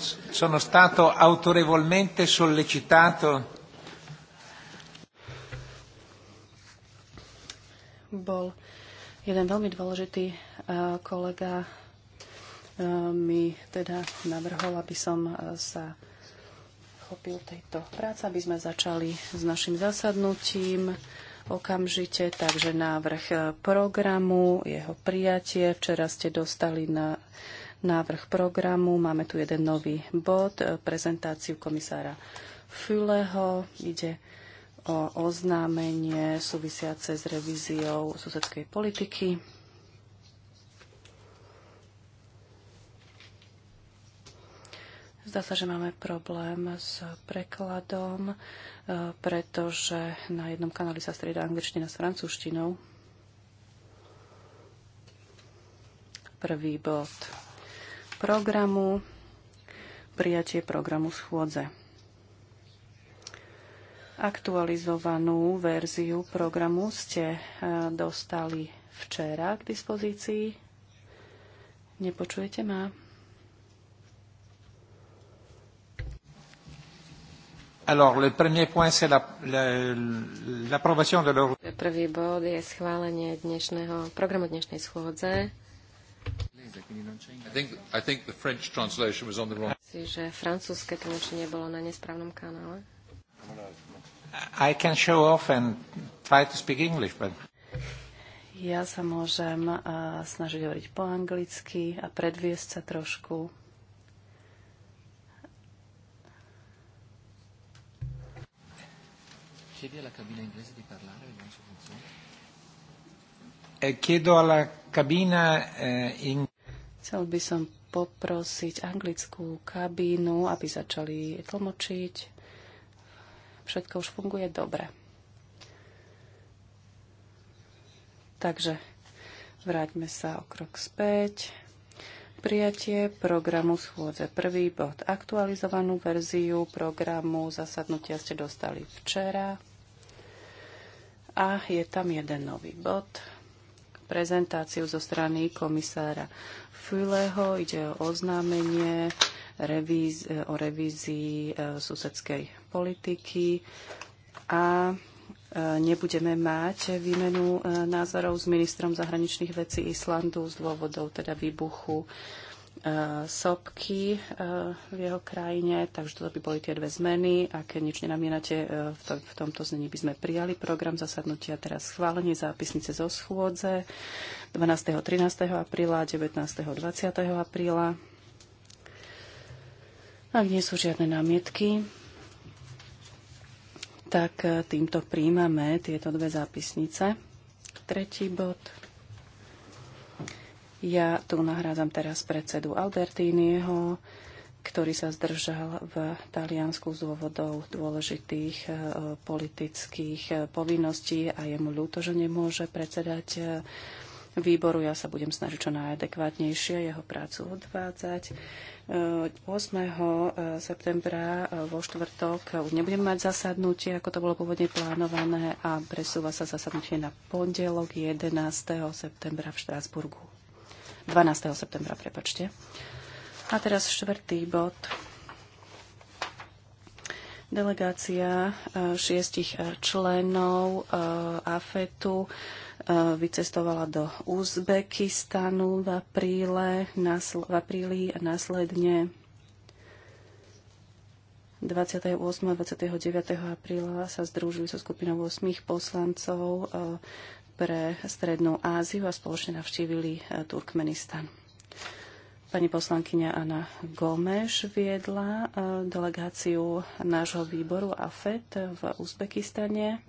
sono stato autorevolmente sollecitato. Bol jeden veľmi dôležitý eh, kolega eh, mi teda navrhol, aby som eh, sa chopil tejto práce, aby sme začali s našim zasadnutím okamžite. Takže návrh programu, jeho prijatie. Včera ste dostali na návrh programu. Máme tu jeden nový bod, e, prezentáciu komisára Füleho. Ide o oznámenie súvisiace s revíziou susedskej politiky. Zdá sa, že máme problém s prekladom, e, pretože na jednom kanáli sa strieda angličtina s francúzštinou. Prvý bod programu, prijatie programu schôdze. Aktualizovanú verziu programu ste e, dostali včera k dispozícii. Nepočujete ma? Alors, le premier point, c'est l'approbation la, la, de leur... Prvý bod je schválenie dnešného, programu dnešnej schôdze. Si, že francúzske tlmočenie bolo na nesprávnom kanále. I can show off and try to speak English, but... Ja sa môžem uh, snažiť hovoriť po anglicky a predviesť sa trošku. Chiedi alla cabina inglese di parlare, vediamo se funziona. Eh, chiedo alla cabina eh, in... Chcel by som poprosiť anglickú kabínu, aby začali tlmočiť. Všetko už funguje dobre. Takže vráťme sa o krok späť. Prijatie programu schôdze. Prvý bod. Aktualizovanú verziu programu zasadnutia ste dostali včera. A je tam jeden nový bod prezentáciu zo strany komisára Füleho. Ide o oznámenie revíz, o revízii e, susedskej politiky a e, nebudeme mať výmenu e, názorov s ministrom zahraničných vecí Islandu z dôvodov teda výbuchu sopky eh, v jeho krajine, takže toto by boli tie dve zmeny. Ak nič nenamietate, eh, v, to, v tomto znení by sme prijali program zasadnutia teraz schválenie zápisnice zo schôdze 12. 13. apríla, 19. 20. apríla. Ak nie sú žiadne námietky, tak eh, týmto príjmame tieto dve zápisnice. Tretí bod. Ja tu nahrádzam teraz predsedu Albertínieho, ktorý sa zdržal v Taliansku z dôvodov dôležitých e, politických e, povinností a je mu ľúto, že nemôže predsedať e, výboru. Ja sa budem snažiť čo najadekvátnejšie jeho prácu odvádzať. 8. septembra vo štvrtok už nebudem mať zasadnutie, ako to bolo pôvodne plánované a presúva sa zasadnutie na pondelok 11. septembra v Štrásburgu. 12. septembra, prepačte. A teraz štvrtý bod. Delegácia e, šiestich e, členov e, AFETu vycestovala do Uzbekistanu v, apríle, v apríli a následne 28. a 29. apríla sa združili so skupinou 8 poslancov pre Strednú Áziu a spoločne navštívili e, Turkmenistan. Pani poslankyňa Anna Gomeš viedla e, delegáciu nášho výboru AFET v Uzbekistane.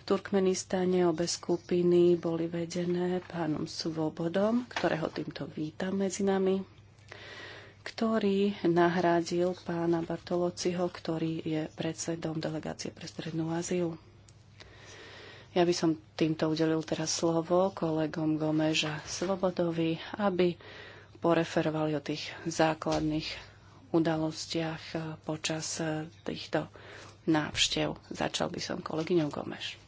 V Turkmenistane obe skupiny boli vedené pánom Svobodom, ktorého týmto vítam medzi nami, ktorý nahradil pána Bartolociho, ktorý je predsedom delegácie pre Strednú Áziu. Ja by som týmto udelil teraz slovo kolegom Gomež a Svobodovi, aby poreferovali o tých základných udalostiach e, počas e, týchto návštev. Začal by som kolegyňou Gomeš.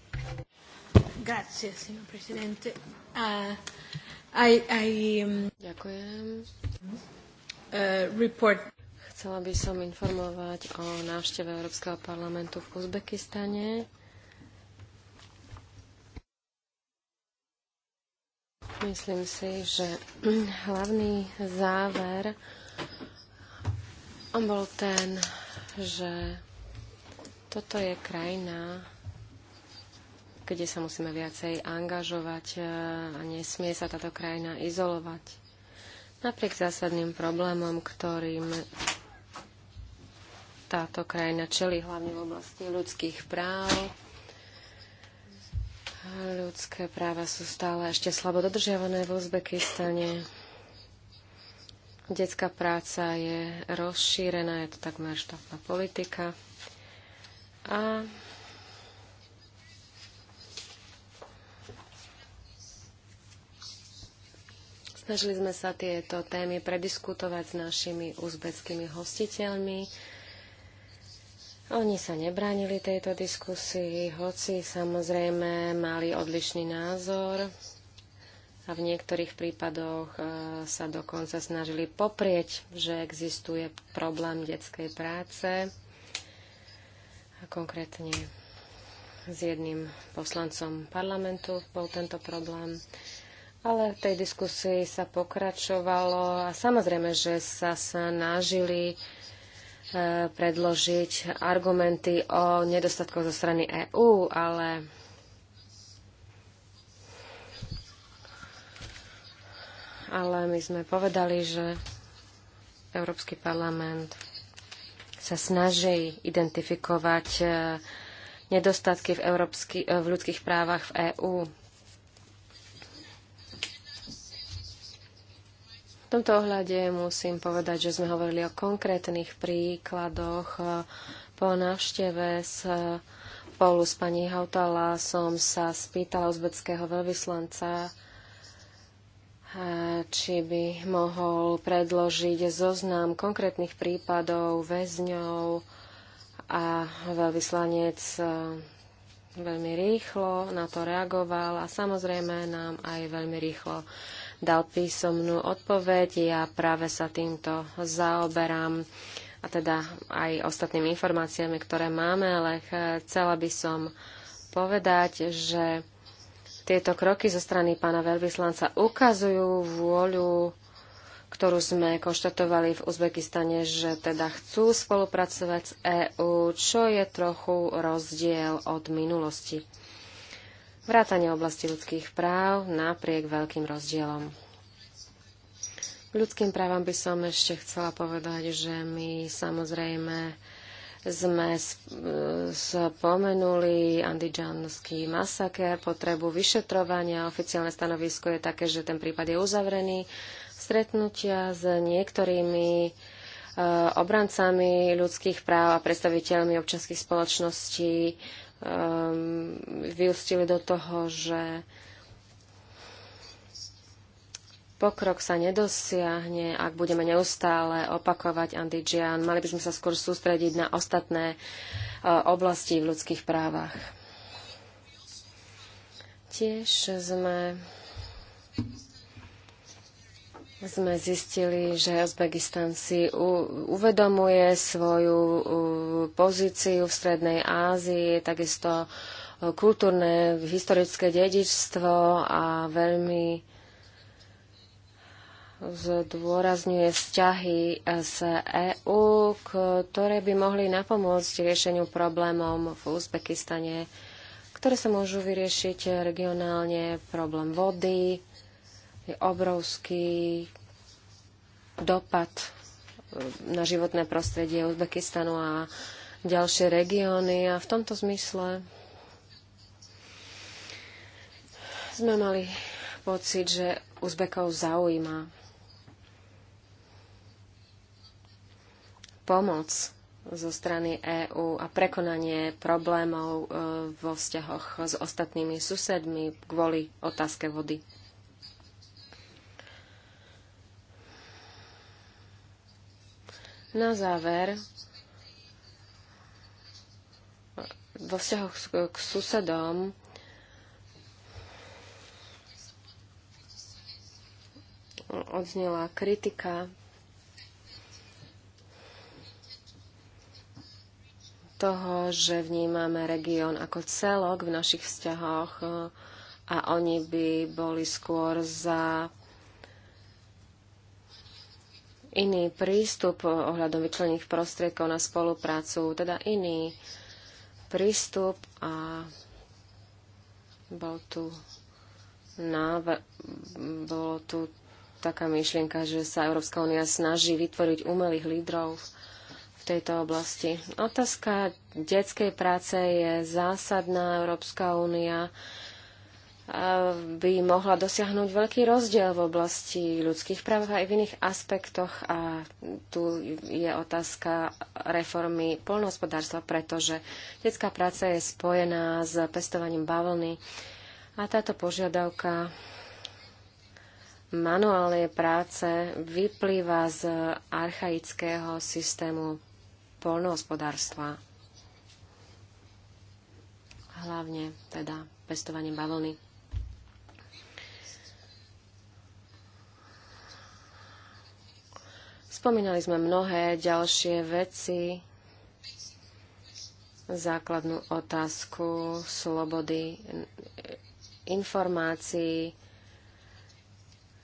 Grazie, signor presidente. Uh, I, I, um... Ďakujem. Uh, report. Chcela by som informovať o návšteve Európskeho parlamentu v Uzbekistane Myslím si, že hlavný záver bol ten, že toto je krajina, kde sa musíme viacej angažovať e, a nesmie sa táto krajina izolovať. Napriek zásadným problémom, ktorým táto krajina čelí, hlavne v oblasti ľudských práv, Ľudské práva sú stále ešte slabo dodržiavané v Uzbekistane. Detská práca je rozšírená, je to takmer štátna politika. A snažili sme sa tieto témy prediskutovať s našimi uzbeckými hostiteľmi oni sa nebránili tejto diskusii, hoci samozrejme mali odlišný názor a v niektorých prípadoch e, sa dokonca snažili poprieť, že existuje problém detskej práce. A konkrétne s jedným poslancom parlamentu bol tento problém. Ale v tej diskusii sa pokračovalo a samozrejme, že sa snažili E, predložiť argumenty o nedostatkoch zo strany EÚ, ale ale my sme povedali, že Európsky parlament sa snaží identifikovať e, nedostatky v, európsky, e, v ľudských právach v EÚ. V tomto ohľade musím povedať, že sme hovorili o konkrétnych príkladoch. E, po návšteve s e, spolu s pani Hautala som sa spýtala uzbeckého veľvyslanca, e, či by mohol predložiť zoznam konkrétnych prípadov väzňov a veľvyslanec veľmi rýchlo na to reagoval a samozrejme nám aj veľmi rýchlo dal písomnú odpoveď. Ja práve sa týmto zaoberám a teda aj ostatnými informáciami, ktoré máme, ale chcela by som povedať, že tieto kroky zo strany pána veľvyslanca ukazujú vôľu, ktorú sme konštatovali v Uzbekistane, že teda chcú spolupracovať s EÚ, čo je trochu rozdiel od minulosti vrátane oblasti ľudských práv napriek veľkým rozdielom. K ľudským právam by som ešte chcela povedať, že my samozrejme sme spomenuli andičanský masaker, potrebu vyšetrovania. Oficiálne stanovisko je také, že ten prípad je uzavrený. Stretnutia s niektorými eh, obrancami ľudských práv a predstaviteľmi občanských spoločností um, vyústili do toho, že pokrok sa nedosiahne, ak budeme neustále opakovať Andigian. Mali by sme sa skôr sústrediť na ostatné uh, oblasti v ľudských právach. Tiež sme sme zistili, že Uzbekistan si uvedomuje svoju pozíciu v Strednej Ázii, takisto e, kultúrne, historické dedičstvo a veľmi zdôrazňuje vzťahy z EÚ, ktoré by mohli napomôcť riešeniu problémom v Uzbekistane, ktoré sa môžu vyriešiť regionálne, problém vody, je obrovský dopad e, na životné prostredie Uzbekistanu a ďalšie regióny. A v tomto zmysle sme mali pocit, že Uzbekov zaujíma pomoc zo strany EÚ a prekonanie problémov e, vo vzťahoch s ostatnými susedmi kvôli otázke vody. Na záver, vo vzťahoch k susedom odznela kritika toho, že vnímame región ako celok v našich vzťahoch a oni by boli skôr za iný prístup ohľadom vyčlených prostriedkov na spoluprácu, teda iný prístup a bol tu na, bolo tu taká myšlienka, že sa Európska únia snaží vytvoriť umelých lídrov v tejto oblasti. Otázka detskej práce je zásadná. Európska únia by mohla dosiahnuť veľký rozdiel v oblasti ľudských práv aj v iných aspektoch a tu je otázka reformy polnohospodárstva, pretože detská práca je spojená s pestovaním bavlny a táto požiadavka manuálnej práce vyplýva z archaického systému polnohospodárstva. Hlavne teda pestovaním bavlny. Spomínali sme mnohé ďalšie veci, základnú otázku slobody informácií.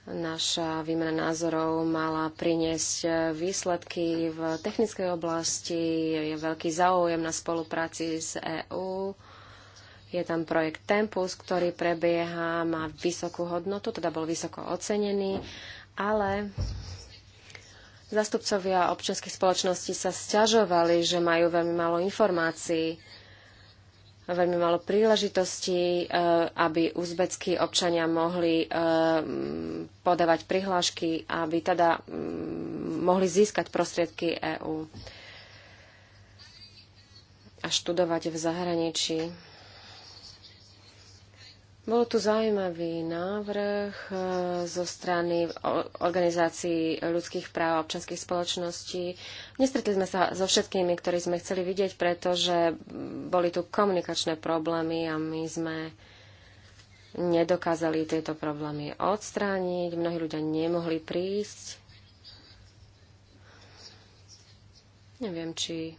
Naša výmena názorov mala priniesť výsledky v technickej oblasti. Je veľký záujem na spolupráci s EÚ. Je tam projekt Tempus, ktorý prebieha, má vysokú hodnotu, teda bol vysoko ocenený, ale Zastupcovia občianskej spoločnosti sa sťažovali, že majú veľmi málo informácií, veľmi málo príležitostí, e, aby uzbeckí občania mohli e, podávať prihlášky, aby teda mohli získať prostriedky EÚ a študovať v zahraničí. Bol tu zaujímavý návrh e, zo strany organizácií ľudských práv a občanských spoločností. Nestretli sme sa so všetkými, ktorí sme chceli vidieť, pretože boli tu komunikačné problémy a my sme nedokázali tieto problémy odstrániť. Mnohí ľudia nemohli prísť. Neviem, či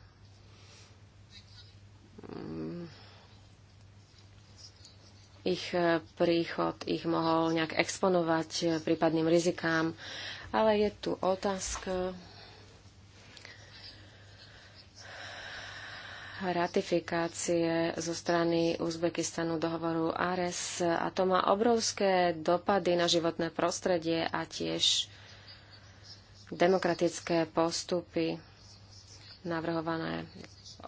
ich e, príchod ich mohol nejak exponovať e, prípadným rizikám. Ale je tu otázka ratifikácie zo strany Uzbekistanu dohovoru ARES a to má obrovské dopady na životné prostredie a tiež demokratické postupy navrhované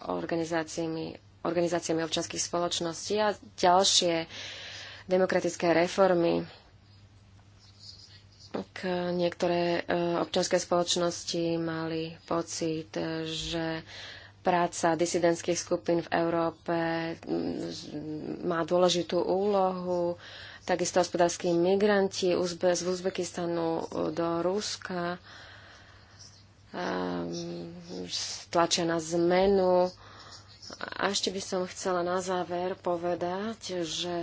organizáciami organizáciami občanských spoločností a ďalšie demokratické reformy. K niektoré e, občanské spoločnosti mali pocit, e, že práca disidentských skupín v Európe má dôležitú úlohu, takisto hospodárskí migranti z Uzbekistanu e, do Ruska tlačia na zmenu a ešte by som chcela na záver povedať, že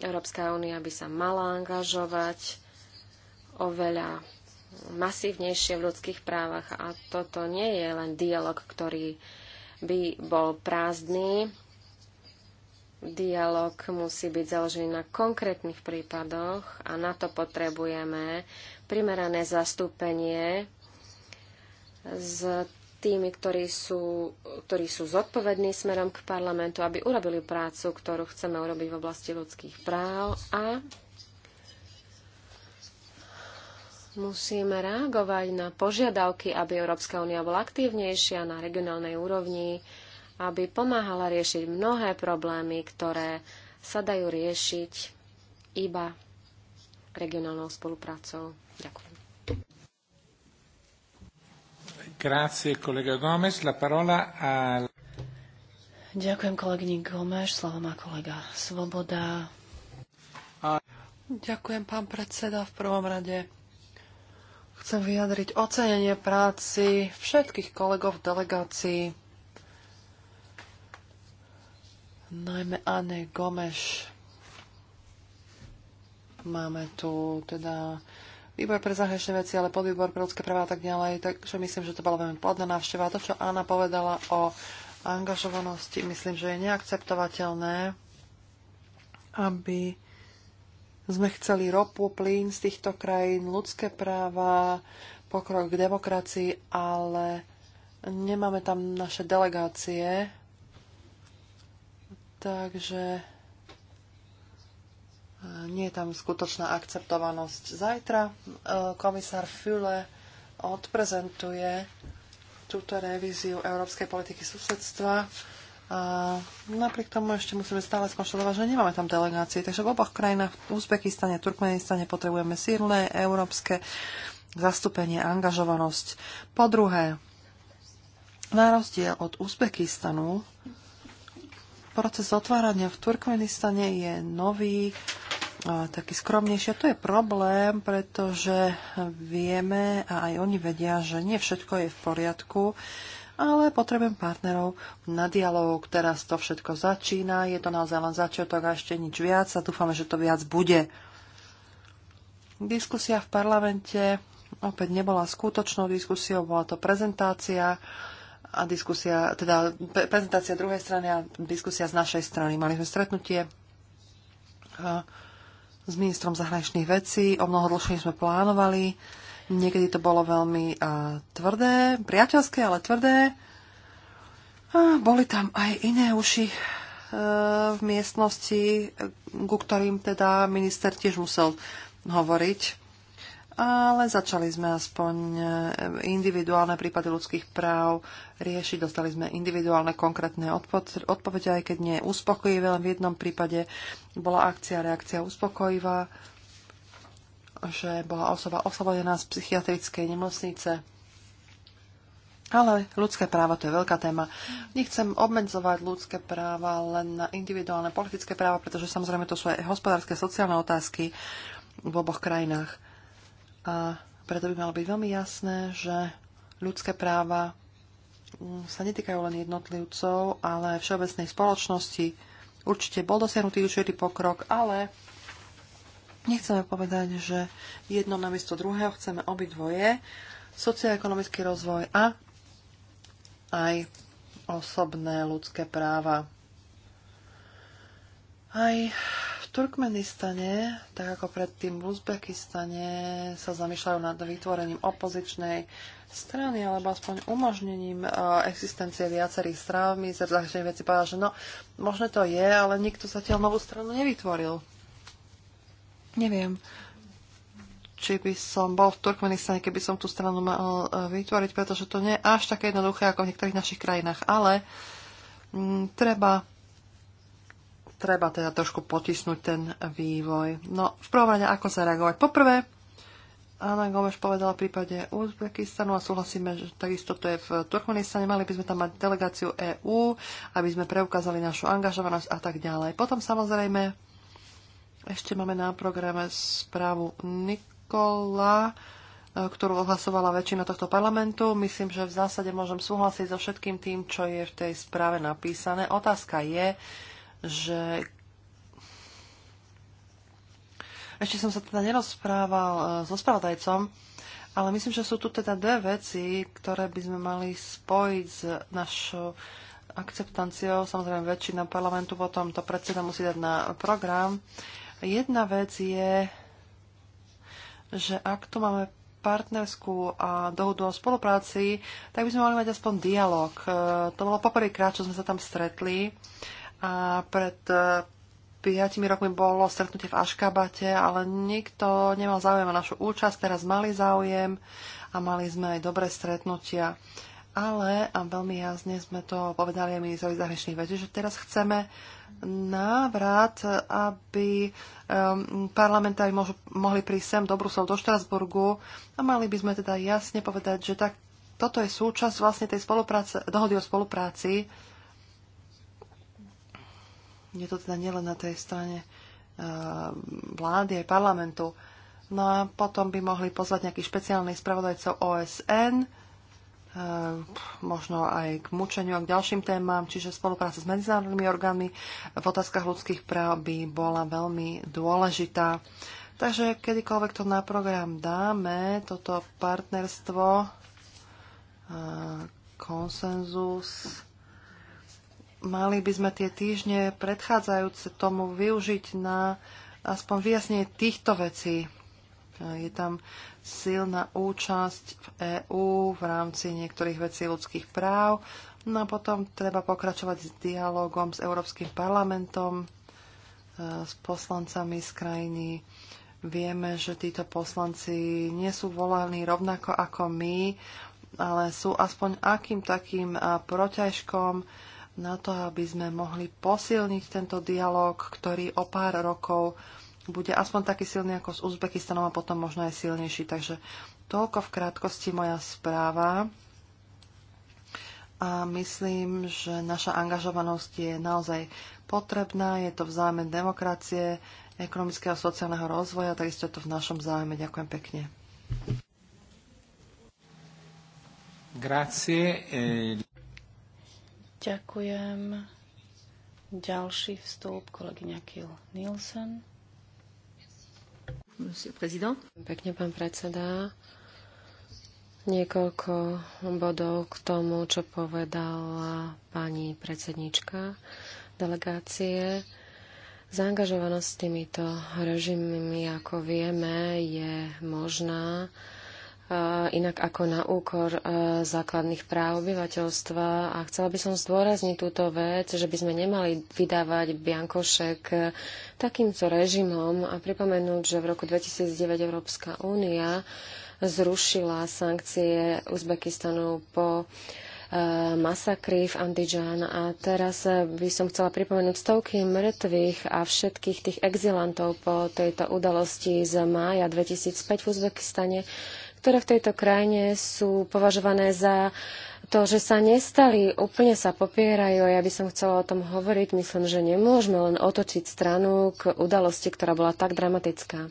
Európska únia by sa mala angažovať oveľa masívnejšie v ľudských právach a toto nie je len dialog, ktorý by bol prázdny. Dialog musí byť založený na konkrétnych prípadoch a na to potrebujeme primerané zastúpenie z tými, ktorí sú, ktorí sú zodpovední smerom k parlamentu, aby urobili prácu, ktorú chceme urobiť v oblasti ľudských práv a musíme reagovať na požiadavky, aby Európska únia bola aktívnejšia na regionálnej úrovni, aby pomáhala riešiť mnohé problémy, ktoré sa dajú riešiť iba regionálnou spoluprácou. Ďakujem. Grazie, kolega La parola a... Ďakujem kolegyni Gomeš, slovo má kolega Svoboda. A... Ďakujem, pán predseda, v prvom rade. Chcem vyjadriť ocenenie práci všetkých kolegov v delegácii, najmä Anne Gomes. Máme tu teda výbor pre zahraničné veci, ale podvýbor pre ľudské práva a tak ďalej. Takže myslím, že to bola veľmi plodná návšteva. To, čo Anna povedala o angažovanosti, myslím, že je neakceptovateľné, aby sme chceli ropu, plyn z týchto krajín, ľudské práva, pokrok k demokracii, ale nemáme tam naše delegácie. Takže nie je tam skutočná akceptovanosť. Zajtra e, komisár Füle odprezentuje túto revíziu európskej politiky susedstva. A napriek tomu ešte musíme stále skonštatovať, že nemáme tam delegácie. Takže v oboch krajinách, v Uzbekistane, Turkmenistane potrebujeme silné európske zastúpenie, angažovanosť. Po druhé, na rozdiel od Uzbekistanu, proces otvárania v Turkmenistane je nový, taký skromnejší. A to je problém, pretože vieme a aj oni vedia, že nie všetko je v poriadku, ale potrebujem partnerov na dialog. Teraz to všetko začína, je to naozaj len začiatok a ešte nič viac a dúfame, že to viac bude. Diskusia v parlamente opäť nebola skutočnou diskusiou, bola to prezentácia a diskusia, teda prezentácia druhej strany a diskusia z našej strany. Mali sme stretnutie. A s ministrom zahraničných vecí. O mnoho dlhšie sme plánovali. Niekedy to bolo veľmi uh, tvrdé, priateľské, ale tvrdé. A boli tam aj iné uši eh, v miestnosti, eh, ku ktorým teda minister tiež musel hovoriť ale začali sme aspoň eh, individuálne prípady ľudských práv riešiť. Dostali sme individuálne konkrétne odpovede, aj keď nie uspokojivé. Len v jednom prípade bola akcia, reakcia uspokojivá, že bola osoba oslobodená z psychiatrickej nemocnice. Ale ľudské práva to je veľká téma. Nechcem obmedzovať ľudské práva len na individuálne politické práva, pretože samozrejme to sú aj hospodárske, sociálne otázky v oboch krajinách. A preto by malo byť veľmi jasné, že ľudské práva mm, sa netýkajú len jednotlivcov, ale všeobecnej spoločnosti. Určite bol dosiahnutý určitý pokrok, ale nechceme povedať, že jedno namiesto druhého chceme obidvoje, socioekonomický rozvoj a aj osobné ľudské práva. Aj Turkmenistane, tak ako predtým v Uzbekistane, sa zamýšľajú nad vytvorením opozičnej strany alebo aspoň umožnením e, existencie viacerých strán. sa zahraničnej veci povedal, že no, možno to je, ale nikto zatiaľ novú stranu nevytvoril. Neviem, či by som bol v Turkmenistane, keby som tú stranu mal e, vytvoriť, pretože to nie je až také jednoduché ako v niektorých našich krajinách, ale m, mm, treba treba teda trošku potisnúť ten vývoj. No, v prvom rade, ako zareagovať? Poprvé, Anna Gomeš povedala v prípade Uzbekistanu a súhlasíme, že takisto to je v Turkmenistane. Mali by sme tam mať delegáciu EÚ, aby sme preukázali našu angažovanosť a tak ďalej. Potom samozrejme ešte máme na programe správu Nikola, e, ktorú ohlasovala väčšina tohto parlamentu. Myslím, že v zásade môžem súhlasiť so všetkým tým, čo je v tej správe napísané. Otázka je, že ešte som sa teda nerozprával e, so spravodajcom, ale myslím, že sú tu teda dve veci, ktoré by sme mali spojiť s našou akceptanciou. Samozrejme, väčšina parlamentu potom to predseda musí dať na program. Jedna vec je, že ak tu máme partnerskú a dohodu o spolupráci, tak by sme mali mať aspoň dialog. E, to bolo poprvýkrát, čo sme sa tam stretli a pred e, piatimi rokmi bolo stretnutie v Aškabate, ale nikto nemal záujem o našu účasť. Teraz mali záujem a mali sme aj dobré stretnutia. Ale, a veľmi jasne sme to povedali aj ministrovi zahraničných vecí, že teraz chceme návrat, aby um, parlamentári mož, mohli prísť sem do Bruselu, do Štrasburgu a mali by sme teda jasne povedať, že tak, toto je súčasť vlastne tej spolupráce, dohody o spolupráci, je to teda nielen na tej strane eh, vlády aj parlamentu. No a potom by mohli pozvať nejakých špeciálnych spravodajcov OSN, eh, možno aj k mučeniu a k ďalším témam, čiže spolupráca s medzinárodnými orgánmi v otázkach ľudských práv by bola veľmi dôležitá. Takže kedykoľvek to na program dáme, toto partnerstvo, eh, konsenzus mali by sme tie týždne predchádzajúce tomu využiť na aspoň vyjasnenie týchto vecí. Je tam silná účasť v EÚ v rámci niektorých vecí ľudských práv. No a potom treba pokračovať s dialogom s Európskym parlamentom, e, s poslancami z krajiny. Vieme, že títo poslanci nie sú volaní rovnako ako my, ale sú aspoň akým takým proťažkom na to, aby sme mohli posilniť tento dialog, ktorý o pár rokov bude aspoň taký silný ako s Uzbekistanom a potom možno aj silnejší. Takže toľko v krátkosti moja správa. A myslím, že naša angažovanosť je naozaj potrebná, je to v záujme demokracie, ekonomického a sociálneho rozvoja, takisto je to v našom záujme. Ďakujem pekne. Grazie. E- Ďakujem. Ďalší vstup, kolegyňa Kiel Nielsen. Pekne, pán predseda. Niekoľko bodov k tomu, čo povedala pani predsednička delegácie. Zaangažovanosť s týmito režimmi, ako vieme, je možná Eh, inak ako na úkor eh, základných práv obyvateľstva. A chcela by som zdôrazniť túto vec, že by sme nemali vydávať biankošek eh, takýmto režimom a pripomenúť, že v roku 2009 Európska únia zrušila sankcie Uzbekistanu po masakry v Andidžan a teraz by som chcela pripomenúť stovky mŕtvych a všetkých tých exilantov po tejto udalosti z mája 2005 v Uzbekistane, ktoré v tejto krajine sú považované za to, že sa nestali, úplne sa popierajú. Ja by som chcela o tom hovoriť. Myslím, že nemôžeme len otočiť stranu k udalosti, ktorá bola tak dramatická.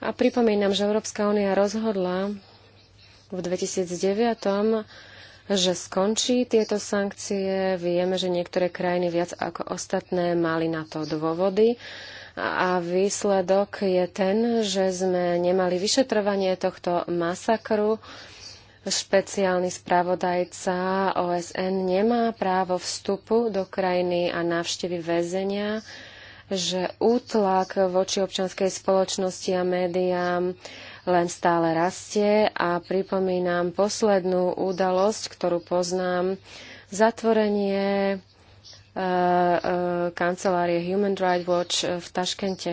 A pripomínam, že Európska únia rozhodla v 2009 že skončí tieto sankcie. Vieme, že niektoré krajiny viac ako ostatné mali na to dôvody. Uh, a výsledok je ten, že sme nemali vyšetrovanie tohto masakru. Špeciálny spravodajca OSN nemá právo vstupu do krajiny a návštevy väzenia, že útlak voči občanskej spoločnosti a médiám len stále rastie a pripomínam poslednú udalosť, ktorú poznám, zatvorenie Eh, eh, kancelárie Human Rights Watch eh, v Taškente.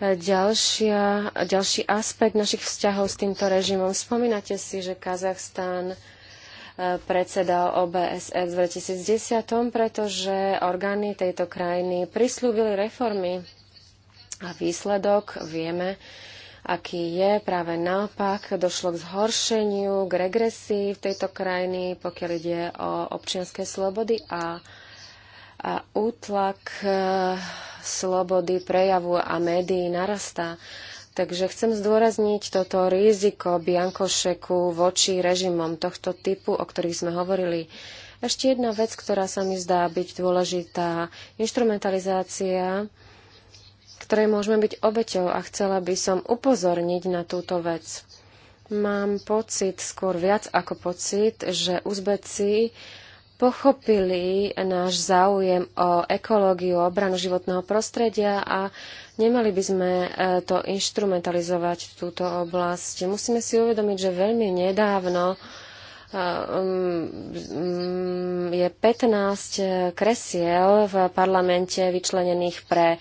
Ďalšia, ďalší aspekt našich vzťahov s týmto režimom. Spomínate si, že Kazachstán predsedal OBSE v 2010, pretože orgány tejto krajiny prislúbili reformy a výsledok vieme, aký je. Práve naopak došlo k zhoršeniu, k regresii v tejto krajiny, pokiaľ ide o občianske slobody a a útlak eh, slobody prejavu a médií narastá. Takže chcem zdôrazniť toto riziko biankošeku voči režimom tohto typu, o ktorých sme hovorili. Ešte jedna vec, ktorá sa mi zdá byť dôležitá, instrumentalizácia, ktorej môžeme byť obeťou a chcela by som upozorniť na túto vec. Mám pocit, skôr viac ako pocit, že Uzbeci uh, pochopili náš záujem o ekológiu, o obranu životného prostredia a nemali by sme e, to instrumentalizovať túto oblasť. Musíme si uvedomiť, že veľmi nedávno e, mm, je 15 e, kresiel v parlamente vyčlenených pre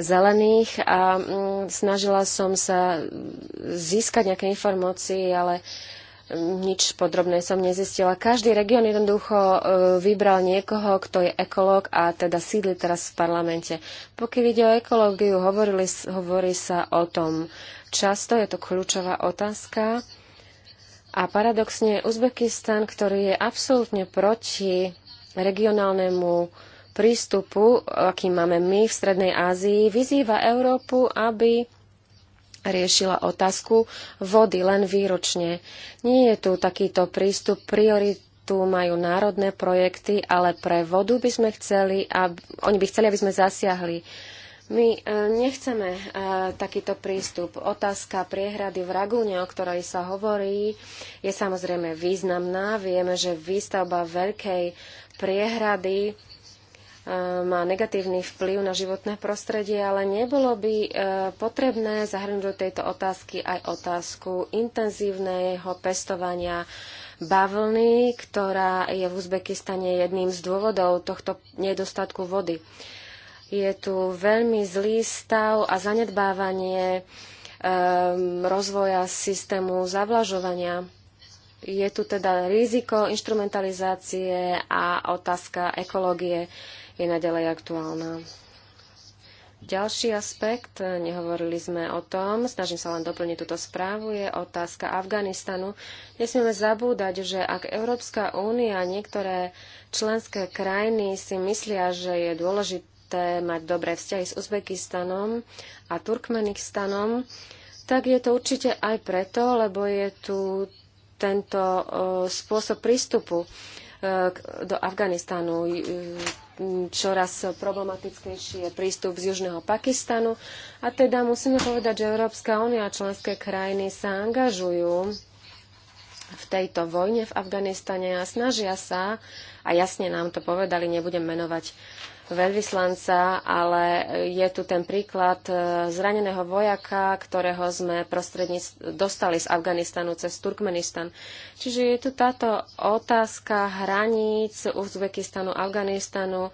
zelených a mm, snažila som sa získať nejaké informácie, ale nič podrobné som nezistila. Každý región jednoducho e, vybral niekoho, kto je ekológ a teda sídli teraz v parlamente. Pokiaľ ide o ekológiu, hovorili, hovorí sa o tom často, je to kľúčová otázka. A paradoxne Uzbekistan, ktorý je absolútne proti regionálnemu prístupu, aký máme my v Strednej Ázii, vyzýva Európu, aby riešila otázku vody len výročne. Nie je tu takýto prístup priorit tu majú národné projekty, ale pre vodu by sme chceli, aby oni by chceli, aby sme zasiahli. My e, nechceme e, takýto prístup. Otázka priehrady v Ragúne, o ktorej sa hovorí, je samozrejme významná. Vieme, že výstavba veľkej priehrady má negatívny vplyv na životné prostredie, ale nebolo by e, potrebné zahrnúť do tejto otázky aj otázku intenzívneho pestovania bavlny, ktorá je v Uzbekistane jedným z dôvodov tohto nedostatku vody. Je tu veľmi zlý stav a zanedbávanie e, rozvoja systému zavlažovania je tu teda riziko instrumentalizácie a otázka ekológie je naďalej aktuálna. Ďalší aspekt, nehovorili sme o tom, snažím sa len doplniť túto správu, je otázka Afganistanu. Nesmieme zabúdať, že ak Európska únia a niektoré členské krajiny si myslia, že je dôležité mať dobré vzťahy s Uzbekistanom a Turkmenistanom, tak je to určite aj preto, lebo je tu tento spôsob prístupu e, do Afganistanu čoraz problematickejší je prístup z južného Pakistanu. A teda musíme povedať, že Európska únia a členské krajiny sa angažujú v tejto vojne v Afganistane a snažia sa, a jasne nám to povedali, nebudem menovať veľvyslanca, ale je tu ten príklad e, zraneného vojaka, ktorého sme dostali z Afganistanu cez Turkmenistan. Čiže je tu táto otázka hraníc Uzbekistanu, Afganistanu.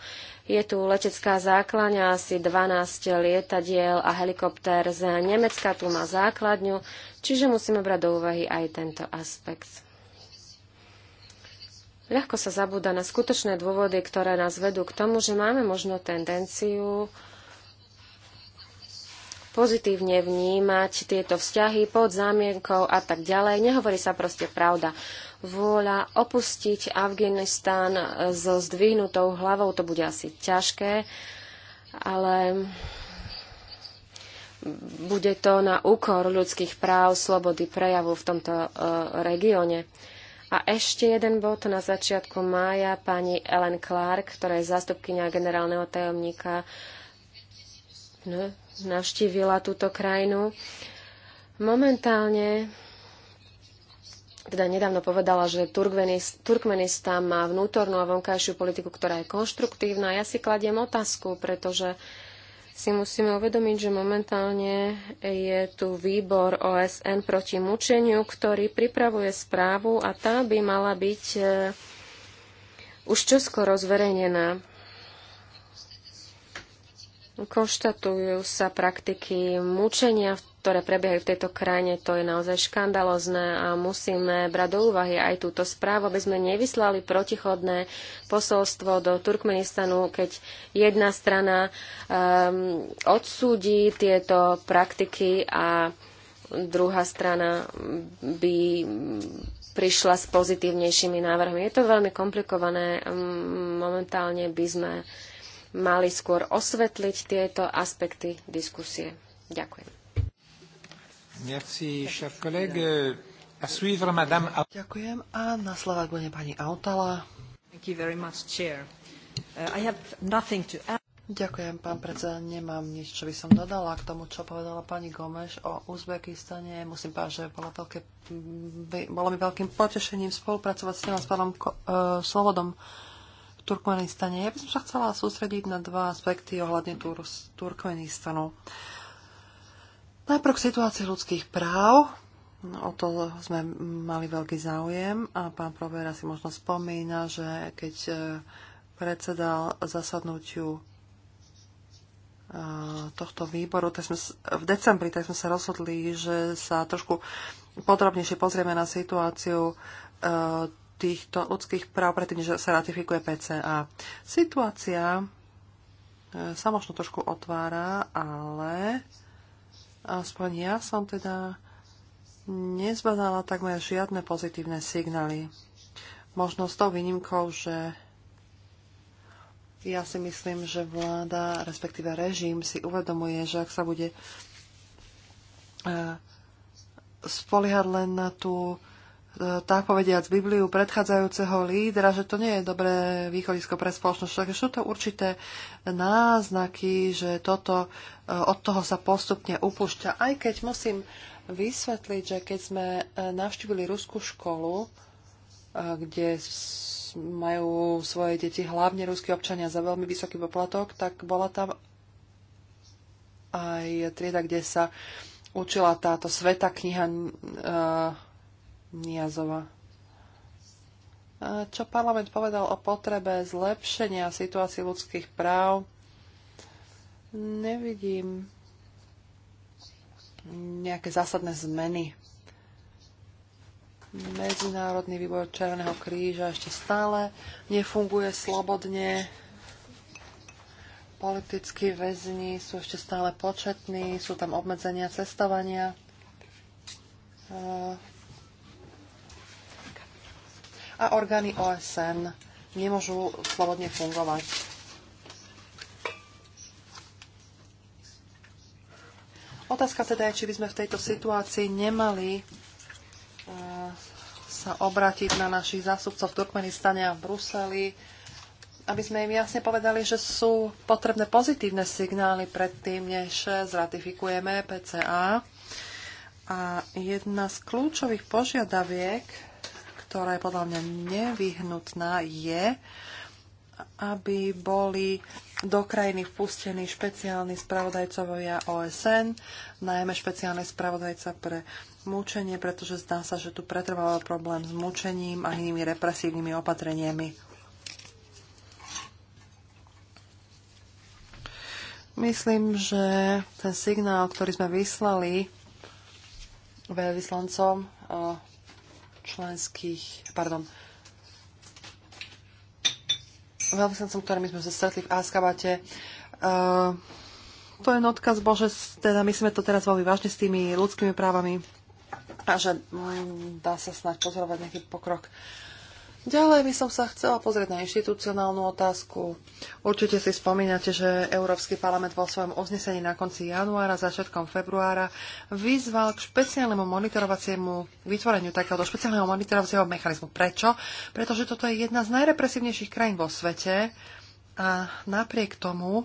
Je tu letecká základňa, asi 12 lietadiel a helikoptér z Nemecka tu má základňu, čiže musíme brať do úvahy aj tento aspekt ľahko sa zabúda na skutočné dôvody, ktoré nás vedú k tomu, že máme možno tendenciu pozitívne vnímať tieto vzťahy pod zámienkou a tak ďalej. Nehovorí sa proste pravda. Vôľa opustiť Afganistán so zdvihnutou hlavou, to bude asi ťažké, ale bude to na úkor ľudských práv, slobody prejavu v tomto uh, regióne. A ešte jeden bod na začiatku mája pani Ellen Clark, ktorá je zástupkynia generálneho tajomníka, no, navštívila túto krajinu. Momentálne teda nedávno povedala, že Turkmenistan má vnútornú a vonkajšiu politiku, ktorá je konštruktívna. Ja si kladiem otázku, pretože uh, si musíme uvedomiť, že momentálne je tu výbor OSN proti mučeniu, ktorý pripravuje správu a tá by mala byť eh, už čoskoro zverejnená. Konštatujú sa praktiky mučenia, ktoré prebiehajú v tejto krajine. To je naozaj škandalozné a musíme brať do úvahy aj túto správu, aby sme nevyslali protichodné posolstvo do Turkmenistanu, keď jedna strana um, odsúdi tieto praktiky a druhá strana by prišla s pozitívnejšími návrhmi. Je to veľmi komplikované. Momentálne by sme uh, mali skôr osvetliť tieto aspekty diskusie. Ďakujem. Merci, cher collègue. A suivre, madame... Ďakujem a na slova bude pani Autala. Thank you very much, chair. Uh, I have nothing to add. Ďakujem, pán predseda. Nemám nič, čo by som dodala k tomu, čo povedala pani Gomeš o Uzbekistane. Musím povedať, že bolo, veľké, bolo mi veľkým potešením spolupracovať s, s pánom uh, Slobodom. Uh, v Turkmenistane. Ja by som sa chcela sústrediť na dva aspekty ohľadne Tur- Turkmenistanu. Najprv k situácii ľudských práv. O to sme mali veľký záujem a pán Provera si možno spomína, že keď e, predsedal zasadnutiu e, tohto výboru, tak sme, v decembri tak sme sa rozhodli, že sa trošku podrobnejšie pozrieme na situáciu e, týchto ľudských práv predtým, že sa ratifikuje PCA. Situácia e, sa možno trošku otvára, ale e, aspoň ja som teda nezbadala takmer žiadne pozitívne signály. Možno s tou výnimkou, že ja si myslím, že vláda, respektíve režim si uvedomuje, že ak sa bude e, spoliehať len na tú E, tak povediac Bibliu predchádzajúceho lídra, že to nie je dobré východisko pre spoločnosť. Takže sú to určité náznaky, že toto, e, od toho sa postupne upúšťa. Aj keď musím vysvetliť, že keď sme e, navštívili ruskú školu, kde majú svoje deti hlavne ruskí občania za veľmi vysoký poplatok, tak bola tam aj trieda, kde sa učila táto sveta kniha Niazova. Čo parlament povedal o potrebe zlepšenia situácií ľudských práv, nevidím nejaké zásadné zmeny. Medzinárodný výbor Červeného kríža ešte stále nefunguje slobodne politickí väzni sú ešte stále početní, sú tam obmedzenia cestovania a orgány OSN nemôžu slobodne fungovať. Otázka teda je, či by sme v tejto situácii nemali e, sa obratiť na našich zástupcov v Turkmenistane a v Bruseli, aby sme im jasne povedali, že sú potrebné pozitívne signály predtým, než zratifikujeme PCA. A jedna z kľúčových požiadaviek ktorá je podľa mňa nevyhnutná, je, aby boli do krajiny vpustení špeciálni spravodajcovia OSN, najmä špeciálne spravodajca pre mučenie, pretože zdá sa, že tu pretrváva problém s mučením a inými represívnymi opatreniami. Myslím, že ten signál, ktorý sme vyslali veľvyslancom eh, členských, pardon, veľvyslancom, ktorými sme sa stretli v Askabate. Uh, to je odkaz Bože, teda sme to teraz veľmi vážne s tými ľudskými právami a že mm, dá sa snáď pozorovať nejaký pokrok. Uh, Ďalej by som sa chcela pozrieť na inštitucionálnu otázku. Určite si spomínate, že Európsky parlament vo svojom uznesení na konci januára, začiatkom februára vyzval k špeciálnemu monitorovaciemu vytvoreniu takéhoto špeciálneho monitorovacieho mechanizmu. Prečo? Pretože toto je jedna z najrepresívnejších krajín vo svete a napriek tomu e,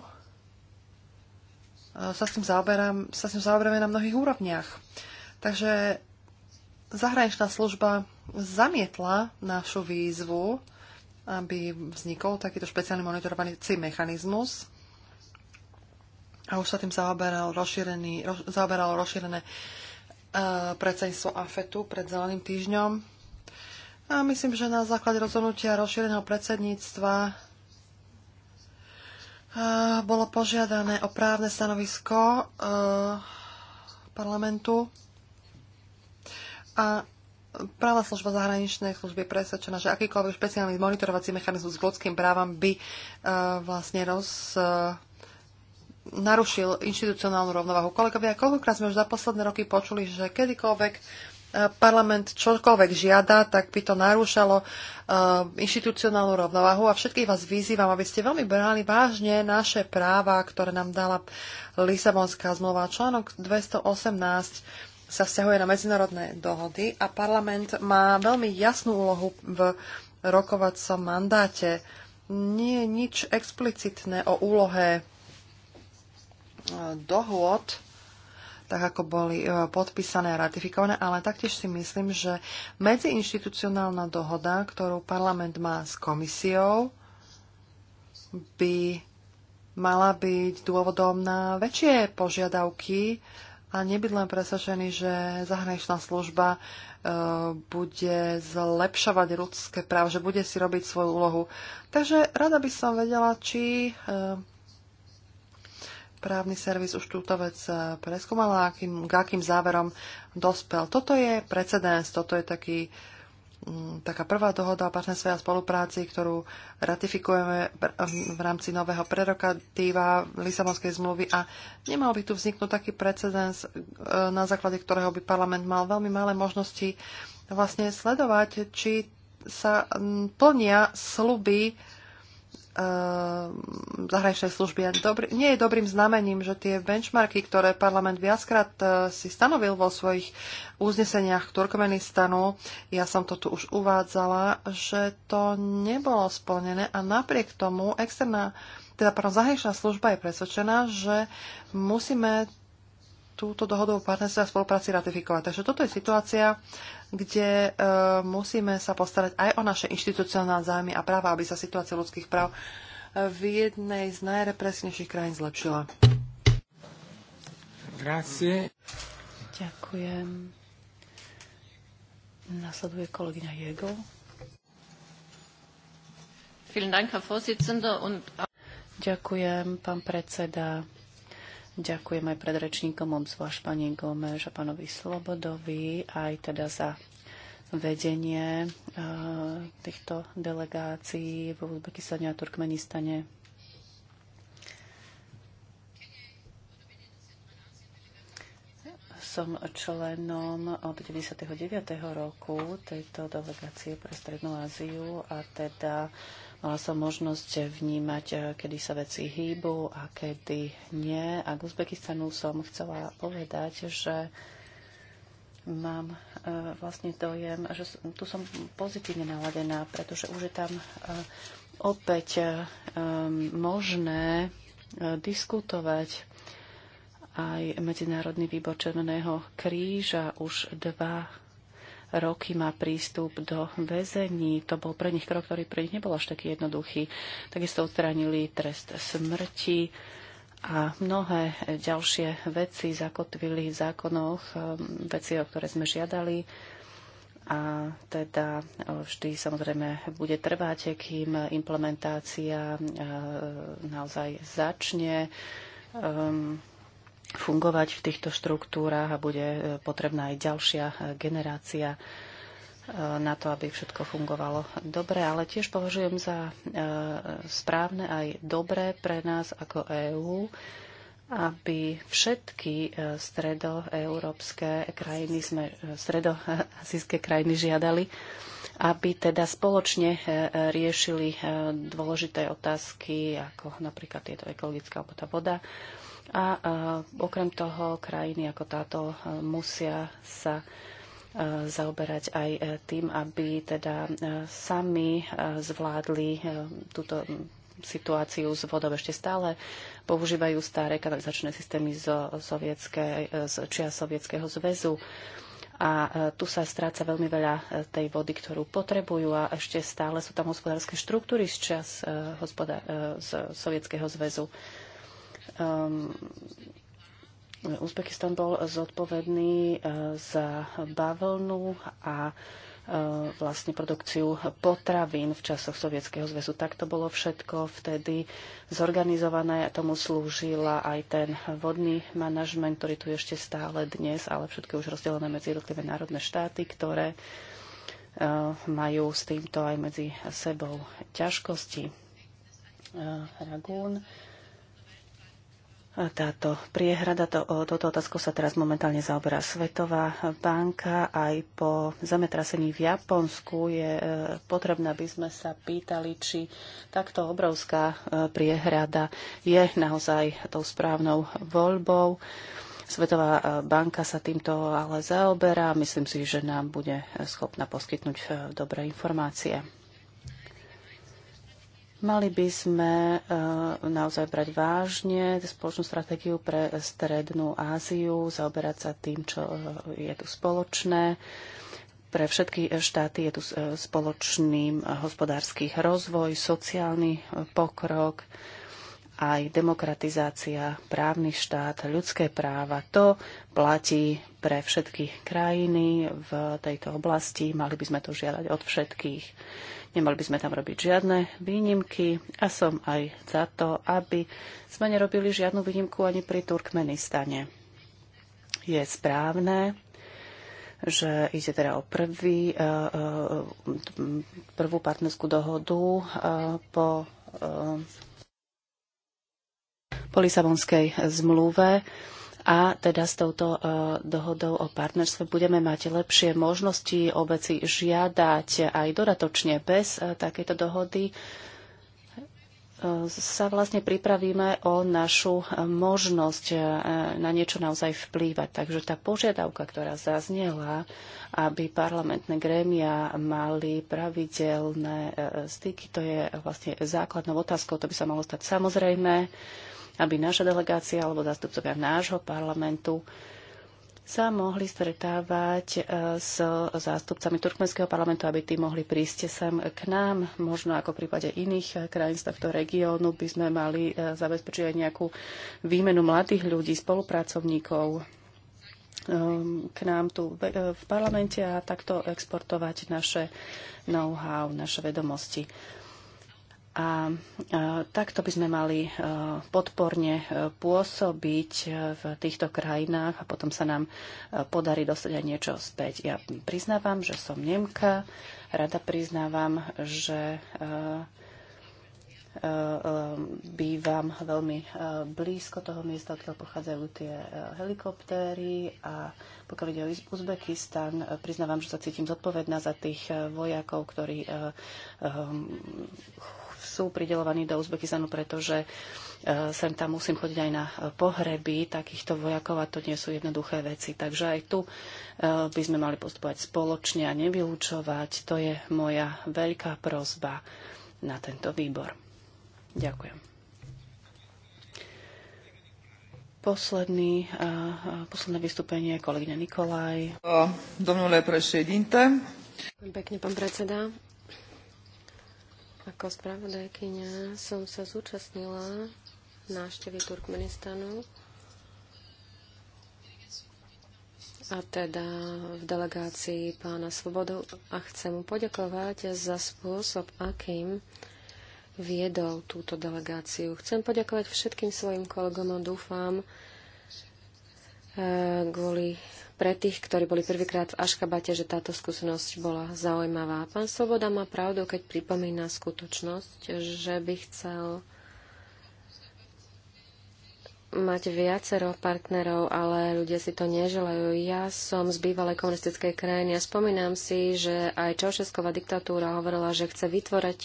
sa s tým, zaoberám, sa s tým zaoberáme na mnohých úrovniach. Takže zahraničná služba zamietla našu výzvu, aby vznikol takýto špeciálny monitorovací mechanizmus. A už sa tým zaoberal rozšírený, roz, zaoberalo rozšírené uh, predsedníctvo AFETu pred zeleným týždňom. A myslím, že na základe rozhodnutia rozšíreného predsedníctva uh, bolo požiadané o právne stanovisko uh, parlamentu a práva služba zahraničnej služby je presvedčená, že akýkoľvek špeciálny monitorovací mechanizmus k ľudským právam by uh, vlastne roz, uh, narušil inštitucionálnu rovnovahu. Kolegovia, koľkokrát sme už za posledné roky počuli, že kedykoľvek uh, parlament čokoľvek žiada, tak by to narúšalo uh, inštitucionálnu rovnovahu a všetkých vás vyzývam, aby ste veľmi brali vážne naše práva, ktoré nám dala Lisabonská zmluva. Článok 218 sa vzťahuje na medzinárodné dohody a parlament má veľmi jasnú úlohu v rokovacom mandáte. Nie je nič explicitné o úlohe e, dohôd, tak ako boli e, podpísané a ratifikované, ale taktiež si myslím, že medziinstitucionálna dohoda, ktorú parlament má s komisiou, by mala byť dôvodom na väčšie požiadavky a nebyť len presvedčený, že zahraničná služba e, bude zlepšovať ľudské práva, že bude si robiť svoju úlohu. Takže rada by som vedela, či e, právny servis už túto vec e, preskúmala, a akým, k akým záverom dospel. Toto je precedens, toto je taký Mm, taká prvá dohoda o partnerstve a spolupráci, ktorú ratifikujeme v rámci nového prerokatíva Lisabonskej zmluvy a nemal by tu vzniknúť taký precedens, e, na základe ktorého by parlament mal veľmi malé možnosti vlastne sledovať, či sa plnia sluby Ehm, zahraničnej služby. A dobrý, nie je dobrým znamením, že tie benchmarky, ktoré parlament viackrát e, si stanovil vo svojich uzneseniach k Turkmenistanu, ja som to tu už uvádzala, že to nebolo splnené a napriek tomu externá, teda pardon, zahraničná služba je presvedčená, že musíme túto dohodu o partnerstve a spolupráci ratifikovať. Takže toto je situácia, kde e, musíme sa postarať aj o naše inštitucionálne zájmy a práva, aby sa situácia ľudských práv e, v jednej z najrepresnejších krajín zlepšila. Grazie. Ďakujem. Nasleduje kolegyňa Jego. Ďakujem, pán predseda. Ďakujem aj predrečníkom, obzvlášť pani Gomež a pánovi Slobodovi, aj teda za vedenie eh, týchto delegácií v Uzbekistane a Turkmenistane. Som členom od 99. roku tejto delegácie pre Strednú Áziu a teda uh, Mala som možnosť vnímať, eh, kedy sa veci hýbu a kedy nie. A k Uzbekistanu som chcela povedať, že mám eh, vlastne dojem, že tu som pozitívne naladená, pretože už je tam eh, opäť možné diskutovať aj Medzinárodný výbor Červeného kríža už dva roky má prístup do väzení. To bol pre nich krok, ktorý pre nich nebol až taký jednoduchý. Takisto odstránili trest smrti a mnohé ďalšie veci zakotvili v zákonoch, um, veci, o ktoré sme žiadali. A teda uh, vždy samozrejme bude trvať, kým implementácia uh, naozaj začne. Um, fungovať v týchto štruktúrách a bude e, potrebná aj ďalšia e, generácia e, na to, aby všetko fungovalo dobre, ale tiež považujem za správne aj dobré pre nás ako EÚ, aby všetky stredoeurópske krajiny, sme, stredoazijské krajiny žiadali, aby teda spoločne riešili dôležité otázky, ako napríklad tieto ekologická alebo tá voda a, a okrem toho krajiny ako táto musia sa zaoberať aj e, tým, aby teda e, sami e, zvládli túto situáciu s vodou ešte stále. Používajú staré kanalizačné systémy zo, sovietské, z čia Sovietskeho zväzu. A tu sa stráca veľmi veľa tej vody, ktorú potrebujú a ešte stále sú tam hospodárske štruktúry z čas hospodá- z Sovietskeho zväzu. Um, Uzbekistan bol zodpovedný eh, za bavlnu a eh, vlastne produkciu potravín v časoch Sovietskeho zväzu. Tak to bolo všetko vtedy zorganizované a tomu slúžila aj ten vodný manažment, ktorý tu ešte stále dnes, ale všetko už rozdelené medzi jednotlivé národné štáty, ktoré eh, majú s týmto aj medzi sebou ťažkosti. Ragún táto priehrada. To, toto otázku sa teraz momentálne zaoberá Svetová banka. Aj po zemetrasení v Japonsku je e, potrebné, aby sme sa pýtali, či takto obrovská e, priehrada je naozaj tou správnou voľbou. Svetová e, banka sa týmto ale zaoberá. Myslím si, že nám bude schopná poskytnúť dobré informácie. Mali by sme eh, naozaj brať vážne spoločnú stratégiu pre Strednú Áziu, zaoberať sa tým, čo eh, je tu spoločné. Pre všetky štáty je tu eh, spoločný hospodársky rozvoj, sociálny pokrok, aj demokratizácia, právny štát, ľudské práva. To platí pre všetky krajiny v tejto oblasti. Mali by sme to žiadať od všetkých. Nemali by sme tam robiť žiadne výnimky a som aj za to, aby sme nerobili žiadnu výnimku ani pri Turkmenistane. Je správne, že ide teda o prvý, e, e, prvú partnerskú dohodu e, po, po Lisabonskej zmluve a teda s touto e, dohodou o partnerstve budeme mať lepšie možnosti obeci žiadať aj dodatočne bez e, takéto dohody e, sa vlastne pripravíme o našu možnosť na niečo naozaj vplývať. Takže tá požiadavka, ktorá zaznela, aby parlamentné grémia mali pravidelné styky, to je vlastne základnou otázkou, to by sa malo stať samozrejme aby naša delegácia alebo zástupcovia nášho parlamentu sa mohli stretávať e, s zástupcami turkmenského parlamentu, aby tí mohli prísť sem k nám. Možno ako v prípade iných e, krajín z tohto regiónu by sme mali e, zabezpečiť aj nejakú výmenu mladých ľudí, spolupracovníkov k nám tu v parlamente a takto exportovať naše know-how, naše vedomosti. A takto by sme mali e, podporne e, pôsobiť e, v týchto krajinách a potom sa nám podarí dostať aj niečo späť. Ja priznávam, že som Nemka, rada priznávam, že bývam veľmi blízko toho miesta, odkiaľ pochádzajú tie helikoptéry a pokiaľ ide o Uzbekistan, priznávam, že sa cítim zodpovedná za tých vojakov, ktorí sú pridelovaní do Uzbekistanu, pretože e, sem tam musím chodiť aj na pohreby takýchto vojakov a to nie sú jednoduché veci. Takže aj tu e, by sme mali postupovať spoločne a nevylúčovať. To je moja veľká prozba na tento výbor. Ďakujem. Posledný, e, posledné vystúpenie kolegyňa Nikolaj. Domnule prešedinte. Pekne, pán predseda. Ako spravodajkyňa som sa zúčastnila návštevy Turkmenistanu a teda v delegácii pána Svobodu a chcem mu poďakovať za spôsob, akým viedol túto delegáciu. Chcem poďakovať všetkým svojim kolegom a dúfam, eh, kvôli pre tých, ktorí boli prvýkrát v Aškabate, že táto skúsenosť bola zaujímavá. Pán Svoboda má pravdu, keď pripomína skutočnosť, že by chcel mať viacero partnerov, ale ľudia si to neželajú. Ja som z bývalej komunistickej krajiny a spomínam si, že aj Čaušesková diktatúra hovorila, že chce vytvoriť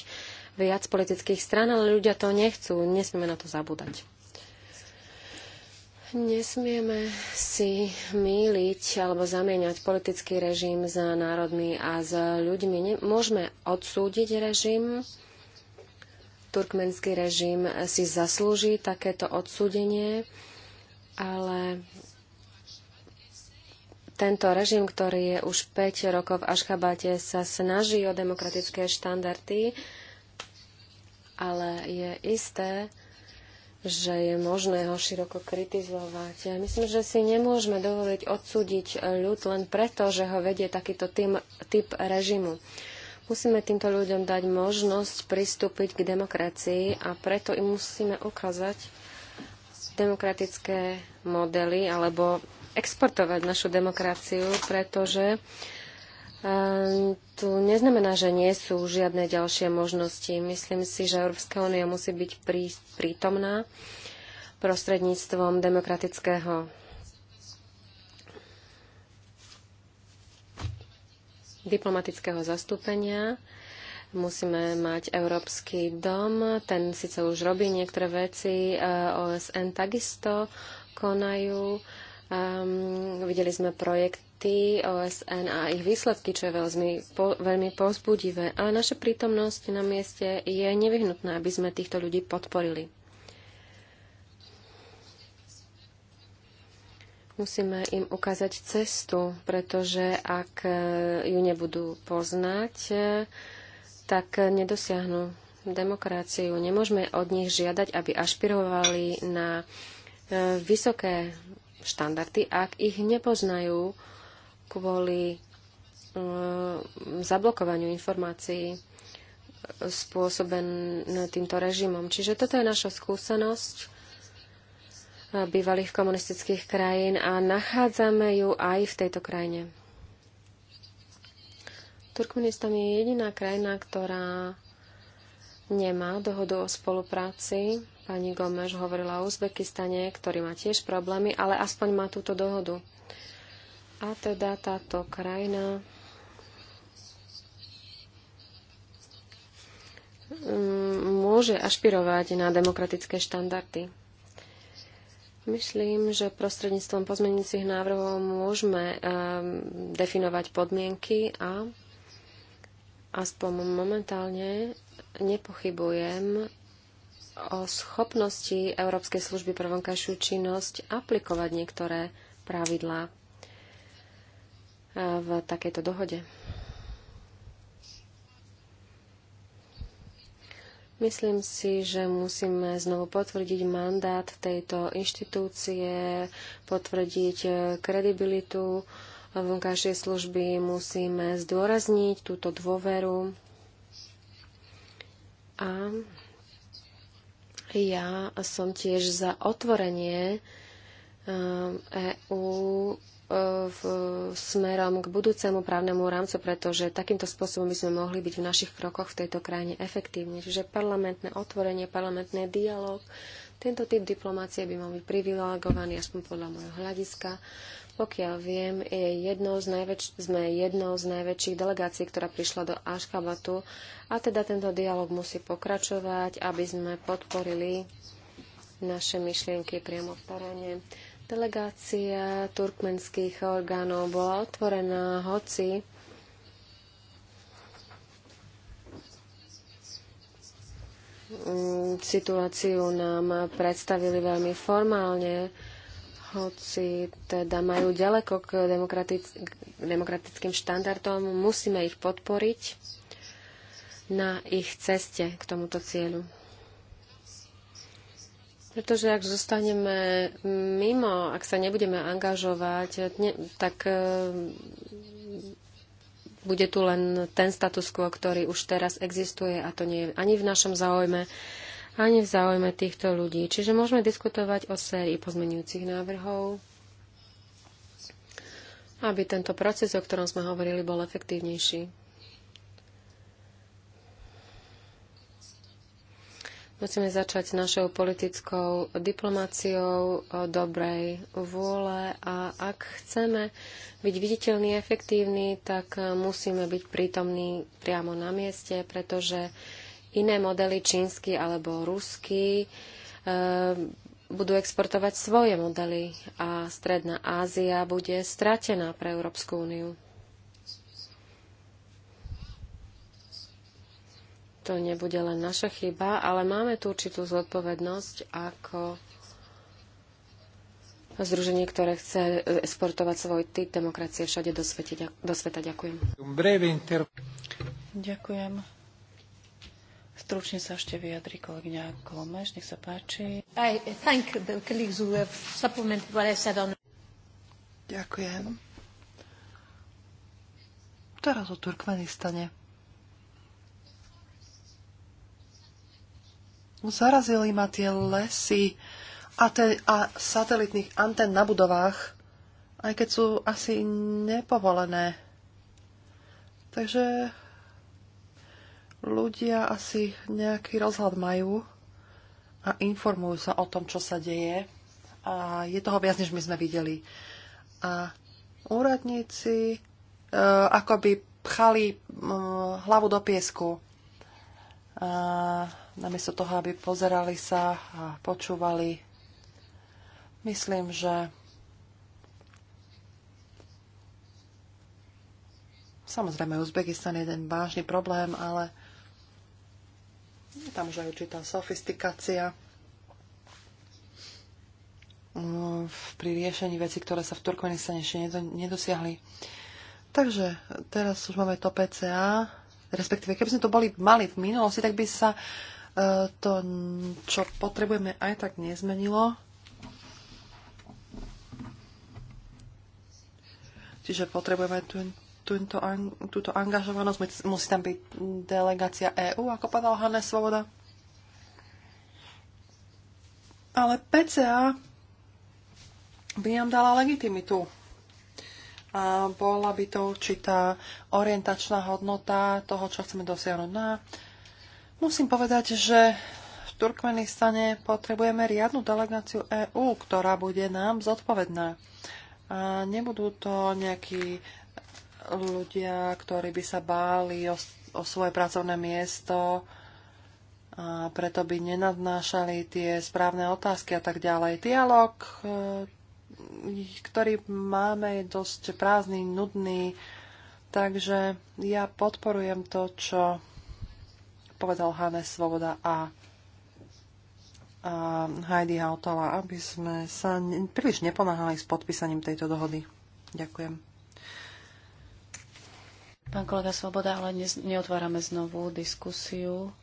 viac politických stran, ale ľudia to nechcú. Nesmieme na to zabúdať. Nesmieme si míliť alebo zamieňať politický režim s národmi a s ľuďmi. Môžeme odsúdiť režim. Turkmenský režim si zaslúži takéto odsúdenie, ale tento režim, ktorý je už 5 rokov v Ašchabate, sa snaží o demokratické štandardy, ale je isté, že je možné ho široko kritizovať. Ja myslím, že si nemôžeme dovoliť odsúdiť ľud len preto, že ho vedie takýto tým, typ režimu. Musíme týmto ľuďom dať možnosť pristúpiť k demokracii a preto im musíme ukázať demokratické modely alebo exportovať našu demokraciu, pretože tu neznamená, že nie sú žiadne ďalšie možnosti. Myslím si, že Európska únia musí byť prí, prítomná prostredníctvom demokratického diplomatického zastúpenia. Musíme mať Európsky dom, ten síce už robí niektoré veci, eh, OSN takisto konajú. Ehm, videli sme projekt aktivity OSN a ich výsledky, čo je veľmi, po, veľmi pozbudivé. A naša prítomnosť na mieste je nevyhnutná, aby sme týchto ľudí podporili. Musíme im ukázať cestu, pretože ak e, ju nebudú poznať, e, tak nedosiahnu demokraciu. Nemôžeme od nich žiadať, aby ašpirovali na e, vysoké štandardy, ak ich nepoznajú kvôli mm, zablokovaniu informácií spôsobené týmto režimom. Čiže toto je naša skúsenosť e, bývalých komunistických krajín a nachádzame ju aj v tejto krajine. Turkmenistan je jediná krajina, ktorá nemá dohodu o spolupráci. Pani Gomeš hovorila o Uzbekistane, ktorý má tiež problémy, ale aspoň má túto dohodu. A teda táto krajina mm, môže ašpirovať na demokratické štandardy. Myslím, že prostredníctvom pozmeňujúcich návrhov môžeme definovať podmienky a aspoň momentálne nepochybujem o schopnosti Európskej služby pre vonkajšiu činnosť aplikovať niektoré pravidlá v takejto dohode. Myslím si, že musíme znovu potvrdiť mandát tejto inštitúcie, potvrdiť kredibilitu vonkajšej služby, musíme zdôrazniť túto dôveru. A ja som tiež za otvorenie EÚ eh, e E, v, smerom k budúcemu právnemu rámcu, pretože takýmto spôsobom by sme mohli byť v našich krokoch v tejto krajine efektívni. Čiže parlamentné otvorenie, parlamentný dialog, tento typ diplomácie by mal byť privilegovaný, aspoň podľa môjho hľadiska. Pokiaľ viem, je jedno z najväč- sme jednou z najväčších delegácií, ktorá prišla do Aškabatu a teda tento dialog musí pokračovať, aby sme podporili naše myšlienky priamo v teréne. Delegácia turkmenských orgánov bola otvorená, hoci situáciu nám predstavili veľmi formálne, hoci teda majú ďaleko k, k demokratickým štandardom, musíme ich podporiť na ich ceste k tomuto cieľu. Pretože ak zostaneme mimo, ak sa nebudeme angažovať, ne, tak e, bude tu len ten status quo, ktorý už teraz existuje a to nie je ani v našom záujme, ani v záujme týchto ľudí. Čiže môžeme diskutovať o sérii pozmenujúcich návrhov, aby tento proces, o ktorom sme hovorili, bol efektívnejší. Musíme začať s našou politickou diplomáciou e, dobrej vôle a ak chceme byť viditeľní, efektívni, tak e, musíme byť prítomní priamo na mieste, pretože iné modely, čínsky alebo ruský, e, budú exportovať svoje modely a Stredná Ázia bude stratená pre Európsku úniu. to nebude len naša chyba, ale máme tu určitú zodpovednosť ako združenie, ktoré chce exportovať svoj typ demokracie všade do, svete, do sveta. Ďakujem. Ďakujem. Stručne sa ešte vyjadri kolegyňa Klomeš, nech sa páči. I thank the colleagues who have supplemented what I said on... Ďakujem. Teraz o Turkmenistane. Zarazili ma tie lesy a, te, a satelitných antén na budovách, aj keď sú asi nepovolené. Takže ľudia asi nejaký rozhľad majú a informujú sa o tom, čo sa deje. A je toho viac, než my sme videli. A úradníci e, akoby pchali e, hlavu do piesku. E, namiesto toho, aby pozerali sa a počúvali. Myslím, že samozrejme Uzbekistan je jeden vážny problém, ale je tam už aj určitá sofistikácia mm, pri riešení veci, ktoré sa v Turkmenistane ešte nedosiahli. Takže teraz už máme to PCA, respektíve keby sme to boli mali v minulosti, tak by sa to, čo potrebujeme, aj tak nezmenilo. Čiže potrebujeme tu, túto, túto angažovanosť. Musí tam byť delegácia EÚ, ako povedal Hannes Svoboda. Ale PCA by nám dala legitimitu. A bola by to určitá orientačná hodnota toho, čo chceme dosiahnuť na no Musím povedať, že v Turkmenistane potrebujeme riadnu delegáciu EÚ, ktorá bude nám zodpovedná. A nebudú to nejakí ľudia, ktorí by sa báli o, o svoje pracovné miesto, a preto by nenadnášali tie správne otázky a tak ďalej. Dialóg, e, ktorý máme, je dosť prázdny, nudný, takže ja podporujem to, čo povedal Hannes Svoboda a, a Heidi Hautala, aby sme sa ne, príliš neponáhali s podpísaním tejto dohody. Ďakujem. Pán kolega Svoboda, ale ne, neotvárame znovu diskusiu.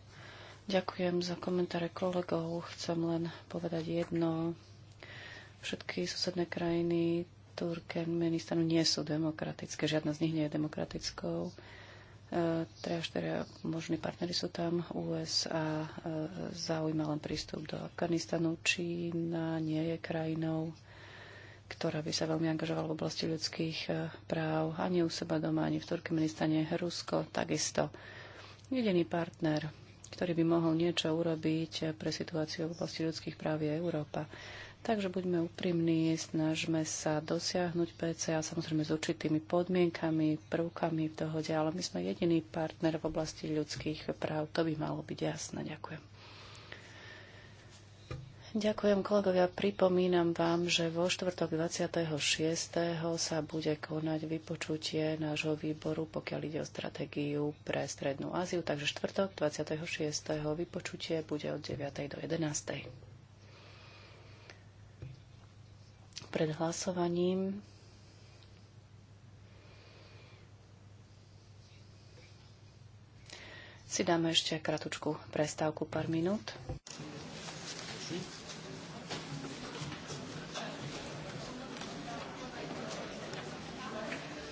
Ďakujem za komentáre kolegov. Chcem len povedať jedno. Všetky susedné krajiny Turkmenistanu nie sú demokratické. Žiadna z nich nie je demokratickou Traja 4 možní partnery sú tam. USA e, zaujíma len prístup do Afganistanu. Čína nie je krajinou, ktorá by sa veľmi angažovala v oblasti ľudských e, práv ani u seba doma, ani v Turkmenistane. Rusko takisto. Jediný partner, ktorý by mohol niečo urobiť pre situáciu v oblasti ľudských práv je Európa. Takže buďme úprimní, snažme sa dosiahnuť PCA samozrejme s určitými podmienkami, prvkami v dohode, ale my sme jediný partner v oblasti ľudských práv. To by malo byť jasné. Ďakujem. Ďakujem kolegovia. Pripomínam vám, že vo štvrtok 26. sa bude konať vypočutie nášho výboru, pokiaľ ide o stratégiu pre Strednú Áziu. Takže štvrtok 26. vypočutie bude od 9. do 11. pred hlasovaním. Si dáme ešte kratučku prestávku pár minút.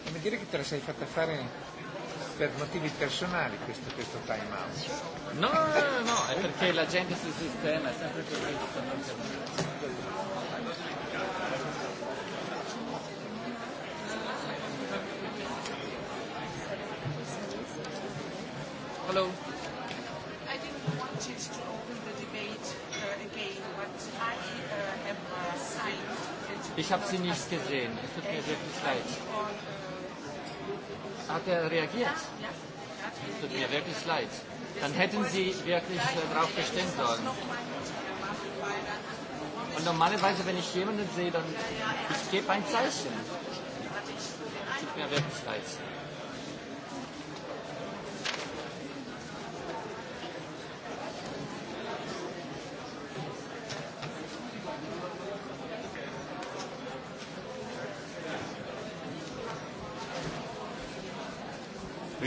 Come dire che te la sei fatta fare per motivi personali questo, questo time out? No, no, no, no, è perché la gente sul sistema è sempre più così. ich habe sie nicht gesehen. Es tut mir wirklich leid. Hat er reagiert? Es tut mir wirklich leid. Dann hätten Sie wirklich äh, darauf bestehen sollen. Und normalerweise, wenn ich jemanden sehe, dann ich gebe ein Zeichen. Es tut mir wirklich leid.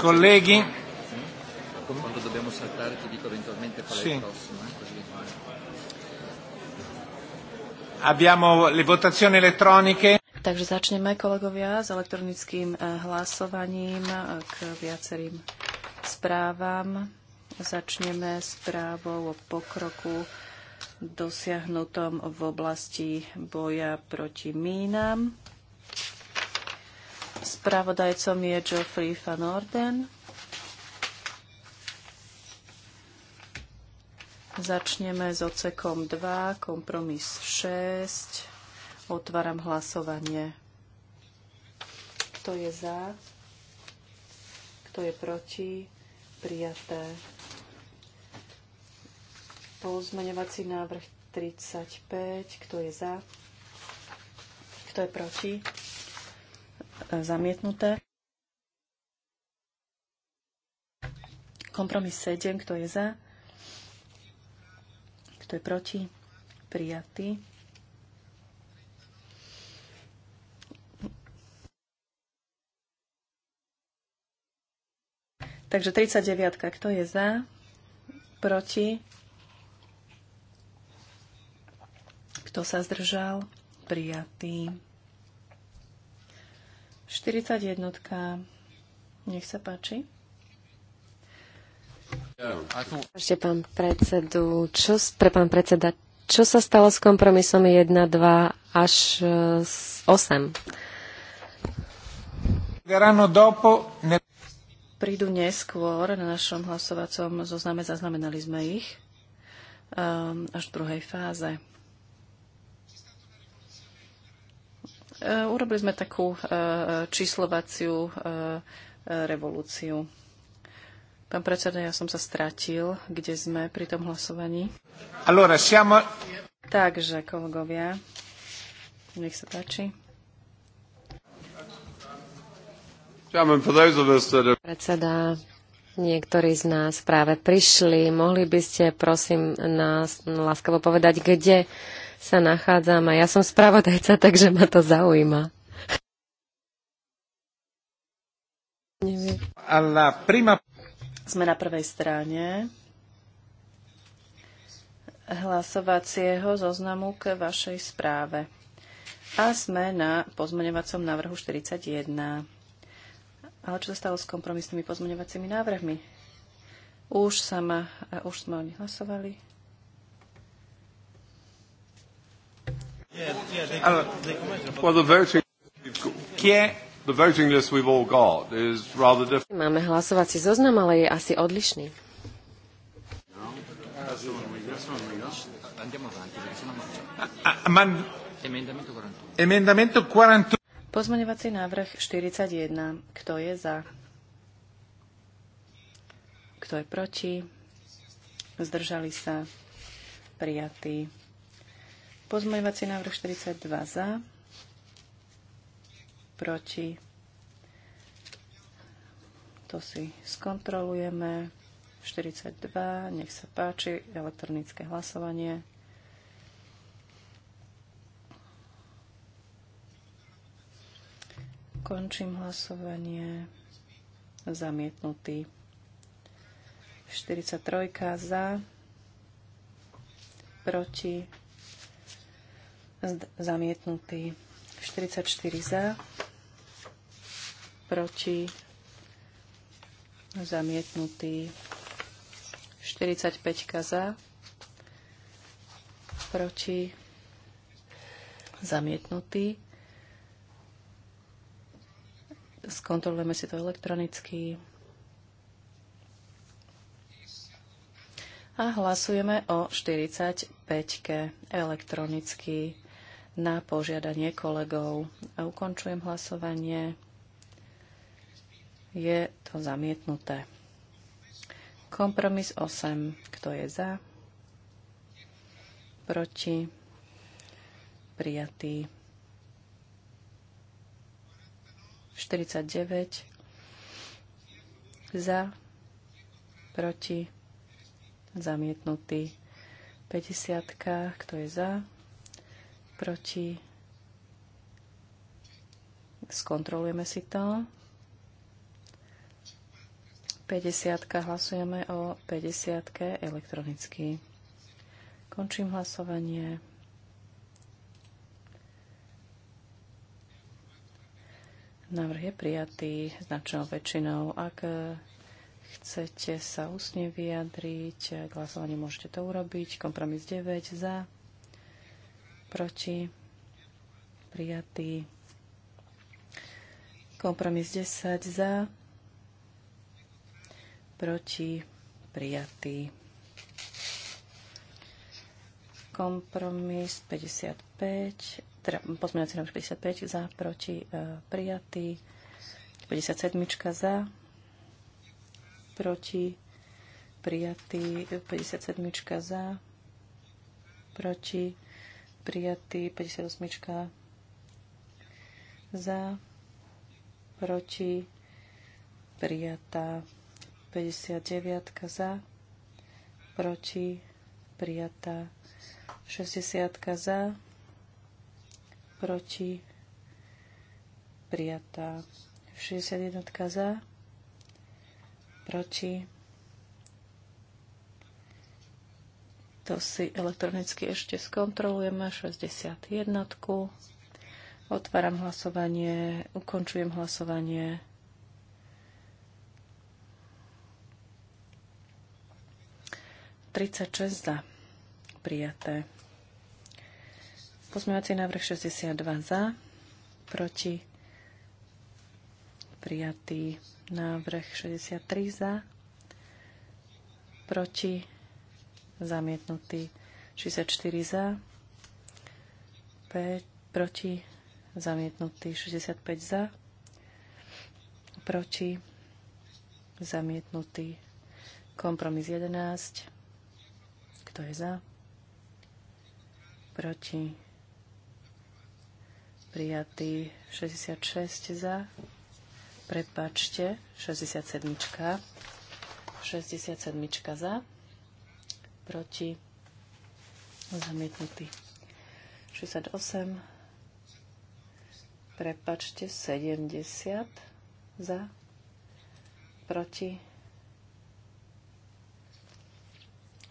Colleghi. Quando dobbiamo saltare ti dico eventualmente qual è sì. il prossimo. Eh? Così. Abbiamo le votazioni elettroniche. Takže začneme, kolegovia, s elektronickým eh, hlasovaním eh, k viacerým správam. Začneme správou o pokroku dosiahnutom v oblasti boja proti mínam. Spravodajcom je Geoffrey van Orden. Začneme s ocekom 2, kompromis 6. Otváram hlasovanie. Kto je za? Kto je proti? Prijaté. Pozmeňovací návrh 35. Kto je za? Kto je proti? E, zamietnuté. Kompromis 7, kto je za, kto je proti, prijatý. Takže 39, kto je za, proti, kto sa zdržal, prijatý. 41. Nech sa páči. Ešte pán predsedu, čo, pre pán predseda, čo sa stalo s kompromisom 1, 2 až 8? E, Prídu neskôr na našom hlasovacom zozname, zaznamenali sme ich e, až v druhej fáze. Eh, urobili sme takú eh, číslovaciu eh, revolúciu. Pán predseda, ja som sa stratil, kde sme pri tom hlasovaní. Allora, siamo... Takže, kolegovia, nech sa páči. Predseda, niektorí z nás práve prišli. Mohli by ste, prosím, nás láskavo povedať, kde sa nachádzam a ja som spravodajca, takže ma to zaujíma. Sme na prvej strane hlasovacieho zoznamu k vašej správe. A sme na pozmeňovacom návrhu 41. Ale čo sa stalo s kompromisnými pozmeňovacími návrhmi? Už, už sme o nich hlasovali. Máme hlasovací zoznam, ale je asi odlišný. Pozmeňovací návrh 41. Kto je za? Kto je proti? Zdržali sa? Prijatý. Pozmeňovací návrh 42 za, proti. To si skontrolujeme. 42, nech sa páči, elektronické hlasovanie. Končím hlasovanie. Zamietnutý. 43 za, proti zamietnutý. 44 za, proti, zamietnutý. 45 za, proti, zamietnutý. Skontrolujeme si to elektronicky. A hlasujeme o 45 elektronicky na požiadanie kolegov. A ukončujem hlasovanie. Je to zamietnuté. Kompromis 8. Kto je za? Proti? Prijatý. 49. Za? Proti? Zamietnutý. 50. Kto je za? proti. Skontrolujeme si to. 50. Hlasujeme o 50. elektronicky. Končím hlasovanie. Návrh je prijatý značnou väčšinou. Ak chcete sa ústne vyjadriť, k hlasovaniu môžete to urobiť. Kompromis 9 za, proti, prijatý. Kompromis 10 za, proti, prijatý. Kompromis 55, teda pozmeňovací návrh 55 e, za, proti, prijatý. 57 za, proti, prijatý. 57 za, proti, prijatý 58 za, proti, prijatá 59 za, proti, prijatá 60 za, proti, prijatá 61 za, proti, To si elektronicky ešte skontrolujeme. 61. Otváram hlasovanie, ukončujem hlasovanie. za prijaté. Pozmeňovací návrh 62 za, proti prijatý návrh 63 za, proti zamietnutý. 64 za, 5 proti, zamietnutý. 65 za, proti, zamietnutý. Kompromis 11. Kto je za? Proti. Prijatý 66 za. Prepačte, 67. 67 za proti, zamietnutý. 68, prepačte, 70 za, proti.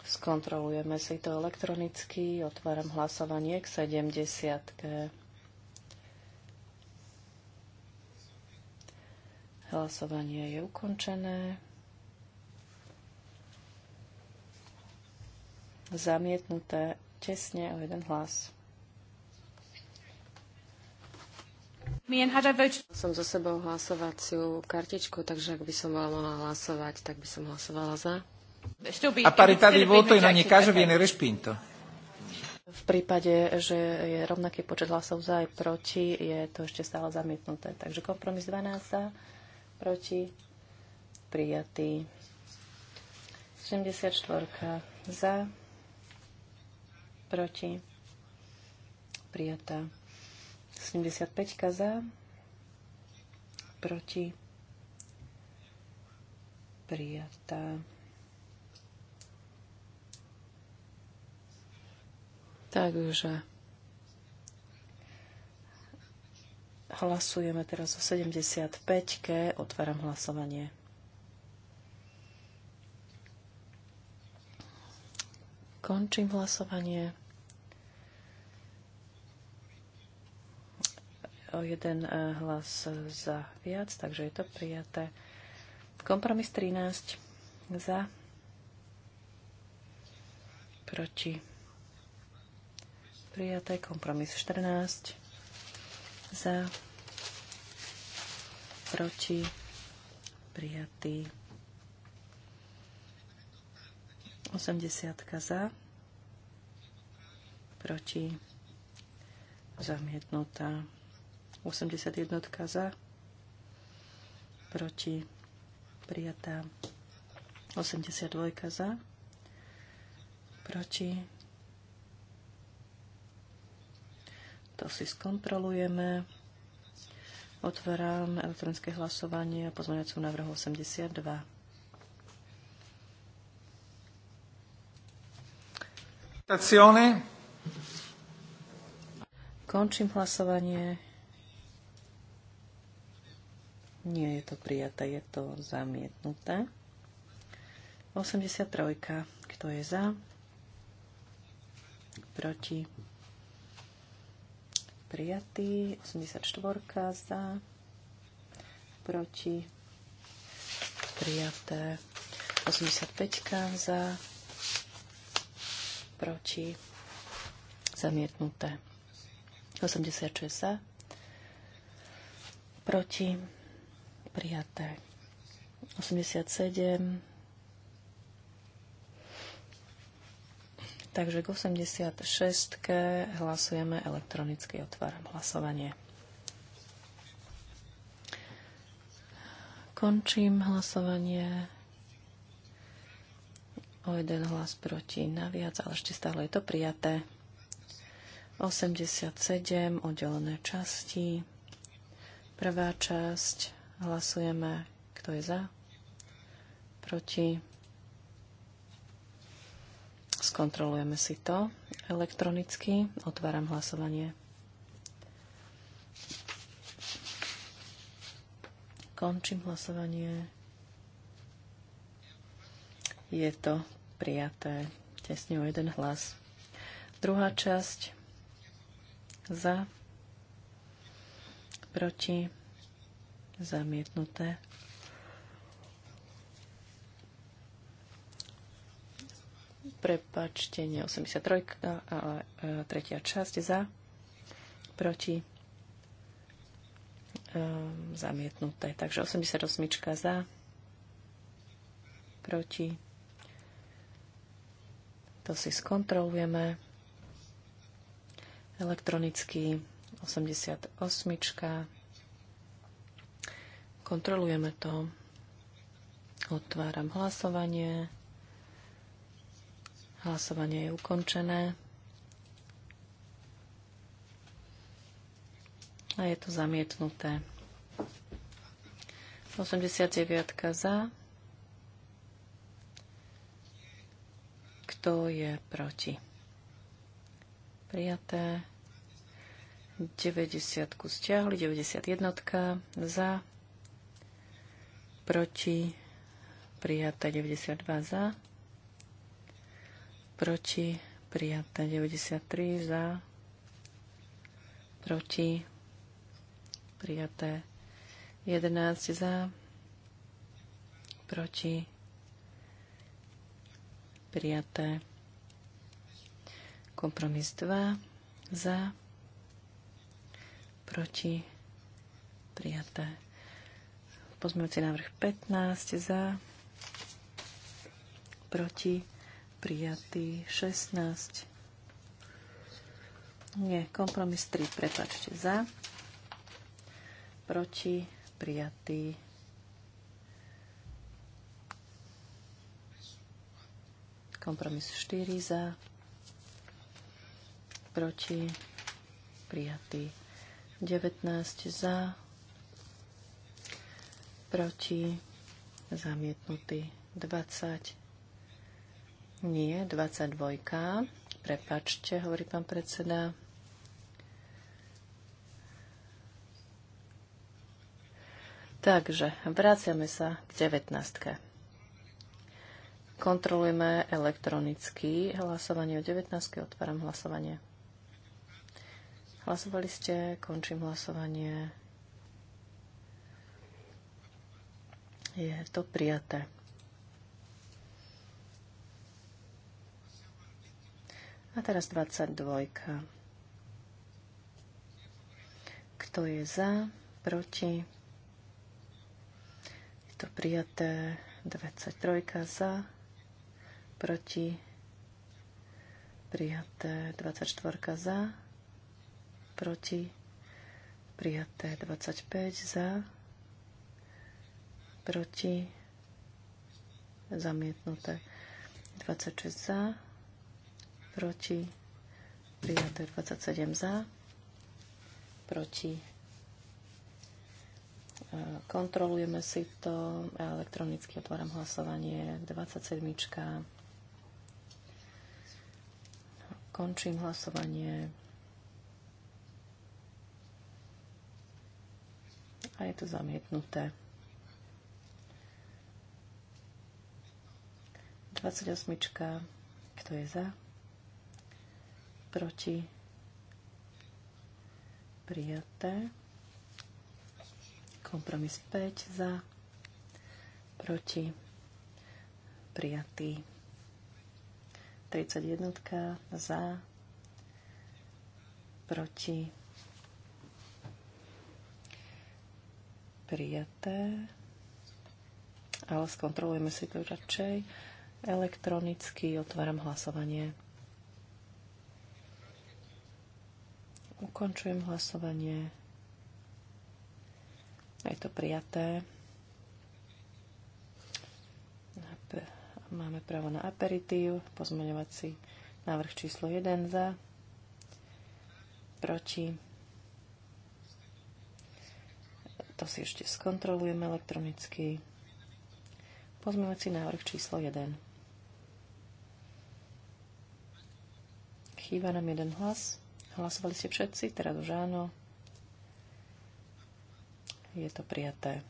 Skontrolujeme si to elektronicky, otváram hlasovanie k 70. Hlasovanie je ukončené. zamietnuté tesne o jeden hlas. Som za sebou hlasovaciu kartičku, takže ak by som bola mohla hlasovať, tak by som hlasovala za. A parità di voto in ogni caso viene rešpinto. V prípade, že je rovnaký počet hlasov za aj proti, je to ešte stále zamietnuté. Takže kompromis 12 za, proti, prijatý. 74 za, proti, prijatá. 75 za, proti, prijatá. Takže hlasujeme teraz o 75 Otváram hlasovanie. Končím hlasovanie. o jeden e, hlas za viac, takže je to prijaté. Kompromis 13 za, proti, prijaté. Kompromis 14 za, proti, prijatý. 80 za, proti, zamietnutá. 81 za, proti prijatá 82 za, proti to si skontrolujeme. Otváram elektronické hlasovanie a pozvaniacu návrhu 82. Končím hlasovanie. Nie je to prijaté, je to zamietnuté. 83. Kto je za? Proti? Prijatý. 84. Za? Proti? Prijaté. 85. Za? Proti? Zamietnuté. 86. Za? Proti? Prijaté. 87. Takže k 86. hlasujeme elektronicky, otváram hlasovanie. Končím hlasovanie. O jeden hlas proti naviac, ale ešte stále je to prijaté. 87 oddelené časti. Prvá časť Hlasujeme, kto je za, proti. Skontrolujeme si to elektronicky. Otváram hlasovanie. Končím hlasovanie. Je to prijaté. Tesne o jeden hlas. Druhá časť. Za. Proti. Zamietnuté. Prepačte, nie 83, ale tretia časť za, proti, ehm, zamietnuté. Takže 88 za, proti. To si skontrolujeme. Elektronicky 88. Kontrolujeme to. Otváram hlasovanie. Hlasovanie je ukončené. A je to zamietnuté. 89 za. Kto je proti? Prijaté. 90 stiahli, 91 za proti, prijaté 92 za, proti, prijaté 93 za, proti, prijaté 11 za, proti, prijaté kompromis 2 za, proti, prijaté Pozmeňujúci návrh 15 za, proti, prijatý 16. Nie, kompromis 3, prepačte, za, proti, prijatý kompromis 4 za, proti, prijatý 19 za, proti, zamietnutý 20, nie, 22, prepačte, hovorí pán predseda. Takže, vraciame sa k 19. Kontrolujeme elektronicky hlasovanie o 19. Otváram hlasovanie. Hlasovali ste, končím hlasovanie. Je to prijaté. A teraz 22. Kto je za, proti? Je to prijaté. 23 za, proti? Prijaté. 24 za, proti? Prijaté. 25 za, proti, zamietnuté. 26 za, proti, prijaté 27 za, proti. E, kontrolujeme si to, elektronicky otváram hlasovanie 27. Končím hlasovanie. A je to zamietnuté. 28. Kto je za? Proti? Prijaté. Kompromis 5 za. Proti? Prijatý. 31. Za. Proti? Prijaté ale skontrolujeme si to radšej. Elektronicky otváram hlasovanie. Ukončujem hlasovanie. Je to prijaté. Máme právo na aperitív. Pozmeňovací návrh číslo 1 za. Proti. To si ešte skontrolujeme elektronicky. Pozmeňovací návrh číslo 1. Chýba nám jeden hlas. Hlasovali ste všetci? Teraz už áno. Je to prijaté.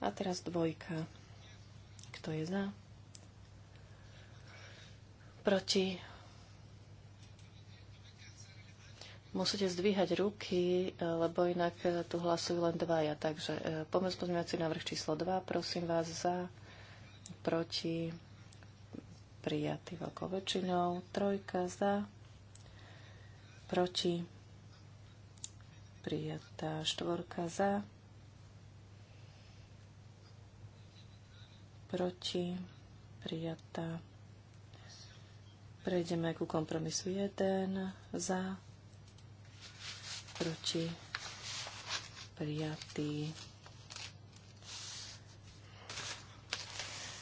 A teraz dvojka. Kto je za? Proti? Musíte zdvíhať ruky, e, lebo inak e, tu hlasujú len dvaja. Takže e, pomôcť pozmeňovací návrh číslo 2. Prosím vás za, proti prijatý veľkou väčšinou. Trojka za, proti, prijatá. Štvorka za, proti, prijatá. Prejdeme ku kompromisu 1, za, proti, prijatý.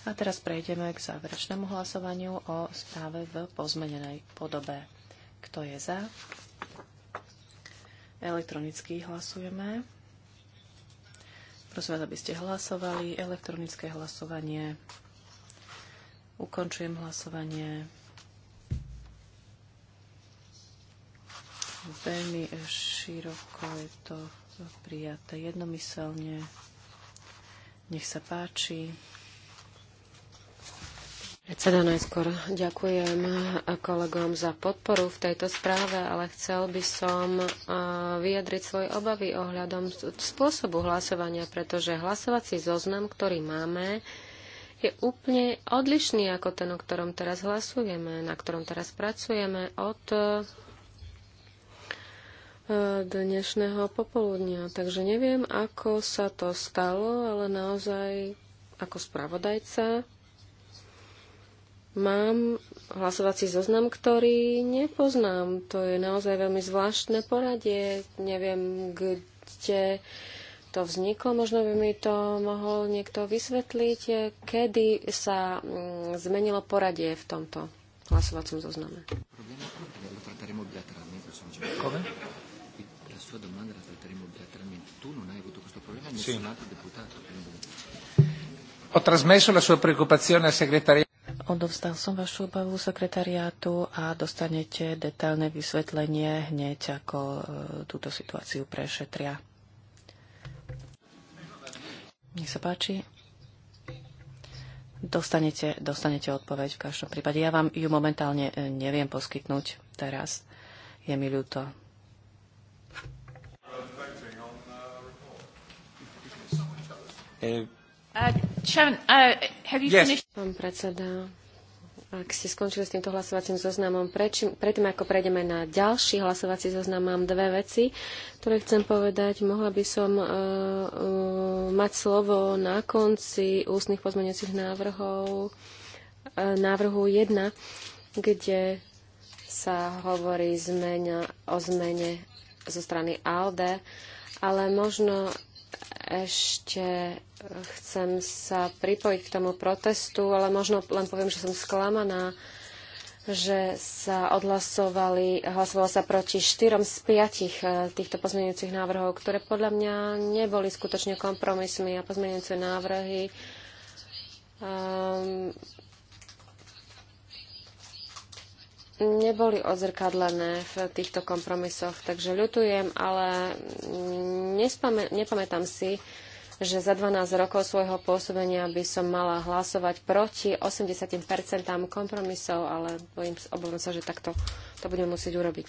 A teraz prejdeme k záverečnému hlasovaniu o správe v pozmenenej podobe. Kto je za? Elektronicky hlasujeme. Prosím vás, aby ste hlasovali. Elektronické hlasovanie. Ukončujem hlasovanie. Veľmi široko je to prijaté jednomyselne. Nech sa páči. Predseda, najskôr ďakujem kolegom za podporu v tejto správe, ale chcel by som eh, vyjadriť svoje obavy ohľadom spôsobu hlasovania, pretože hlasovací zoznam, ktorý máme, je úplne odlišný ako ten, o ktorom teraz hlasujeme, na ktorom teraz pracujeme od eh, dnešného popoludnia. Takže neviem, ako sa to stalo, ale naozaj ako spravodajca mám hlasovací zoznam, ktorý nepoznám. To je naozaj veľmi zvláštne poradie. Neviem, kde to vzniklo. Možno by mi to mohol niekto vysvetliť, kedy sa mm, zmenilo poradie v tomto hlasovacom zozname. Come? Ho trasmesso la sua preoccupazione al segretario. Odovzdal som vašu obavu sekretariátu a dostanete detailné vysvetlenie hneď, ako e, túto situáciu prešetria. Nech sa páči. Dostanete, dostanete odpoveď v každom prípade. Ja vám ju momentálne e, neviem poskytnúť teraz. Je mi ľúto. Uh, Uh, Chairman, uh, have you yes. finished? Pán predseda, ak ste skončili s týmto hlasovacím zoznamom, predtým ako prejdeme na ďalší hlasovací zoznam, mám dve veci, ktoré chcem povedať. Mohla by som uh, uh, mať slovo na konci ústnych pozmeňujúcich návrhov, uh, návrhu 1, kde sa hovorí zmena, o zmene zo strany ALDE, ale možno ešte chcem sa pripojiť k tomu protestu, ale možno len poviem, že som sklamaná, že sa odhlasovali, hlasovalo sa proti štyrom z piatich e, týchto pozmeňujúcich návrhov, ktoré podľa mňa neboli skutočne kompromismi a pozmeňujúce návrhy um, neboli odzrkadlené v týchto kompromisoch, takže ľutujem, ale nepamätám si, že za 12 rokov svojho pôsobenia by som mala hlasovať proti 80% kompromisov, ale bojím, obávam sa, že takto to budeme musieť urobiť.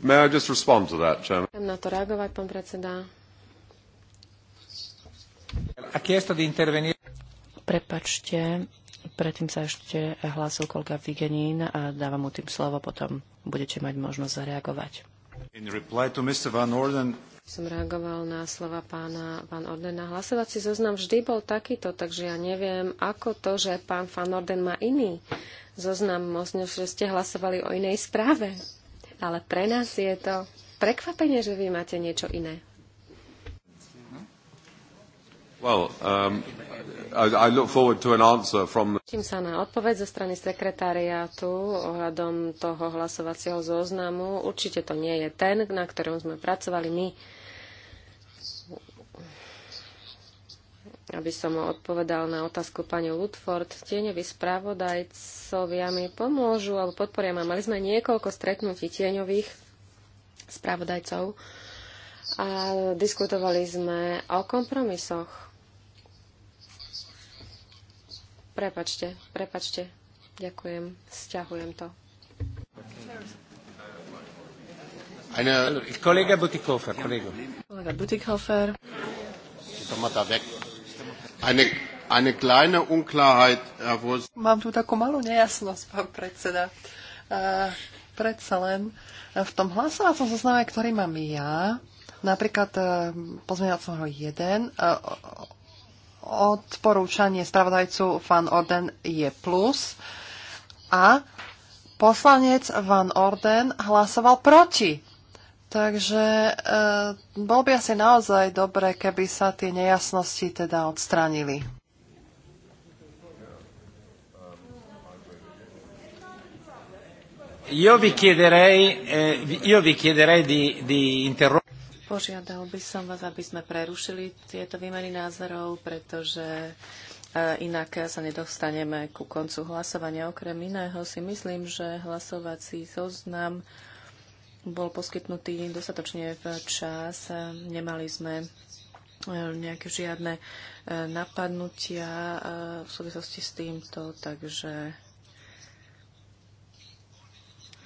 May I just respond to that, Chairman? Chcem na to reagovať, pán predseda. Prepačte, Predtým sa ešte hlásil kolega Vigenín a dávam mu tým slovo, potom budete mať možnosť zareagovať. Orden... som reagoval na slova pána Van Ordena. Hlasovací zoznam vždy bol takýto, takže ja neviem, ako to, že pán Van Orden má iný zoznam. Možno, že ste hlasovali o inej správe. Ale pre nás je to prekvapenie, že vy máte niečo iné. Well, um, sa na odpoveď zo strany sekretariátu ohľadom toho hlasovacieho zoznamu. Určite to nie je ten, na ktorom sme pracovali my. Aby som odpovedal na otázku pani Ludford, tieňoví spravodajcovia mi pomôžu alebo podporia ma. Mali sme niekoľko stretnutí tieňových spravodajcov a diskutovali sme o kompromisoch Prepačte, prepačte. Ďakujem. Sťahujem to. Eine, kolega Butikhofer, kolega. Kolega Butikhofer. Eine, eine kleine Unklarheit, Herr Voss. Mám tu takú malú nejasnosť, pán predseda. Uh, predsa len e, v tom hlasovacom zozname, ktorý mám ja, napríklad e, pozmeňovacom 1, odporúčanie spravodajcu Van Orden je plus a poslanec Van Orden hlasoval proti. Takže e, bol by asi naozaj dobré, keby sa tie nejasnosti teda odstránili. Io vi chiederei, eh, io vi chiederei di, di interrompere. Požiadal by som vás, aby sme prerušili tieto výmeny názorov, pretože e, inak sa nedostaneme ku koncu hlasovania. Okrem iného si myslím, že hlasovací zoznam bol poskytnutý dostatočne čas. Nemali sme e, nejaké žiadne e, napadnutia v súvislosti s týmto, takže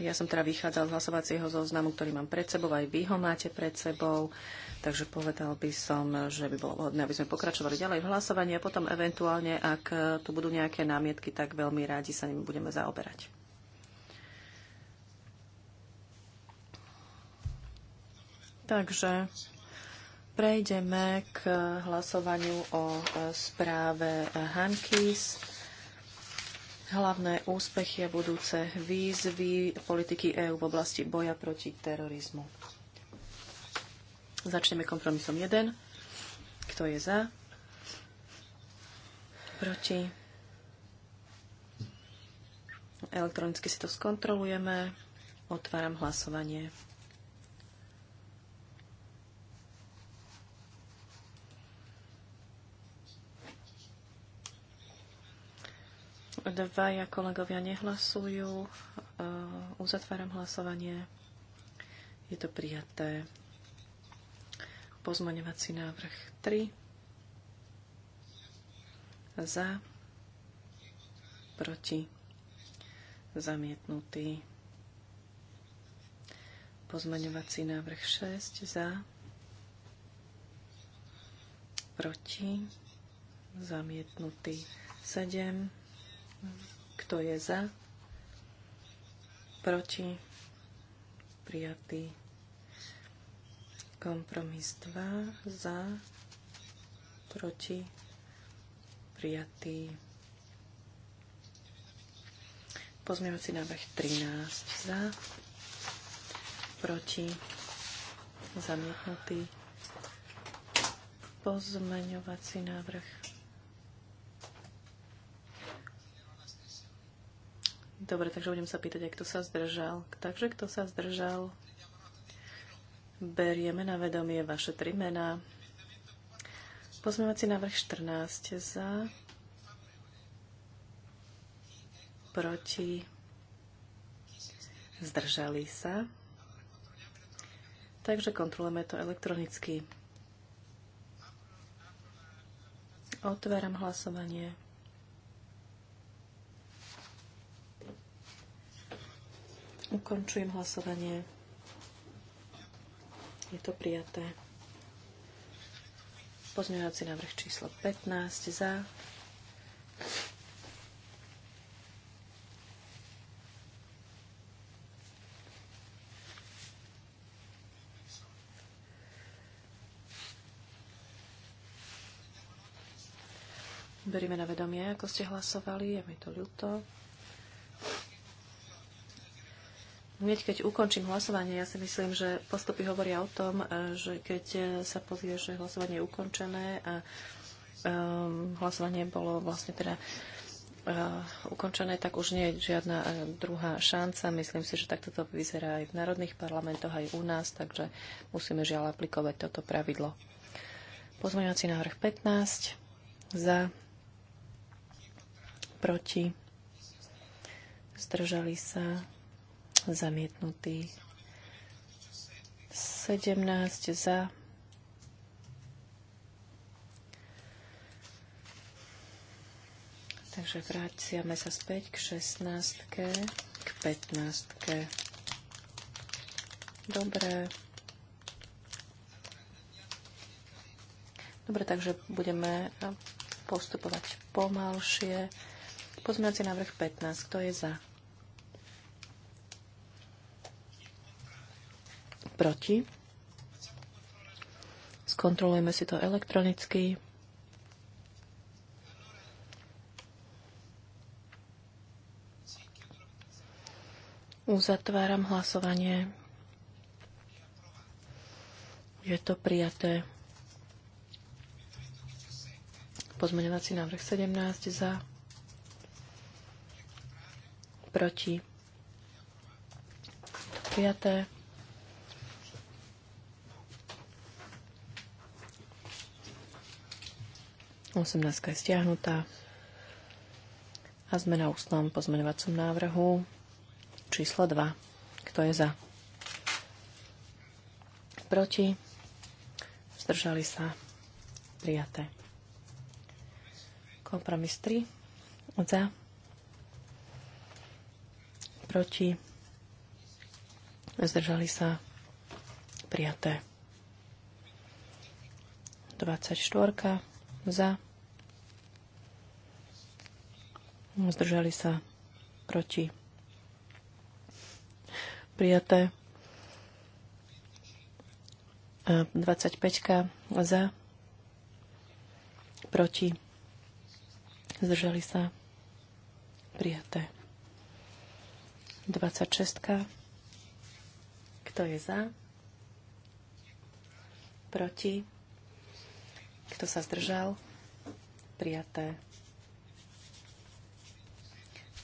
ja som teda vychádzal z hlasovacieho zoznamu, ktorý mám pred sebou, aj vy ho máte pred sebou, takže povedal by som, že by bolo vhodné, aby sme pokračovali ďalej v hlasovaní a potom eventuálne, ak tu budú nejaké námietky, tak veľmi rádi sa nimi budeme zaoberať. Takže prejdeme k hlasovaniu o správe Hankis hlavné úspechy a budúce výzvy politiky EÚ v oblasti boja proti terorizmu. Začneme kompromisom 1. Kto je za? Proti? Elektronicky si to skontrolujeme. Otváram hlasovanie. Dvaja kolegovia nehlasujú. E, uzatváram hlasovanie. Je to prijaté. Pozmaňovací návrh 3. Za. Proti. Zamietnutý. Pozmaňovací návrh 6. Za. Proti. Zamietnutý. 7 kto je za? Proti? Prijatý. Kompromis 2. Za? Proti? Prijatý. Pozmievací návrh 13. Za? Proti? Zamietnutý. Pozmeňovací návrh Dobre, takže budem sa pýtať aj, kto sa zdržal. Takže kto sa zdržal? Berieme na vedomie vaše tri mená. Pozmievací návrh 14 za, proti, zdržali sa. Takže kontrolujeme to elektronicky. Otváram hlasovanie. Ukončujem hlasovanie. Je to prijaté. Pozmeňovací návrh číslo 15 za. Beríme na vedomie, ako ste hlasovali, je mi to ľúto. Hneď keď ukončím hlasovanie, ja si myslím, že postupy hovoria o tom, e, že keď e, sa pozrie, že hlasovanie je ukončené a um, hlasovanie bolo vlastne teda e, ukončené, tak už nie je žiadna druhá šanca. Myslím si, že takto to vyzerá aj v národných parlamentoch, aj u nás, takže musíme žiaľ aplikovať toto pravidlo. Pozmeňovací návrh 15 za proti zdržali sa Zamietnutý. 17 za. Takže vraciame sa späť k 16, k 15. Dobre. Dobre, takže budeme postupovať pomalšie. Pozmeňovací návrh 15. Kto je za? proti. Skontrolujeme si to elektronicky. Uzatváram hlasovanie. Je to prijaté. Pozmeňovací návrh 17 za. Proti. Prijaté. 18 je stiahnutá. A sme na ústnom pozmeňovacom návrhu číslo 2. Kto je za? Proti? Zdržali sa? Prijaté. Kompromis 3. Za? Proti? Zdržali sa? Prijaté. 24 za, zdržali sa proti. Prijaté 25 e, za, proti, zdržali sa prijaté. 26. Kto je za? Proti? Kto sa zdržal? Prijaté.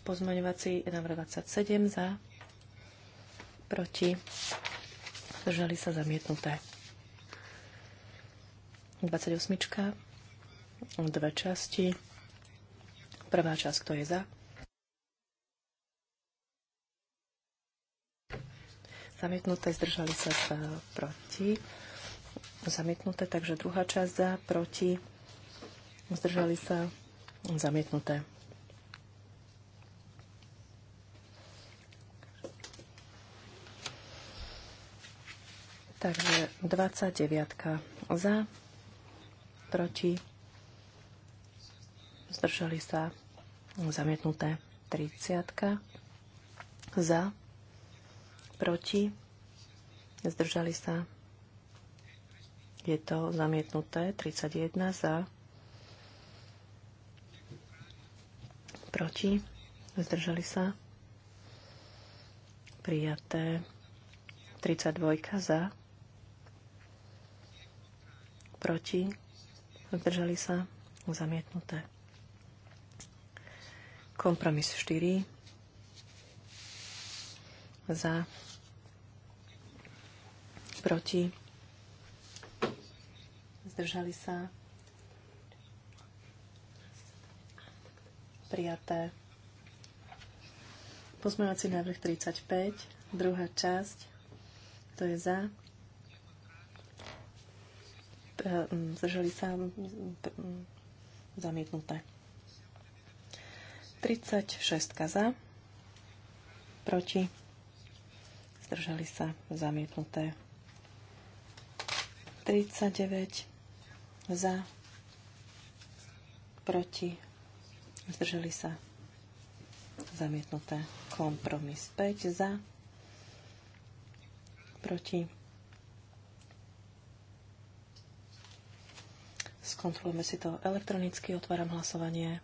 Pozmaňovací návrh 27 za. Proti. Zdržali sa zamietnuté. 28. Dve časti. Prvá časť, kto je za? Zamietnuté zdržali sa proti zamietnuté, takže druhá časť za, proti, zdržali sa, zamietnuté. Takže 29 za, proti, zdržali sa, zamietnuté 30 za, proti, zdržali sa, je to zamietnuté. 31 za. Proti. Zdržali sa. Prijaté. 32 za. Proti. Zdržali sa. Zamietnuté. Kompromis 4. Za. Proti zdržali sa, prijaté. Pozmeňovací návrh 35, druhá časť, to je za, hm, zdržali sa, hm, zamietnuté. 36 za, proti, zdržali sa, zamietnuté. 39 za, proti, zdržali sa, zamietnuté. Kompromis 5 za, proti. Skontrolujeme si to elektronicky, otváram hlasovanie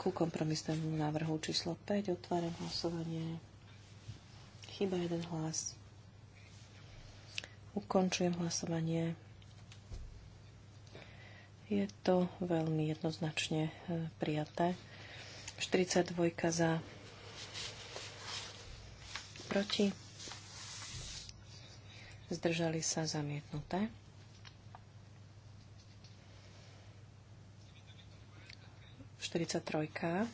ku kompromisnému návrhu číslo 5. Otváram hlasovanie. Chyba jeden hlas. Ukončujem hlasovanie. Je to veľmi jednoznačne e, prijaté. 42 za, proti, zdržali sa zamietnuté. 43.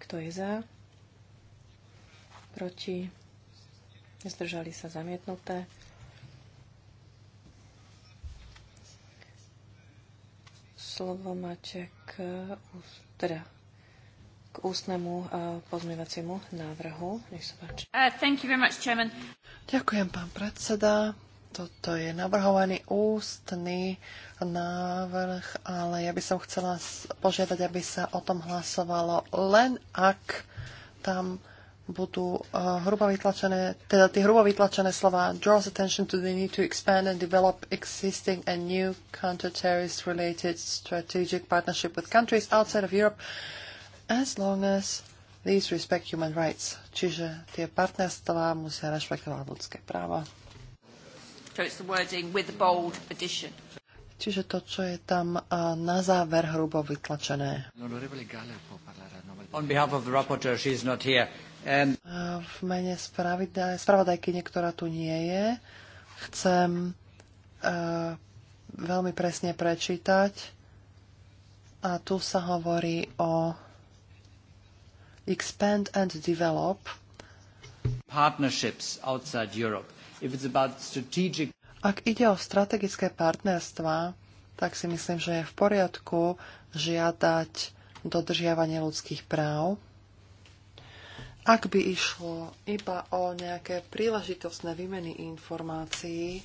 Kto je za? Proti? Zdržali sa zamietnuté. Slovo máte k, teda, k ústnemu e, pozmievaciemu návrhu. Nech sa páči. Uh, thank you very much, Chairman. Ďakujem, pán predseda. Toto je navrhovaný ústny návrh, ale ja by som chcela požiadať, aby sa o tom hlasovalo len ak tam budú uh, hrubo vytlačené, teda tie hrubo vytlačené slova draws attention to the need to expand and develop existing and new counter-terrorist related strategic partnership with countries outside of Europe as long as these respect human rights. Čiže tie partnerstvá musia rešpektovať ľudské práva. So it's the wording with the bold addition. Čiže to, čo je tam uh, na záver hrubo vytlačené. On behalf of the rapporteur, she is not here. And... V mene spravodajky, ktorá tu nie je, chcem uh, veľmi presne prečítať. A tu sa hovorí o expand and develop. Partnerships outside Europe. If it's about strategic... Ak ide o strategické partnerstva, tak si myslím, že je v poriadku žiadať dodržiavanie ľudských práv ak by išlo iba o nejaké príležitostné výmeny informácií,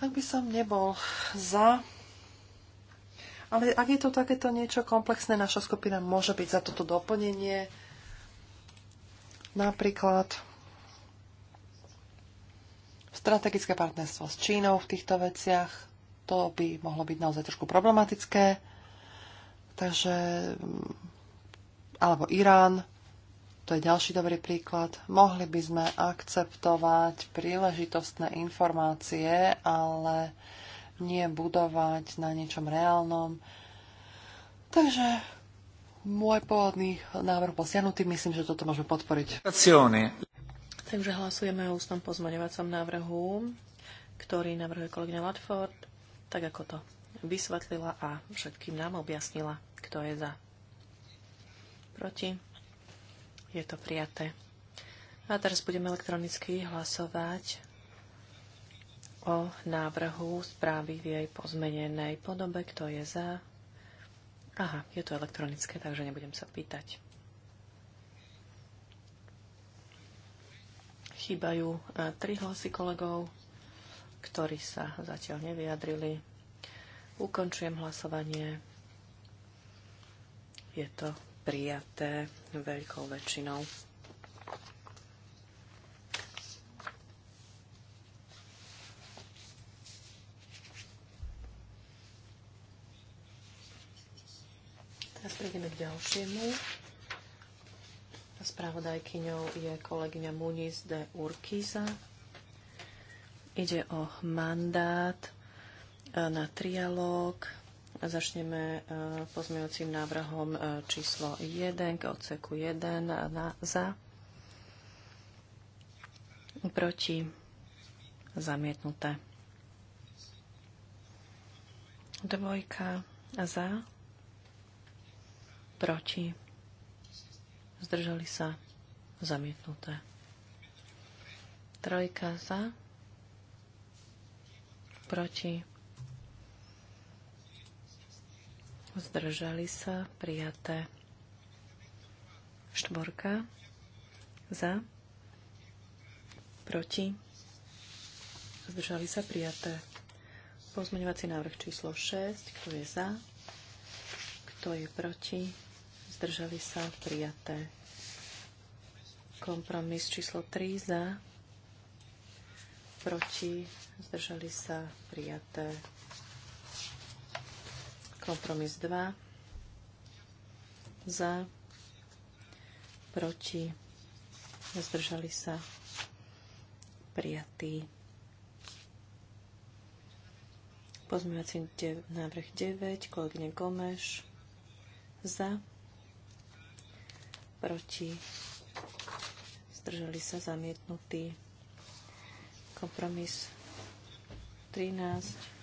tak by som nebol za. Ale ak je to takéto niečo komplexné, naša skupina môže byť za toto doplnenie. Napríklad strategické partnerstvo s Čínou v týchto veciach. To by mohlo byť naozaj trošku problematické. Takže mm, alebo Irán, to je ďalší dobrý príklad. Mohli by sme akceptovať príležitostné informácie, ale nie budovať na niečom reálnom. Takže môj pôvodný návrh bol stiahnutý. Myslím, že toto môžeme podporiť. Takže hlasujeme o ústnom pozmaňovacom návrhu, ktorý navrhuje kolegyňa Watford, tak ako to vysvetlila a všetkým nám objasnila, kto je za. Proti? Je to prijaté. A teraz budeme elektronicky hlasovať o návrhu správy v jej pozmenenej podobe. Kto je za? Aha, je to elektronické, takže nebudem sa pýtať. Chýbajú e, tri hlasy kolegov, ktorí sa zatiaľ nevyjadrili. Ukončujem hlasovanie. Je to prijaté veľkou väčšinou. Teraz prejdeme k ďalšiemu. Spravodajkyňou je kolegyňa Muniz de Urkiza. Ide o mandát na trialóg Začneme e, pozmeňujúcim návrhom e, číslo 1 k odseku 1 na za. Proti. Zamietnuté. Dvojka za. Proti. Zdržali sa. Zamietnuté. Trojka za. Proti zdržali sa, prijaté. Štvorka, za, proti, zdržali sa, prijaté. Pozmeňovací návrh číslo 6, kto je za, kto je proti, zdržali sa, prijaté. Kompromis číslo 3, za, proti, zdržali sa, prijaté Kompromis 2. Za. Proti. Zdržali sa. Prijatý. Pozmeňovací návrh 9. Kolegyne Gomeš. Za. Proti. Zdržali sa. Zamietnutý. Kompromis 13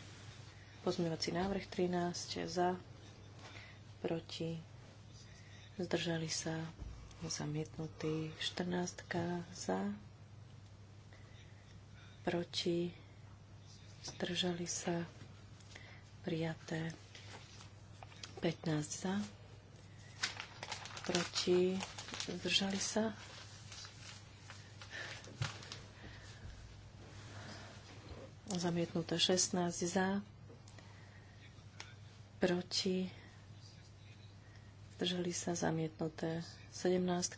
Pozmievací návrh 13 za, proti, zdržali sa, zamietnutý 14 za, proti, zdržali sa, prijaté 15 za, proti, zdržali sa, zamietnuté 16 za, proti, zdržali sa zamietnuté. 17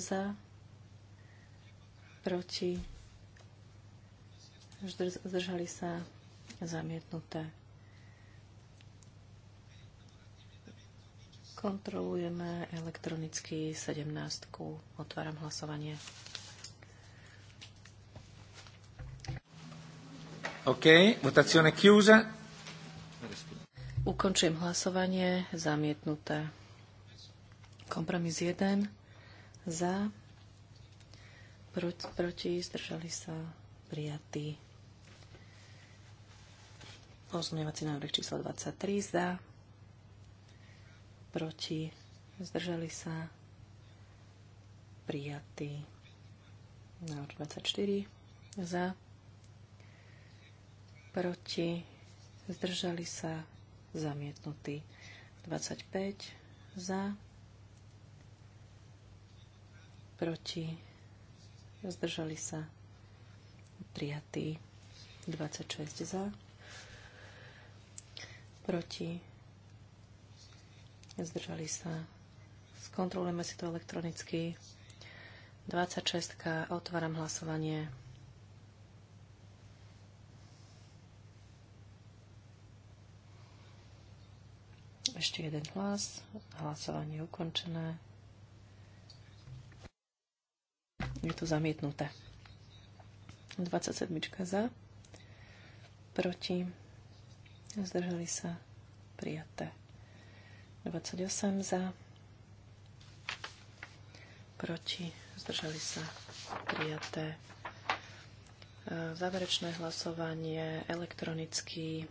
za, proti, zdržali sa zamietnuté. Kontrolujeme elektronicky 17. Otváram hlasovanie. OK, votazione chiusa. Ukončujem hlasovanie. Zamietnuté. Kompromis 1. Za. Proti, proti zdržali sa. prijatí Pozmeňovací návrh číslo 23. Za. Proti. Zdržali sa. Prijatí. Návrh 24. Za. Proti. Zdržali sa zamietnutý. 25 za, proti, zdržali sa, prijatý. 26 za, proti, zdržali sa. Skontrolujeme si to elektronicky. 26. Otváram hlasovanie. Ešte jeden hlas. Hlasovanie je ukončené. Je to zamietnuté. 27 za. Proti. Zdržali sa. Prijaté. 28 za. Proti. Zdržali sa. Prijaté. E, Záverečné hlasovanie elektronicky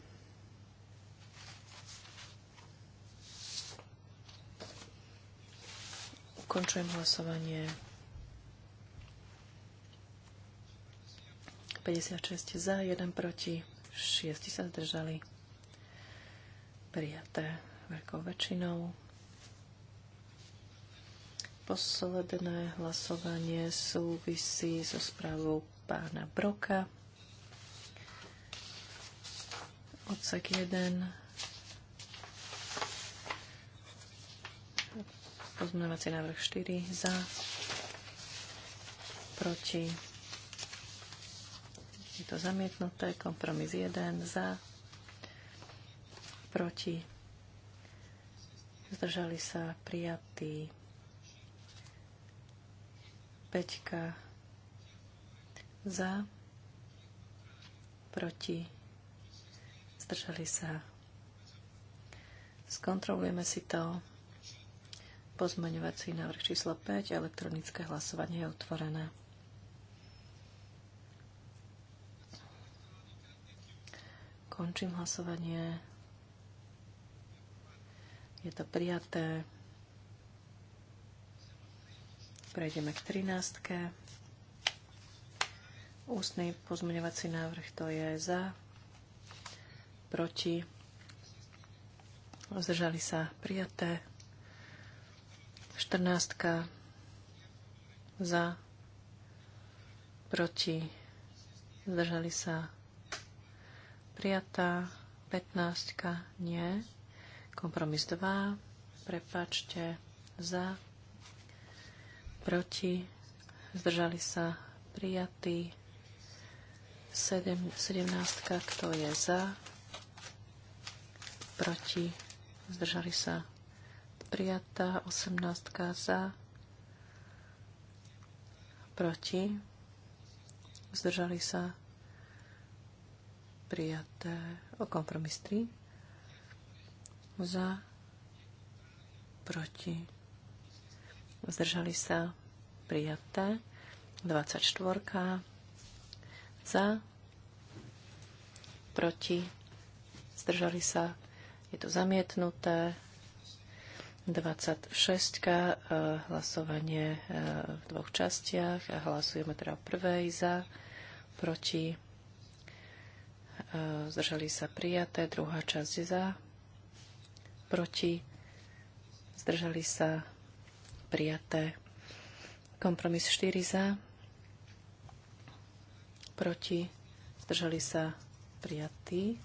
Ukončujem hlasovanie. 56 za, 1 proti, 6 sa zdržali. Prijaté veľkou väčšinou. Posledné hlasovanie súvisí so správou pána Broka. Odsek 1 Pozmeňovací návrh 4 za, proti, je to zamietnuté, kompromis 1 za, proti, zdržali sa prijatí 5 za, proti, zdržali sa. Skontrolujeme si to. Pozmaňovací návrh číslo 5. Elektronické hlasovanie je otvorené. Končím hlasovanie. Je to prijaté. Prejdeme k 13. Ústny pozmeňovací návrh to je za, proti, zdržali sa prijaté. 14 za, proti, zdržali sa prijatá, 15 nie, kompromis 2, prepačte, za, proti, zdržali sa prijatí, 17, kto je za, proti, zdržali sa prijatá, 18 za, proti, zdržali sa, prijaté, o kompromis 3, za, proti, zdržali sa, prijaté, 24 za, proti, zdržali sa, je to zamietnuté, 26. Eh, hlasovanie eh, v dvoch častiach. Hlasujeme teda prvej za, proti. Eh, zdržali sa prijaté. Druhá časť za, proti. Zdržali sa prijaté. Kompromis 4 za, proti. Zdržali sa prijatí.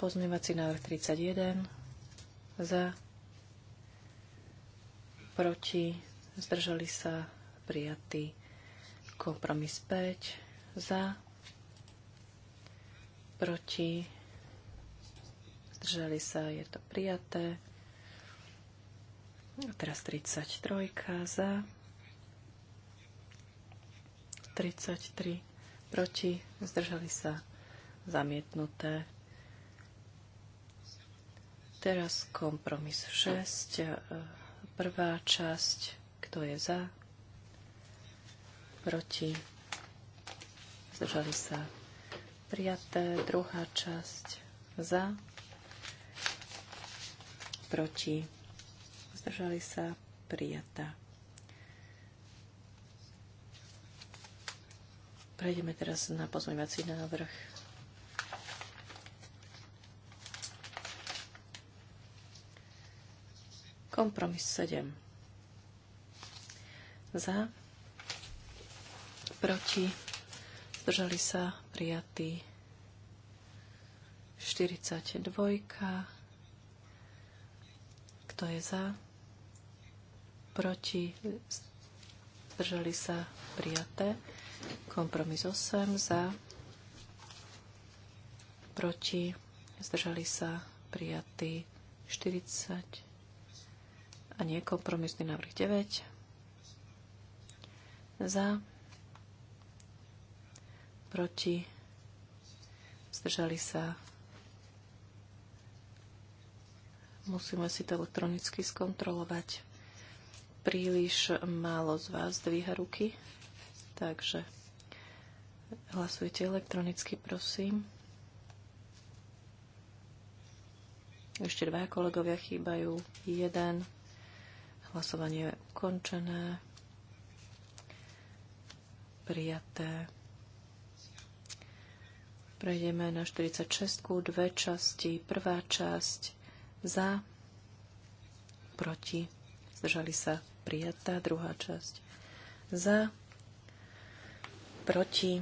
Pozmievací návrh 31 za, proti, zdržali sa, prijatý. Kompromis 5, za, proti, zdržali sa, je to prijaté. A teraz 33 za, 33 proti, zdržali sa, zamietnuté. Teraz kompromis 6 Prvá časť, kto je za, proti, zdržali sa. Prijaté druhá časť za, proti, zdržali sa, prijatá. Prejdeme teraz na pozmeňovací návrh Kompromis 7. Za, proti, zdržali sa prijatí 42. Kto je za? Proti, zdržali sa prijaté. Kompromis 8 za, proti, zdržali sa prijatí 40 a nie kompromisný návrh 9. Za, proti, zdržali sa. Musíme si to elektronicky skontrolovať. Príliš málo z vás dvíha ruky, takže hlasujte elektronicky, prosím. Ešte dva kolegovia chýbajú. Jeden. Hlasovanie je ukončené. Prijaté. Prejdeme na 46. Dve časti. Prvá časť za, proti. Zdržali sa. Prijatá. Druhá časť za, proti.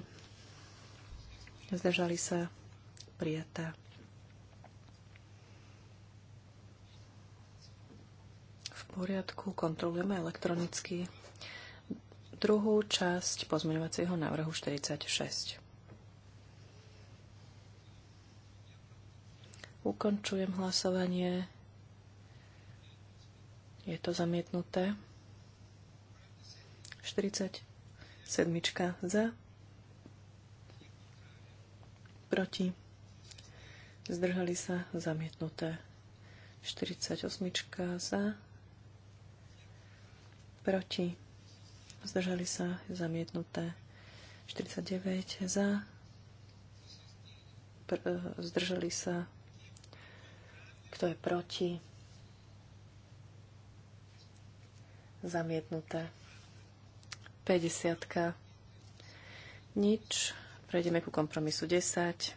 Zdržali sa. Prijatá. poriadku, kontrolujeme elektronicky druhú časť pozmeňovacieho návrhu 46. Ukončujem hlasovanie. Je to zamietnuté. 47 za. Proti. Zdržali sa zamietnuté. 48 za proti, zdržali sa, zamietnuté. 49 za, pr- eh, zdržali sa, kto je proti, zamietnuté. 50. Nič. Prejdeme ku kompromisu 10.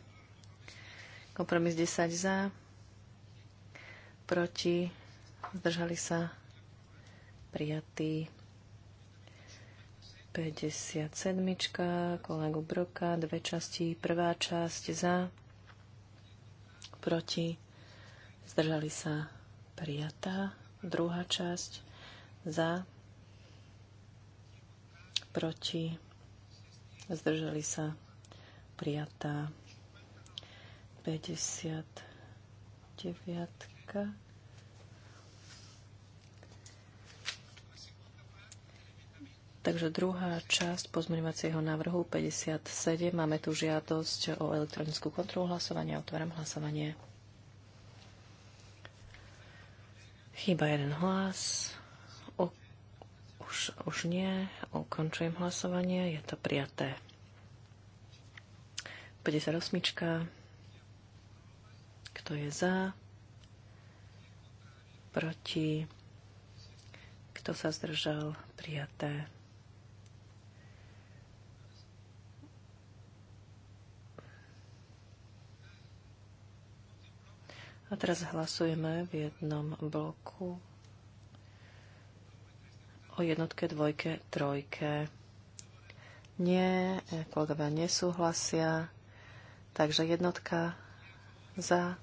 Kompromis 10 za, proti, zdržali sa, prijatý. 57. kolegu Broka, dve časti. Prvá časť za, proti, zdržali sa prijatá. Druhá časť za, proti, zdržali sa prijatá. 59. Takže druhá časť pozmeňovacieho návrhu 57. Máme tu žiadosť o elektronickú kontrolu hlasovania. Otváram hlasovanie. Chýba jeden hlas. O, už, už nie. Ukončujem hlasovanie. Je to prijaté. 58. Kto je za? Proti? Kto sa zdržal? Prijaté. A teraz hlasujeme v jednom bloku o jednotke, dvojke, trojke. Nie, kolegovia nesúhlasia. Takže jednotka za,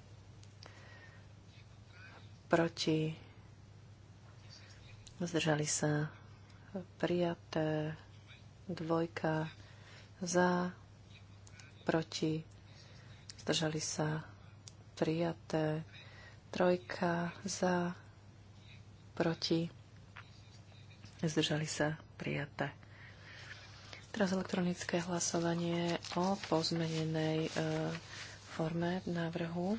proti, zdržali sa prijaté, dvojka za, proti, zdržali sa prijaté. Trojka za, proti, zdržali sa prijaté. Teraz elektronické hlasovanie o pozmenenej e, forme návrhu.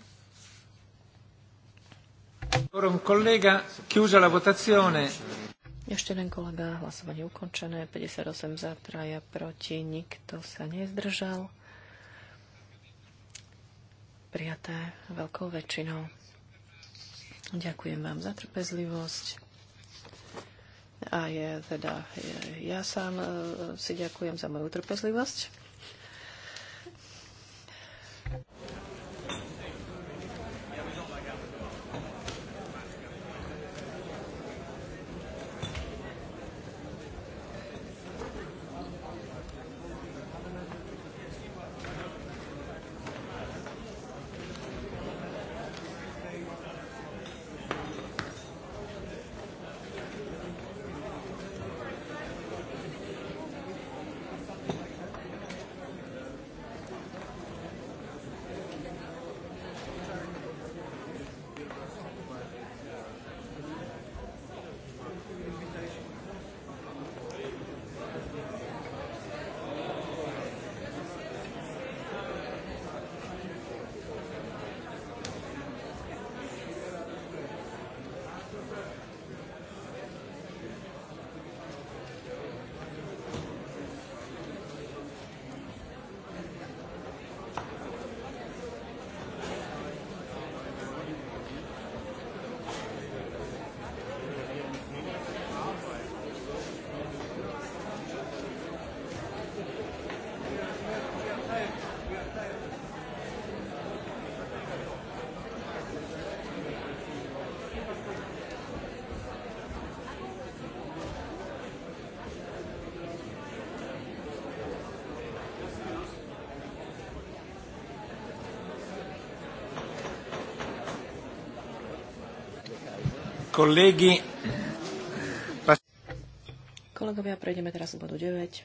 Ešte jeden kolega, hlasovanie ukončené, 58 za, traja proti, nikto sa nezdržal prijaté veľkou väčšinou. Ďakujem vám za trpezlivosť. A je, teda, ja sám e, si ďakujem za moju trpezlivosť. Kolegi... Kolegovia, prejdeme teraz k bodu 9.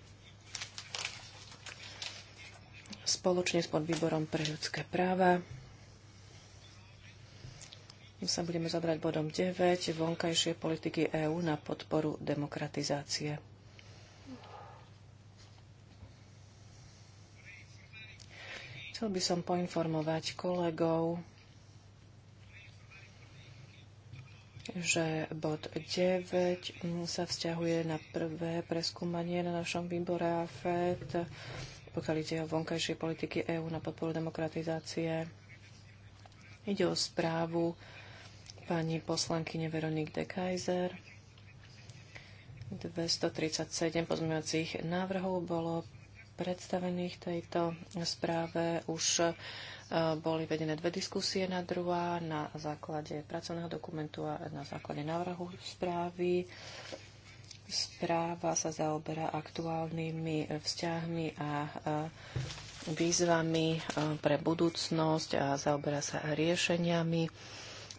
Spoločne s podvýborom pre ľudské práva sa budeme zabrať bodom 9. Vonkajšie politiky EÚ na podporu demokratizácie. Chcel by som poinformovať kolegov, že bod 9 sa vzťahuje na prvé preskúmanie na našom výbore AFED, pokiaľ ide o vonkajšie politiky EÚ na podporu demokratizácie. Ide o správu pani poslankyne Veronik de Kaiser. 237 pozmeňovacích návrhov bolo predstavených tejto správe už Eh, boli vedené dve diskusie na druhá na základe pracovného dokumentu a na základe návrhu správy. Správa sa zaoberá aktuálnymi vzťahmi a eh, výzvami eh, pre budúcnosť a zaoberá sa riešeniami.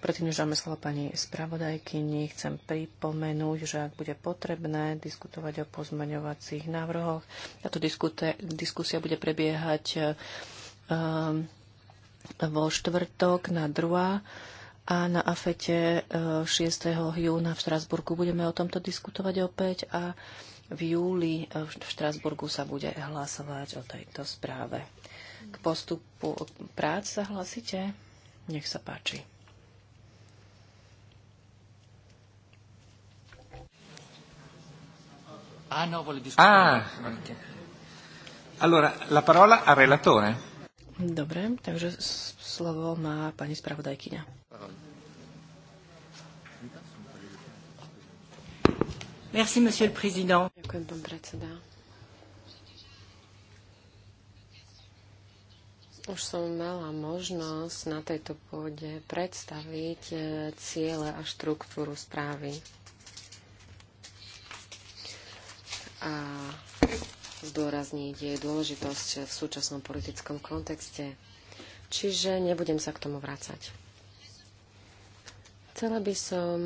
Predtým, než dáme slovo pani spravodajkyni, chcem pripomenúť, že ak bude potrebné diskutovať o pozmeňovacích návrhoch, táto diskusia bude prebiehať um, vo štvrtok na druhá a na afete 6. E, júna v Štrasburgu budeme o tomto diskutovať opäť a v júli e, v Štrasburgu sa bude hlasovať o tejto správe. K postupu prác sa hlasíte? Nech sa páči. Ah, no, ah, okay. Allora, la parola al relatore. Dobre, takže slovo má pani spravodajkyňa. Merci, monsieur le président. Ďakujem, pán predseda. Už som mala možnosť na tejto pôde predstaviť e, ciele a štruktúru správy. A zdôrazniť jej dôležitosť v súčasnom politickom kontexte, čiže nebudem sa k tomu vrácať. Chcela by som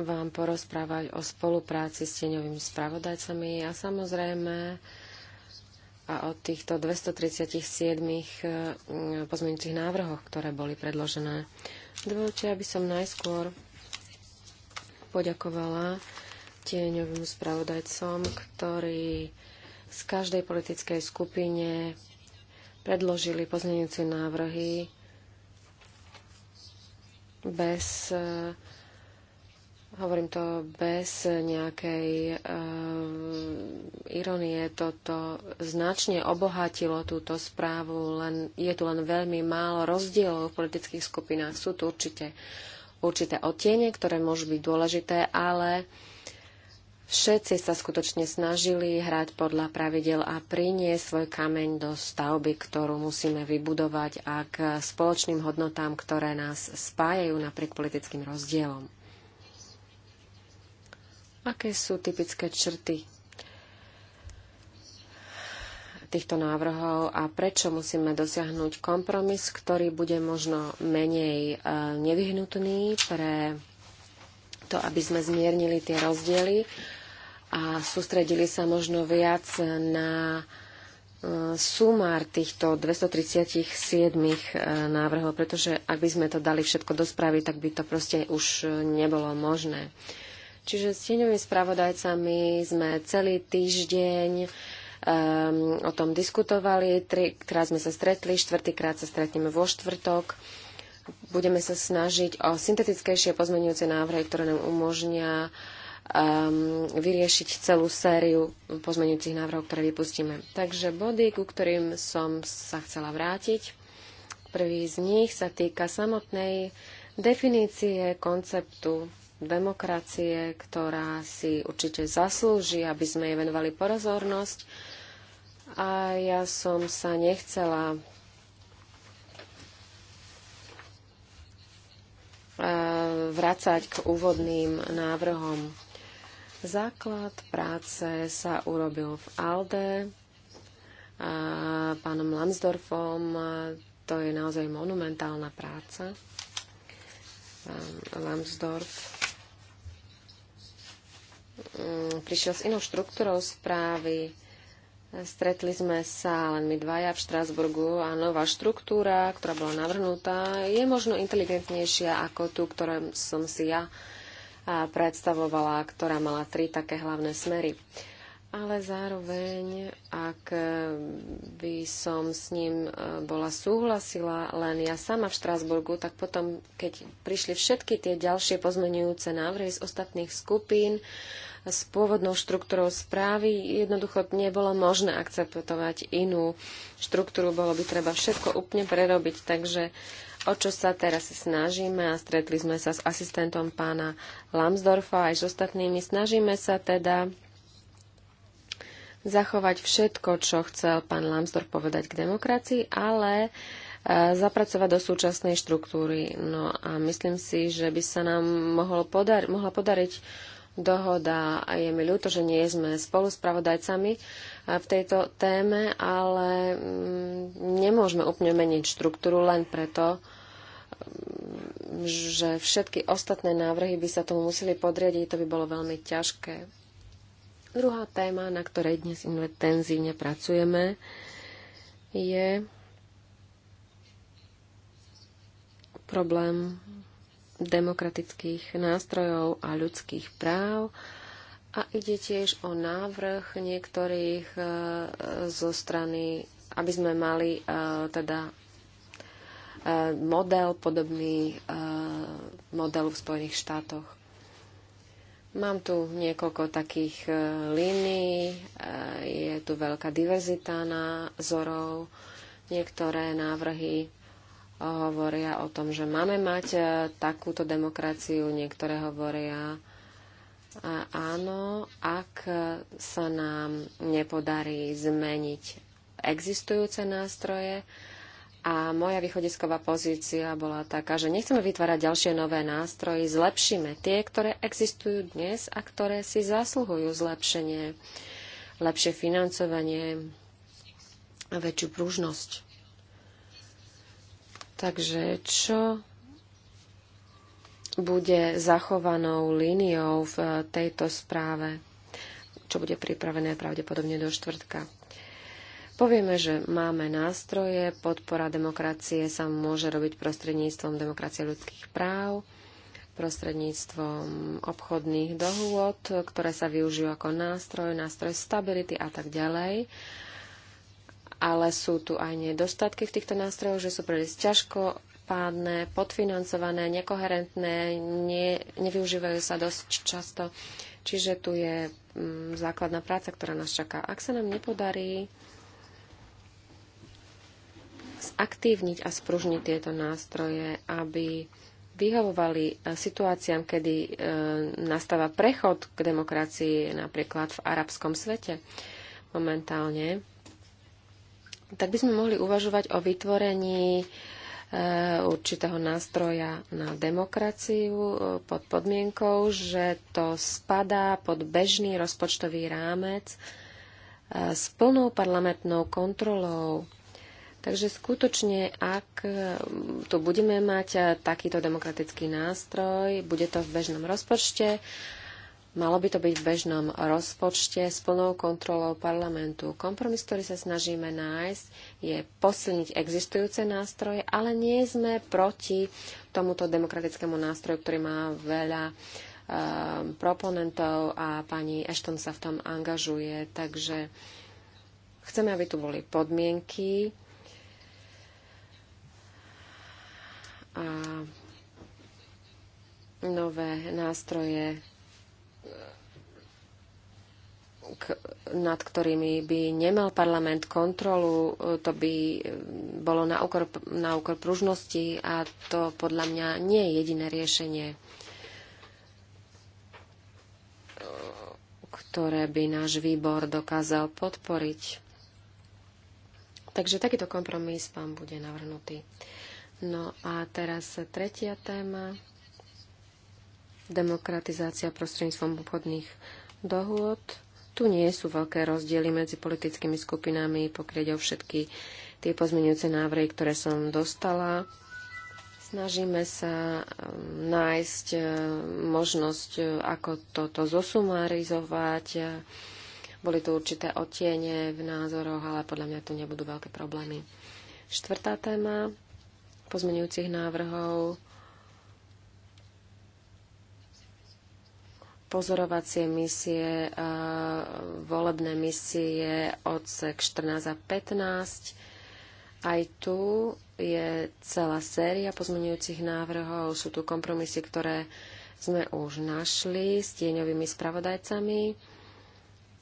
vám porozprávať o spolupráci s tieňovými spravodajcami a samozrejme a o týchto 237 eh, pozmeňujúcich návrhoch, ktoré boli predložené. Dovolte, aby som najskôr poďakovala tieňovým spravodajcom, ktorí z každej politickej skupine predložili pozmeňujúce návrhy bez, eh, hovorím to bez nejakej uh, eh, ironie, toto značne obohatilo túto správu, len, je tu len veľmi málo rozdielov v politických skupinách. Sú tu určite určité odtiene, ktoré môžu byť dôležité, ale uh, Všetci sa skutočne snažili hrať podľa pravidel a priniesť svoj kameň do stavby, ktorú musíme vybudovať a k spoločným hodnotám, ktoré nás spájajú napriek politickým rozdielom. Aké sú typické črty týchto návrhov a prečo musíme dosiahnuť kompromis, ktorý bude možno menej eh, nevyhnutný pre to, aby sme zmiernili tie rozdiely a sústredili sa možno viac na e, sumár týchto 237 e, návrhov, pretože ak by sme to dali všetko do správy, tak by to proste už nebolo možné. Čiže s tieňovými spravodajcami sme celý týždeň um, o tom diskutovali, trikrát sme sa stretli, štvrtýkrát sa stretneme vo štvrtok budeme sa snažiť o syntetickejšie pozmenujúce návrhy, ktoré nám umožnia um, vyriešiť celú sériu pozmenujúcich návrhov, ktoré vypustíme. Takže body, ku ktorým som sa chcela vrátiť. Prvý z nich sa týka samotnej definície konceptu demokracie, ktorá si určite zaslúži, aby sme jej venovali pozornosť. A ja som sa nechcela E, vracať k úvodným návrhom. Základ práce sa urobil v ALDE a pánom Lambsdorfom. To je naozaj monumentálna práca. Pán Lambsdorff mm, prišiel s inou štruktúrou správy, Stretli sme sa len my dvaja v Štrásburgu a nová štruktúra, ktorá bola navrhnutá, je možno inteligentnejšia ako tú, ktorú som si ja predstavovala, ktorá mala tri také hlavné smery. Ale zároveň, ak e, by som s ním e, bola súhlasila len ja sama v Štrásburgu, tak potom, keď prišli všetky tie ďalšie pozmenujúce návrhy z ostatných skupín, s pôvodnou štruktúrou správy jednoducho nebolo možné akceptovať inú štruktúru, bolo by treba všetko úplne prerobiť. Takže o čo sa teraz snažíme a stretli sme sa s asistentom pána Lambsdorfa aj s ostatnými. Snažíme sa teda zachovať všetko, čo chcel pán Lambsdorf povedať k demokracii, ale e, zapracovať do súčasnej štruktúry. No a myslím si, že by sa nám mohlo podar- mohla podariť dohoda a je mi ľúto, že nie sme spoluspravodajcami eh, v tejto téme, ale mm, nemôžeme úplne meniť štruktúru len preto, mm, že všetky ostatné návrhy by sa tomu museli podriadiť, to by bolo veľmi ťažké. Druhá téma, na ktorej dnes intenzívne pracujeme, je problém demokratických nástrojov a ľudských práv. A ide tiež o návrh niektorých e, zo strany, aby sme mali e, teda e, model podobný modelu v Spojených štátoch. Mám tu niekoľko takých línií, je tu veľká diverzita názorov, niektoré návrhy hovoria o tom, že máme mať e, takúto demokraciu, niektoré hovoria a áno, ak sa nám nepodarí zmeniť existujúce nástroje, a moja východisková pozícia bola taká, že nechceme vytvárať ďalšie nové nástroje, zlepšíme tie, ktoré existujú dnes a ktoré si zasluhujú zlepšenie, lepšie financovanie a väčšiu pružnosť. Takže čo bude zachovanou líniou v tejto správe, čo bude pripravené pravdepodobne do štvrtka? Povieme, že máme nástroje, podpora demokracie sa môže robiť prostredníctvom demokracie ľudských práv, prostredníctvom obchodných dohôd, ktoré sa využijú ako nástroj, nástroj stability a tak ďalej ale sú tu aj nedostatky v týchto nástrojoch, že sú príliš ťažko pádne, podfinancované, nekoherentné, ne, nevyužívajú sa dosť často. Čiže tu je mm, základná práca, ktorá nás čaká. Ak sa nám nepodarí zaktívniť a spružniť tieto nástroje, aby vyhovovali situáciám, kedy e, nastáva prechod k demokracii napríklad v arabskom svete momentálne tak by sme mohli uvažovať o vytvorení e, určitého nástroja na demokraciu e, pod podmienkou, že to spadá pod bežný rozpočtový rámec e, s plnou parlamentnou kontrolou. Takže skutočne, ak tu budeme mať takýto demokratický nástroj, bude to v bežnom rozpočte Malo by to byť v bežnom rozpočte s plnou kontrolou parlamentu. Kompromis, ktorý sa snažíme nájsť, je posilniť existujúce nástroje, ale nie sme proti tomuto demokratickému nástroju, ktorý má veľa um, proponentov a pani Ashton sa v tom angažuje. Takže chceme, aby tu boli podmienky. A nové nástroje k, nad ktorými by nemal parlament kontrolu, to by mm, bolo na úkor, na úkor pružnosti a to podľa mňa nie je jediné riešenie, ktoré by náš výbor dokázal podporiť. Takže takýto kompromis vám bude navrhnutý. No a teraz tretia téma demokratizácia prostredníctvom obchodných dohôd. Tu nie sú veľké rozdiely medzi politickými skupinami, pokrieť o všetky tie pozmeňujúce návrhy, ktoré som dostala. Snažíme sa um, nájsť uh, možnosť, uh, ako toto zosumarizovať. Boli tu určité otiene v názoroch, ale podľa mňa tu nebudú veľké problémy. Štvrtá téma pozmeňujúcich návrhov pozorovacie misie, volebné misie odsek 14 a 15. Aj tu je celá séria pozmenujúcich návrhov. Sú tu kompromisy, ktoré sme už našli s tieňovými spravodajcami.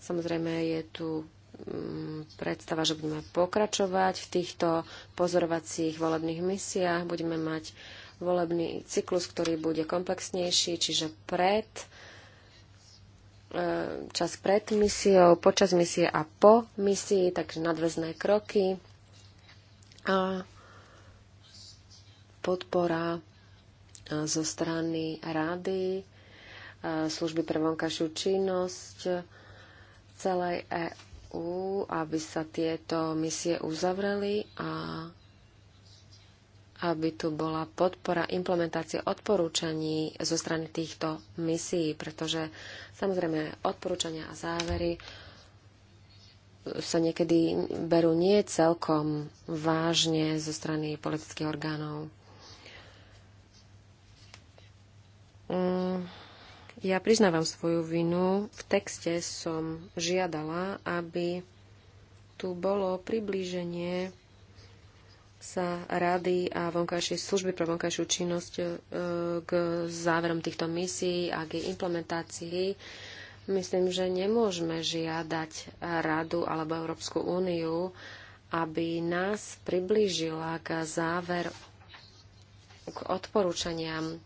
Samozrejme je tu mm, predstava, že budeme pokračovať v týchto pozorovacích volebných misiách. Budeme mať volebný cyklus, ktorý bude komplexnejší, čiže pred E, čas pred misiou, počas misie a po misii, takže nadväzné kroky a podpora e, zo strany rady, e, služby pre vonkajšiu činnosť celej EU, aby sa tieto misie uzavreli a aby tu bola podpora implementácie odporúčaní zo strany týchto misií, pretože samozrejme odporúčania a závery sa niekedy berú nie celkom vážne zo strany politických orgánov. Mm, ja priznávam svoju vinu. V texte som žiadala, aby tu bolo priblíženie sa rady a vonkajšej služby pre vonkajšiu činnosť e, k záverom týchto misií a k jej implementácii. Myslím, že nemôžeme žiadať radu alebo Európsku úniu, aby nás priblížila k záver k odporúčaniam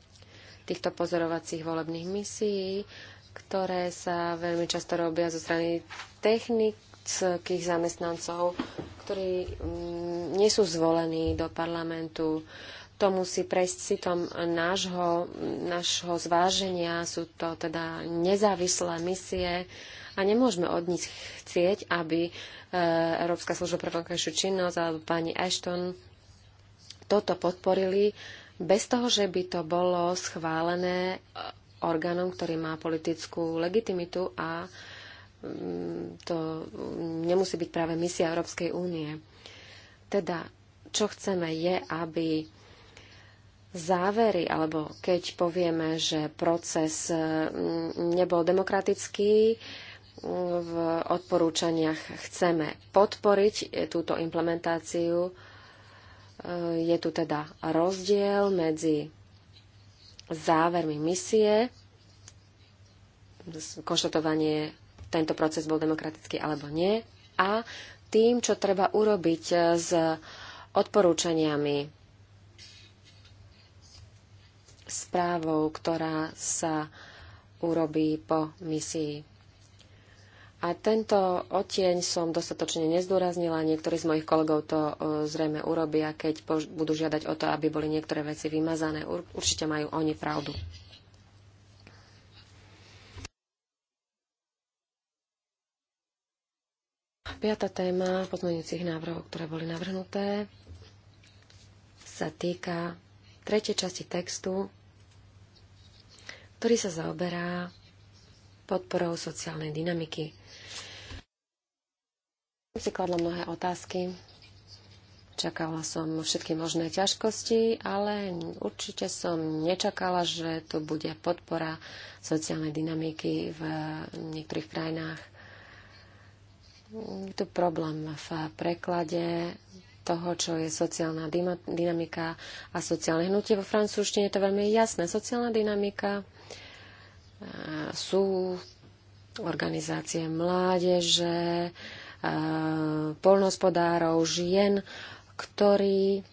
týchto pozorovacích volebných misií, ktoré sa veľmi často robia zo strany technik, britských zamestnancov, ktorí mm, nie sú zvolení do parlamentu. To musí prejsť tom nášho, nášho zváženia. Sú to teda nezávislé misie a nemôžeme od nich chcieť, aby e, Európska služba pre vonkajšiu činnosť alebo pani Ashton toto podporili bez toho, že by to bolo schválené e, orgánom, ktorý má politickú legitimitu a to nemusí byť práve misia Európskej únie. Teda, čo chceme je, aby závery, alebo keď povieme, že proces mm, nebol demokratický, v odporúčaniach chceme podporiť túto implementáciu. Je tu teda rozdiel medzi závermi misie, konštatovanie tento proces bol demokratický alebo nie. A tým, čo treba urobiť e, s odporúčaniami, správou, ktorá sa urobí po misii. A tento odtieň som dostatočne nezdôraznila, niektorí z mojich kolegov to e, zrejme urobia, keď budú žiadať o to, aby boli niektoré veci vymazané. Určite majú oni pravdu. Piata téma pozmeňujúcich návrhov, ktoré boli navrhnuté, sa týka tretej časti textu, ktorý sa zaoberá podporou sociálnej dynamiky. Som si kladla mnohé otázky, Čakala som všetky možné ťažkosti, ale určite som nečakala, že tu bude podpora sociálnej dynamiky v niektorých krajinách je tu problém v preklade toho, čo je sociálna dynamika a sociálne hnutie. Vo francúzštine je to veľmi jasné. Sociálna dynamika e, sú organizácie mládeže, e, polnospodárov, žien, ktorí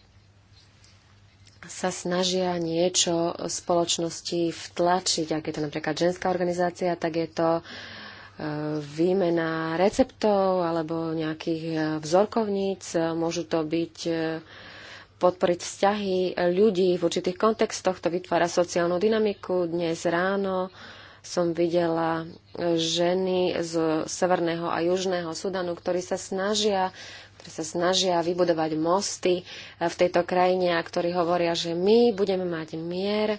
sa snažia niečo spoločnosti vtlačiť. Ak je to napríklad ženská organizácia, tak je to uh, výmena receptov alebo nejakých e, vzorkovníc. Môžu to byť e, podporiť vzťahy ľudí v určitých kontextoch. To vytvára sociálnu dynamiku. Dnes ráno som videla e, ženy z Severného a Južného Sudanu, ktorí sa snažia ktorí sa snažia vybudovať mosty v tejto krajine a ktorí hovoria, že my budeme mať mier,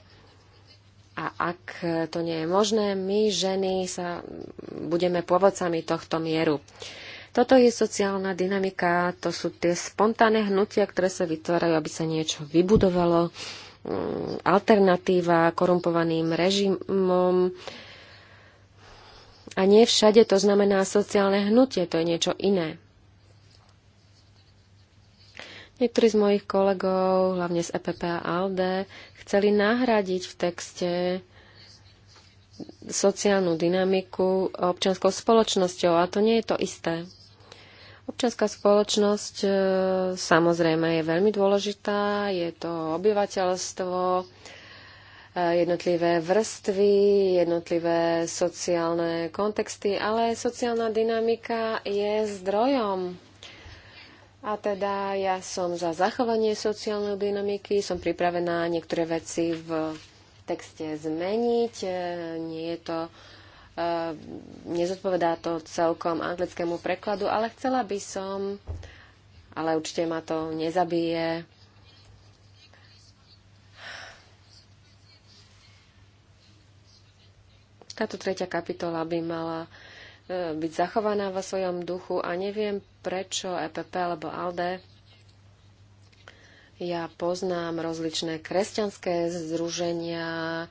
a ak to nie je možné, my ženy sa budeme pôvodcami tohto mieru. Toto je sociálna dynamika, to sú tie spontánne hnutia, ktoré sa vytvárajú, aby sa niečo vybudovalo, mm, alternatíva korumpovaným režimom. A nie všade to znamená sociálne hnutie, to je niečo iné. Niektorí z mojich kolegov, hlavne z EPP a ALDE, chceli nahradiť v texte sociálnu dynamiku občianskou spoločnosťou a to nie je to isté. Občianská spoločnosť e, samozrejme je veľmi dôležitá, je to obyvateľstvo, e, jednotlivé vrstvy, jednotlivé sociálne kontexty, ale sociálna dynamika je zdrojom a teda ja som za zachovanie sociálnej dynamiky, som pripravená niektoré veci v texte zmeniť. E, nie je to, e, nezodpovedá to celkom anglickému prekladu, ale chcela by som, ale určite ma to nezabije, Táto tretia kapitola by mala e, byť zachovaná vo svojom duchu a neviem prečo EPP alebo ALDE. Ja poznám rozličné kresťanské združenia,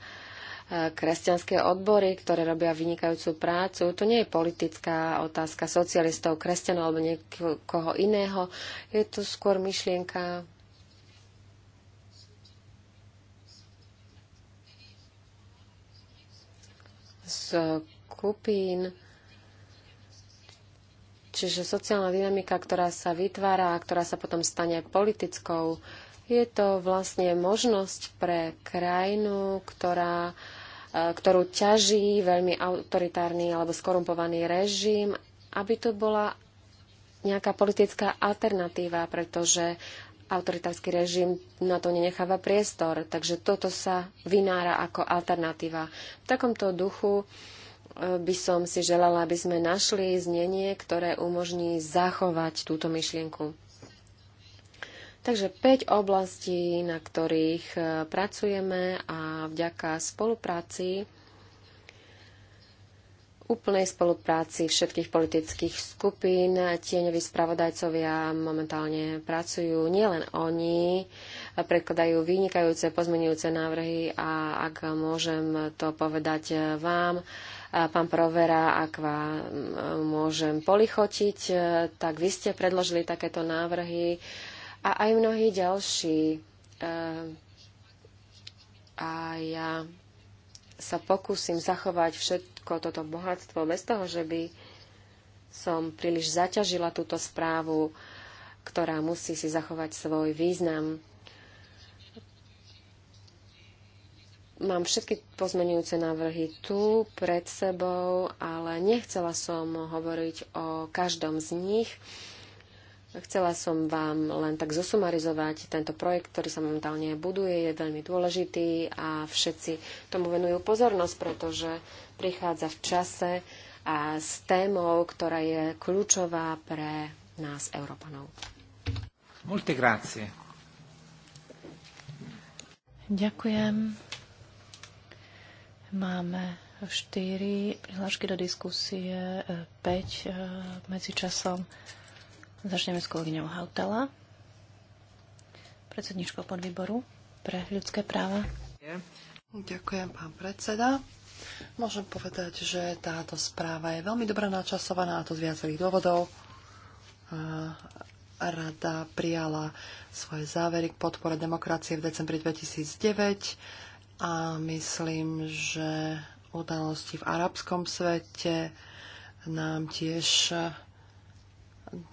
e, kresťanské odbory, ktoré robia vynikajúcu prácu. To nie je politická otázka socialistov, kresťanov alebo niekoho iného. Je to skôr myšlienka skupín, Čiže sociálna dynamika, ktorá sa vytvára a ktorá sa potom stane politickou, je to vlastne možnosť pre krajinu, ktorá, e, ktorú ťaží veľmi autoritárny alebo skorumpovaný režim, aby to bola nejaká politická alternatíva, pretože autoritársky režim na to nenecháva priestor. Takže toto sa vynára ako alternatíva. V takomto duchu by som si želala, aby sme našli znenie, ktoré umožní zachovať túto myšlienku. Takže 5 oblastí, na ktorých e, pracujeme a vďaka spolupráci, úplnej spolupráci všetkých politických skupín, tieňoví spravodajcovia momentálne pracujú, nielen oni, predkladajú vynikajúce pozmenujúce návrhy a ak môžem to povedať e, vám, Pán Provera, ak vám e, môžem polichotiť, e, tak vy ste predložili takéto návrhy a aj mnohí ďalší. E, a ja sa pokúsim zachovať všetko toto bohatstvo bez toho, že by som príliš zaťažila túto správu, ktorá musí si zachovať svoj význam. Mám všetky pozmenujúce návrhy tu pred sebou, ale nechcela som hovoriť o každom z nich. Chcela som vám len tak zosumarizovať tento projekt, ktorý sa momentálne buduje, je veľmi dôležitý a všetci tomu venujú pozornosť, pretože prichádza v čase a s témou, ktorá je kľúčová pre nás, Európanov. Multigrácie. Ďakujem. Máme štyri prihlášky do diskusie, 5 e, e, medzičasom. Začneme s kolegyňou Hautala, predsedničkou podvýboru pre ľudské práva. Ďakujem, pán predseda. Môžem povedať, že táto správa je veľmi dobre načasovaná, a to z viacerých dôvodov. E, Rada prijala svoje závery k podpore demokracie v decembri 2009 a myslím, že udalosti v arabskom svete nám tiež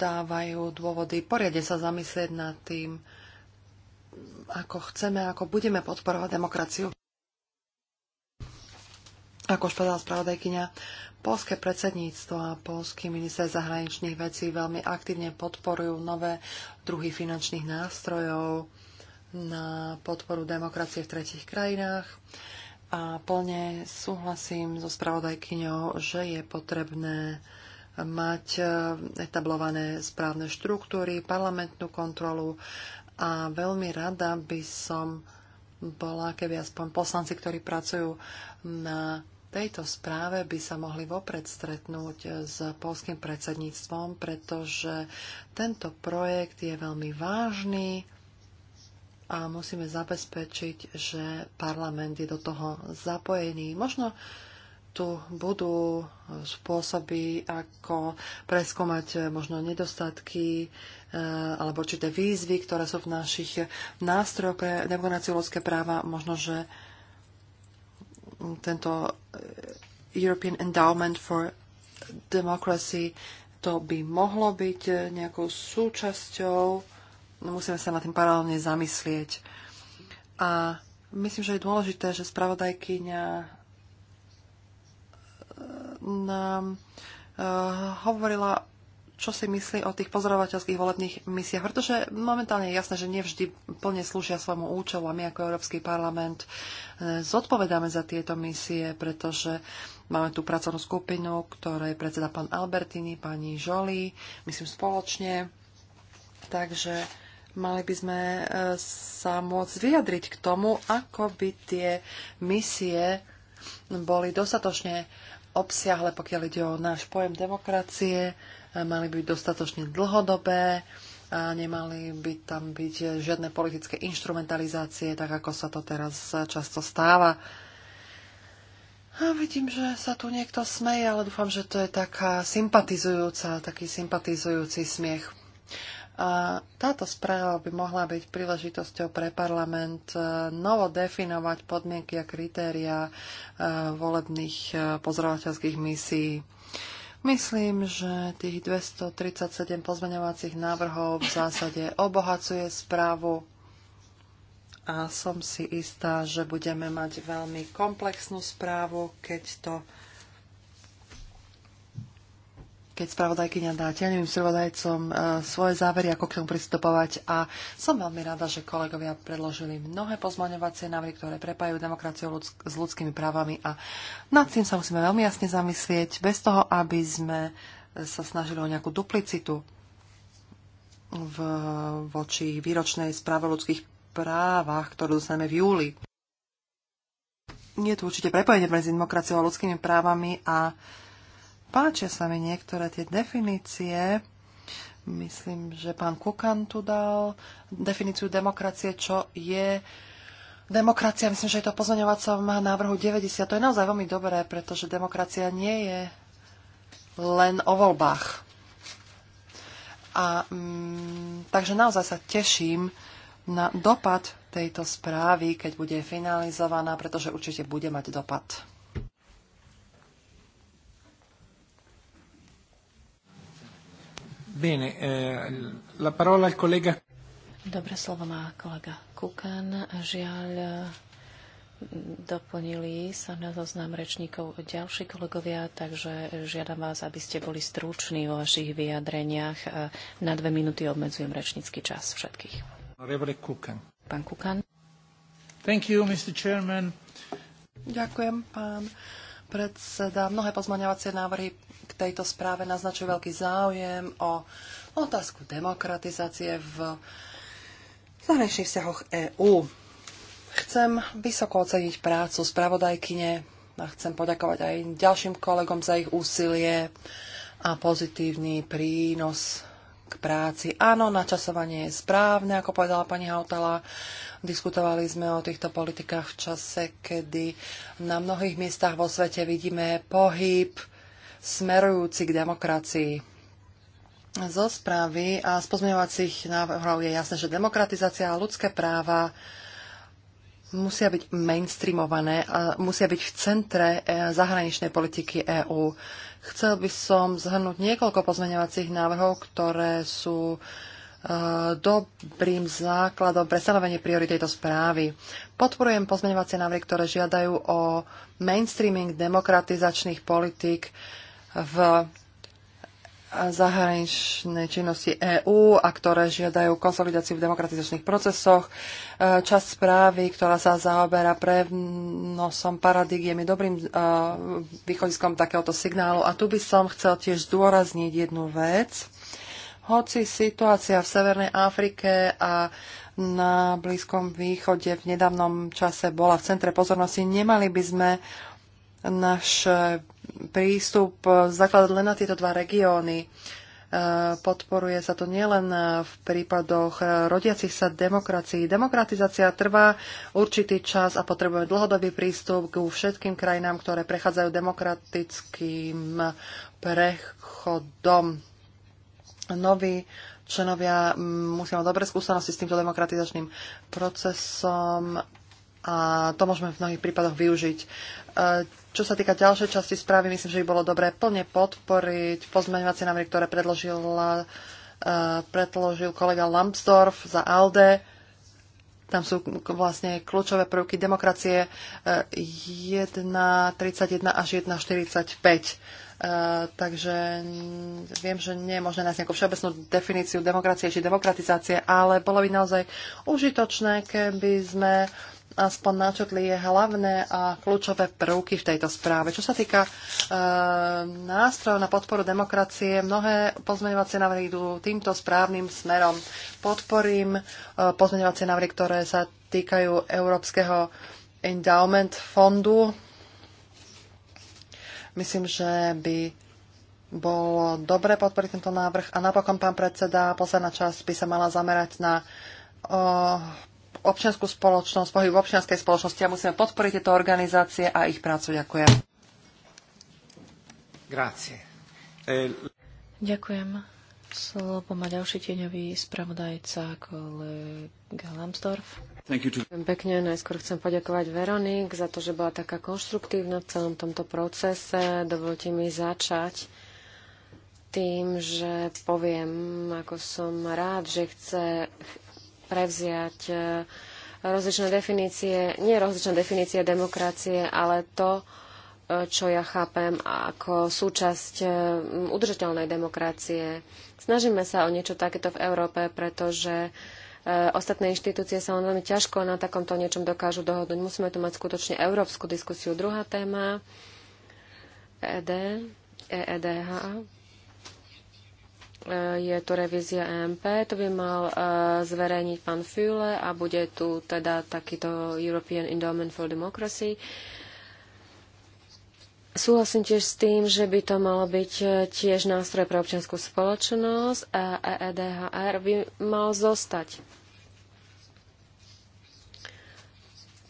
dávajú dôvody poriadne sa zamyslieť nad tým, ako chceme, ako budeme podporovať demokraciu. Ako už povedala spravodajkynia, polské predsedníctvo a polský minister zahraničných vecí veľmi aktívne podporujú nové druhy finančných nástrojov, na podporu demokracie v tretich krajinách a plne súhlasím so spravodajkyňou, že je potrebné mať e, etablované správne štruktúry, parlamentnú kontrolu a veľmi rada by som bola, keby aspoň poslanci, ktorí pracujú na tejto správe by sa mohli vopred stretnúť e, s polským predsedníctvom, pretože tento projekt je veľmi vážny a musíme zabezpečiť, že parlament je do toho zapojený. Možno tu budú spôsoby, ako preskúmať možno nedostatky e, alebo určité výzvy, ktoré sú v našich nástrojoch pre demokraciu ľudské práva. Možno, že tento European Endowment for Democracy to by mohlo byť nejakou súčasťou musíme sa nad tým paralelne zamyslieť. A myslím, že je dôležité, že spravodajkyňa e, nám e, hovorila, čo si myslí o tých pozorovateľských volebných misiách, pretože momentálne je jasné, že nevždy plne slúžia svojmu účelu a my ako Európsky parlament e, zodpovedáme za tieto misie, pretože máme tú pracovnú skupinu, ktorej predseda pán Albertini, pani Žoli, myslím spoločne. Takže Mali by sme e, sa môcť vyjadriť k tomu, ako by tie misie boli dostatočne obsiahle, pokiaľ ide o náš pojem demokracie, e, mali byť dostatočne dlhodobé a nemali by tam byť žiadne politické instrumentalizácie, tak ako sa to teraz často stáva. A vidím, že sa tu niekto smeje, ale dúfam, že to je taká sympatizujúca, taký sympatizujúci smiech. A táto správa by mohla byť príležitosťou pre parlament e, novo definovať podmienky a kritéria e, volebných e, pozorovateľských misií. Myslím, že tých 237 pozmeňovacích návrhov v zásade obohacuje správu a som si istá, že budeme mať veľmi komplexnú správu, keď to keď spravodajkyňa dá tieňovým spravodajcom e, svoje závery, ako k tomu pristupovať. A som veľmi rada, že kolegovia predložili mnohé pozmaňovacie návrhy, ktoré prepajú demokraciu ľudsk- s ľudskými právami a nad tým sa musíme veľmi jasne zamyslieť, bez toho, aby sme sa snažili o nejakú duplicitu v, voči výročnej správe o ľudských právach, ktorú dostaneme v júli. Je tu určite prepojenie medzi demokraciou a ľudskými právami a Páčia sa mi niektoré tie definície. Myslím, že pán Kukan tu dal definíciu demokracie, čo je demokracia. Myslím, že je to pozmeňovacom návrhu 90. To je naozaj veľmi dobré, pretože demokracia nie je len o voľbách. A mm, takže naozaj sa teším na dopad tejto správy, keď bude finalizovaná, pretože určite bude mať dopad. Bene, eh, la parola al collega... Dobre slovo má kolega Kukan. Žiaľ, doplnili sa na zoznam rečníkov ďalší kolegovia, takže žiadam vás, aby ste boli struční vo vašich vyjadreniach. Eh, na dve minúty obmedzujem rečnícky čas všetkých. Kukan. Pán Kukan. Thank you, Mr. Chairman. Ďakujem, pán predseda. Mnohé pozmaňovacie návrhy k tejto správe naznačujú veľký záujem o otázku demokratizácie v zahraničných vzťahoch EÚ. Chcem vysoko oceniť prácu spravodajkyne a chcem poďakovať aj ďalším kolegom za ich úsilie a pozitívny prínos k práci. Áno, načasovanie je správne, ako povedala pani Hautala. Diskutovali sme o týchto politikách v čase, kedy na mnohých miestach vo svete vidíme pohyb smerujúci k demokracii. Zo správy a z pozmeňovacích návrhov je jasné, že demokratizácia a ľudské práva musia byť mainstreamované a musia byť v centre e, zahraničnej politiky EÚ. Chcel by som zhrnúť niekoľko pozmeňovacích návrhov, ktoré sú e, dobrým základom pre stanovenie priory tejto správy. Podporujem pozmeňovacie návrhy, ktoré žiadajú o mainstreaming demokratizačných politik v zahraničnej činnosti EÚ a ktoré žiadajú konsolidáciu v demokratizačných procesoch. E, časť správy, ktorá sa zaoberá prenosom paradigiem, je dobrým e, východiskom takéhoto signálu. A tu by som chcel tiež zdôrazniť jednu vec. Hoci situácia v Severnej Afrike a na Blízkom východe v nedávnom čase bola v centre pozornosti, nemali by sme naše prístup e, zakladať len na tieto dva regióny. E, podporuje sa to nielen v prípadoch rodiacich sa demokracií. Demokratizácia trvá určitý čas a potrebujeme dlhodobý prístup k všetkým krajinám, ktoré prechádzajú demokratickým prechodom. Noví členovia musia mať dobré skúsenosti s týmto demokratizačným procesom a to môžeme v mnohých prípadoch využiť. E, čo sa týka ďalšej časti správy, myslím, že by bolo dobré plne podporiť pozmeňovacie návrhy, ktoré predložila, e, predložil kolega Lambsdorff za ALDE. Tam sú vlastne kľúčové prvky demokracie 1.31 e, až 1.45. E, takže viem, že nie je možné nájsť nejakú všeobecnú definíciu demokracie či demokratizácie, ale bolo by naozaj užitočné, keby sme aspoň načetli hlavné a kľúčové prvky v tejto správe. Čo sa týka e, nástrojov na podporu demokracie, mnohé pozmeňovacie návrhy idú týmto správnym smerom. Podporím e, pozmeňovacie návrhy, ktoré sa týkajú Európskeho endowment fondu. Myslím, že by bolo dobre podporiť tento návrh. A napokon, pán predseda, posledná časť by sa mala zamerať na občianskú spoločnosť, pohyb v občianskej spoločnosti a musíme podporiť tieto organizácie a ich prácu. Ďakujem. Grazie. E, ďakujem. Slovo má ďalší tieňový spravodajca kolega Lambsdorff. Pekne, najskôr chcem poďakovať Veronik za to, že bola taká konštruktívna v celom tomto procese. Dovolte mi začať tým, že poviem, ako som rád, že chce prevziať e, rozličné definície, nie rozličné definície demokracie, ale to, e, čo ja chápem ako súčasť e, udržateľnej demokracie. Snažíme sa o niečo takéto v Európe, pretože ostatné inštitúcie sa len veľmi ťažko na takomto niečom dokážu dohodnúť. Musíme tu mať skutočne európsku diskusiu. Druhá téma ED, EEDH. Eh, je tu revízia EMP, to by mal eh, zverejniť pán Füle a bude tu teda takýto European Endowment for Democracy. Súhlasím tiež s tým, že by to malo byť eh, tiež nástroj pre občianskú spoločnosť a EEDHR by mal zostať.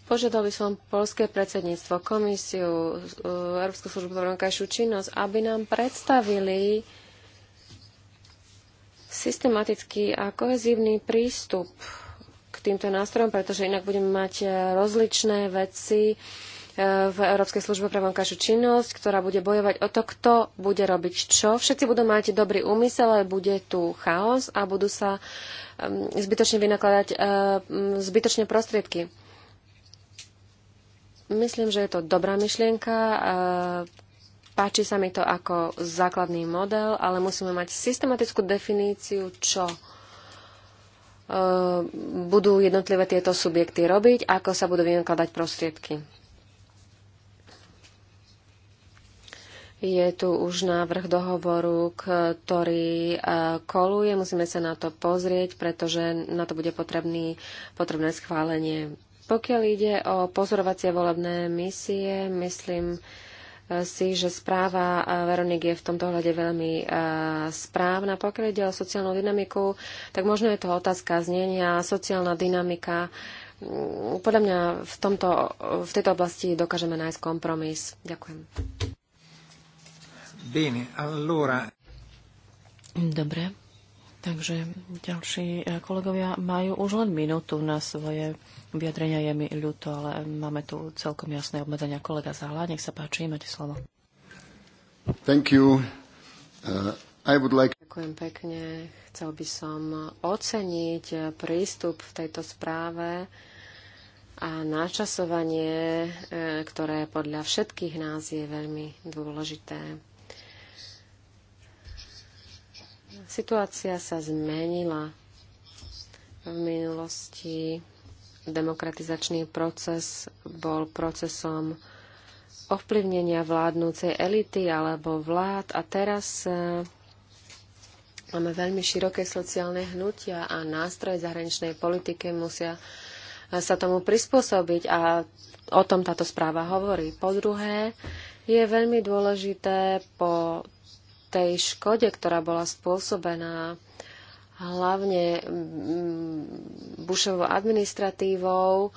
Požiadal by som polské predsedníctvo, komisiu, Európsku službu pre vonkajšiu činnosť, aby nám predstavili uh, systematický a kohezívny prístup k týmto nástrojom, pretože inak budeme mať e, rozličné veci e, v Európskej službe pre vonkajšiu činnosť, ktorá bude bojovať o to, kto bude robiť čo. Všetci budú mať dobrý úmysel, ale bude tu chaos a budú sa e, zbytočne vynakladať zbytočne prostriedky. Myslím, že je to dobrá myšlienka. Páči sa mi to ako základný model, ale musíme mať systematickú definíciu, čo e, budú jednotlivé tieto subjekty robiť, ako sa budú vynakladať prostriedky. Je tu už návrh dohovoru, ktorý e, koluje. Musíme sa na to pozrieť, pretože na to bude potrebný, potrebné schválenie. Pokiaľ ide o pozorovacie volebné misie, myslím, si, že správa eh, Veroniky je v tomto hľade veľmi eh, správna. Pokiaľ ide o sociálnu dynamiku, tak možno je to otázka znenia, sociálna dynamika. Mm, podľa mňa v, tomto, v tejto oblasti dokážeme nájsť kompromis. Ďakujem. Bene, allora. Dobre, takže ďalší eh, kolegovia majú už len minútu na svoje vyjadrenia. Je mi ľúto, ale máme tu celkom jasné obmedzenia. Kolega Zahla, nech sa páči, máte slovo. Thank you. Uh, I would like... Ďakujem pekne. Chcel by som oceniť prístup v tejto správe a načasovanie, eh, ktoré podľa všetkých nás je veľmi dôležité. Situácia sa zmenila v minulosti demokratizačný proces bol procesom ovplyvnenia vládnúcej elity alebo vlád a teraz e, máme veľmi široké sociálne hnutia a nástroje zahraničnej politiky musia e, sa tomu prispôsobiť a o tom táto správa hovorí. Po druhé, je veľmi dôležité po tej škode, ktorá bola spôsobená hlavne mm, Bushovou administratívou.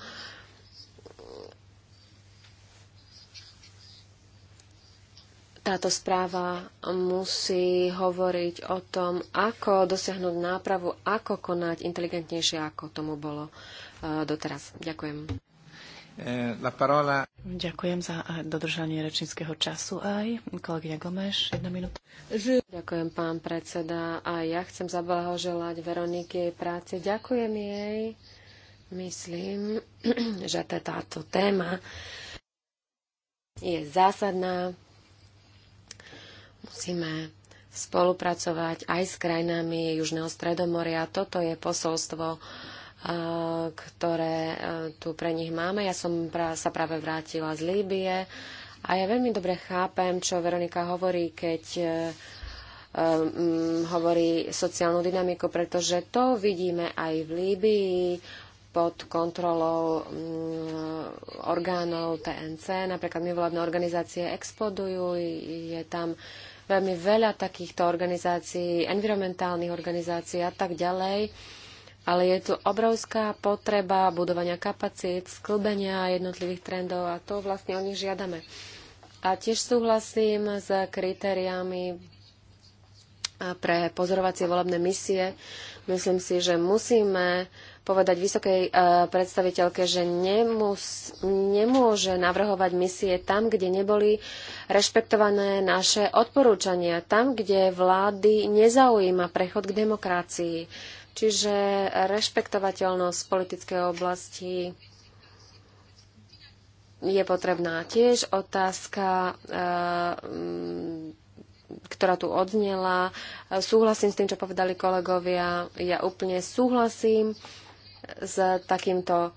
Táto správa musí hovoriť o tom, ako dosiahnuť nápravu, ako konať inteligentnejšie, ako tomu bolo eh, doteraz. Ďakujem. Eh, Ďakujem za eh, dodržanie rečníckého času aj. Kolegyňa Gomeš, jedna minúta. Ďakujem, pán predseda. A ja chcem zablahoželať Veronike jej práce. Ďakujem jej. Myslím, že táto téma je zásadná. Musíme spolupracovať aj s krajinami Južného Stredomoria. Toto je posolstvo ktoré e, tu pre nich máme. Ja som sa práve vrátila z Líbie a ja veľmi dobre chápem, čo Veronika hovorí, keď e, e, hovorí sociálnu dynamiku, pretože to vidíme aj v Líbii pod kontrolou mm, orgánov TNC. Napríklad mimovládne organizácie explodujú, je tam veľmi veľa takýchto organizácií, environmentálnych organizácií a tak ďalej ale je tu obrovská potreba budovania kapacít, sklbenia jednotlivých trendov a to vlastne o nich žiadame. A tiež súhlasím s kritériami pre pozorovacie volebné misie. Myslím si, že musíme povedať vysokej e, predstaviteľke, že nemus, nemôže navrhovať misie tam, kde neboli rešpektované naše odporúčania, tam, kde vlády nezaujíma prechod k demokracii. Čiže rešpektovateľnosť politickej oblasti je potrebná tiež otázka, e, ktorá tu odznela. E, súhlasím s tým, čo povedali kolegovia. Ja úplne súhlasím s takýmto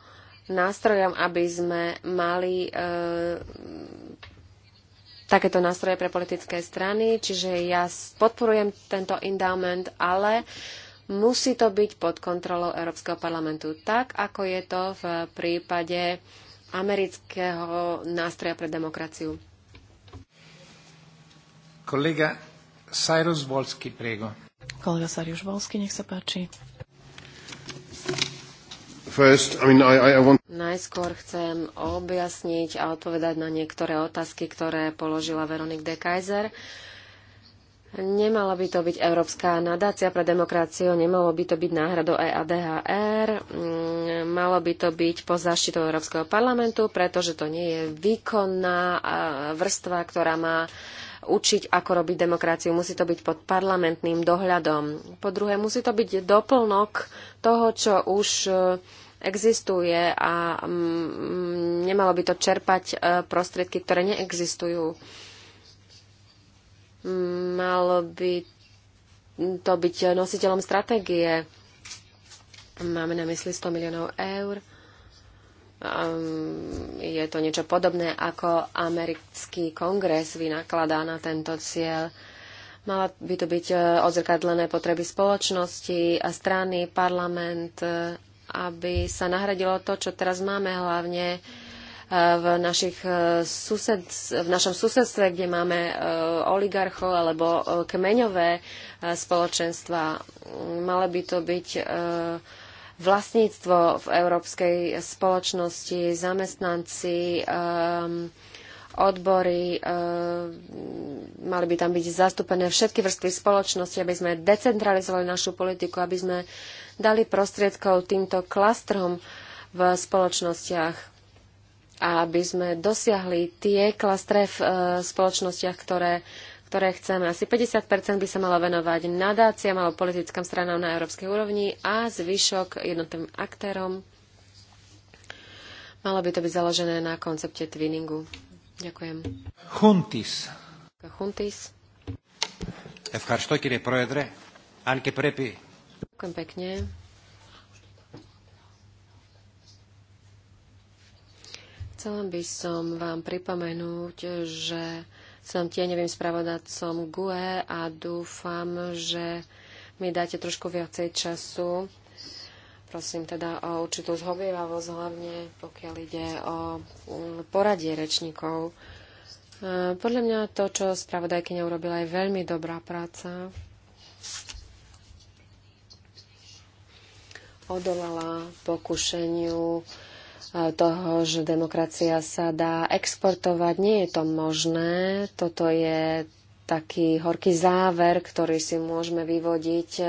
nástrojom, aby sme mali e, takéto nástroje pre politické strany. Čiže ja podporujem tento endowment, ale musí to byť pod kontrolou Európskeho parlamentu, tak ako je to v prípade amerického nástroja pre demokraciu. Kolega Cyrus Volsky, prego. Kolega Cyrus Volsky, nech sa páči. First, I mean, I, I want... Najskôr chcem objasniť a odpovedať na niektoré otázky, ktoré položila Veronik de Kaiser. Nemala by to byť Európska nadácia pre demokraciu, nemalo by to byť náhradou EADHR, mm, malo by to byť po zaštitou Európskeho parlamentu, pretože to nie je výkonná vrstva, ktorá má učiť, ako robiť demokraciu. Musí to byť pod parlamentným dohľadom. Po druhé, musí to byť doplnok toho, čo už existuje a mm, nemalo by to čerpať e, prostriedky, ktoré neexistujú. Malo by to byť nositeľom stratégie. Máme na mysli 100 miliónov eur. Ehm, je to niečo podobné, ako americký kongres vynakladá na tento cieľ. Mala by to byť e, odzrkadlené potreby spoločnosti, strany, parlament aby sa nahradilo to, čo teraz máme hlavne e, v, našich e, sused, v našom susedstve, kde máme e, oligarchov alebo kmeňové spoločenstva. Malo by to byť vlastníctvo v európskej spoločnosti, zamestnanci, ehm, odbory, ehm, mali by tam byť zastúpené všetky vrstvy spoločnosti, aby sme decentralizovali našu politiku, aby sme dali prostriedkov týmto klastrom v spoločnostiach a aby sme dosiahli tie klastre v e, spoločnostiach, ktoré, ktoré chceme. Asi 50 by sa malo venovať nadáciam alebo politickým stranám na európskej úrovni a zvyšok jednotlivým aktérom. Malo by to byť založené na koncepte twinningu. Ďakujem. Chuntis. Chuntis. Ευχαριστώ κύριε Πρόεδρε. Αν και πρέπει Ďakujem pekne. Chcela by som vám pripomenúť, že som tieňovým spravodajcom GUE a dúfam, že mi dáte trošku viacej času. Prosím teda o určitú zhovievavosť, hlavne pokiaľ ide o mm, poradie rečníkov. Podľa mňa to, čo spravodajkyňa urobila, je veľmi dobrá práca. odolala pokušeniu e, toho, že demokracia sa dá exportovať. Nie je to možné. Toto je taký horký záver, ktorý si môžeme vyvodiť e,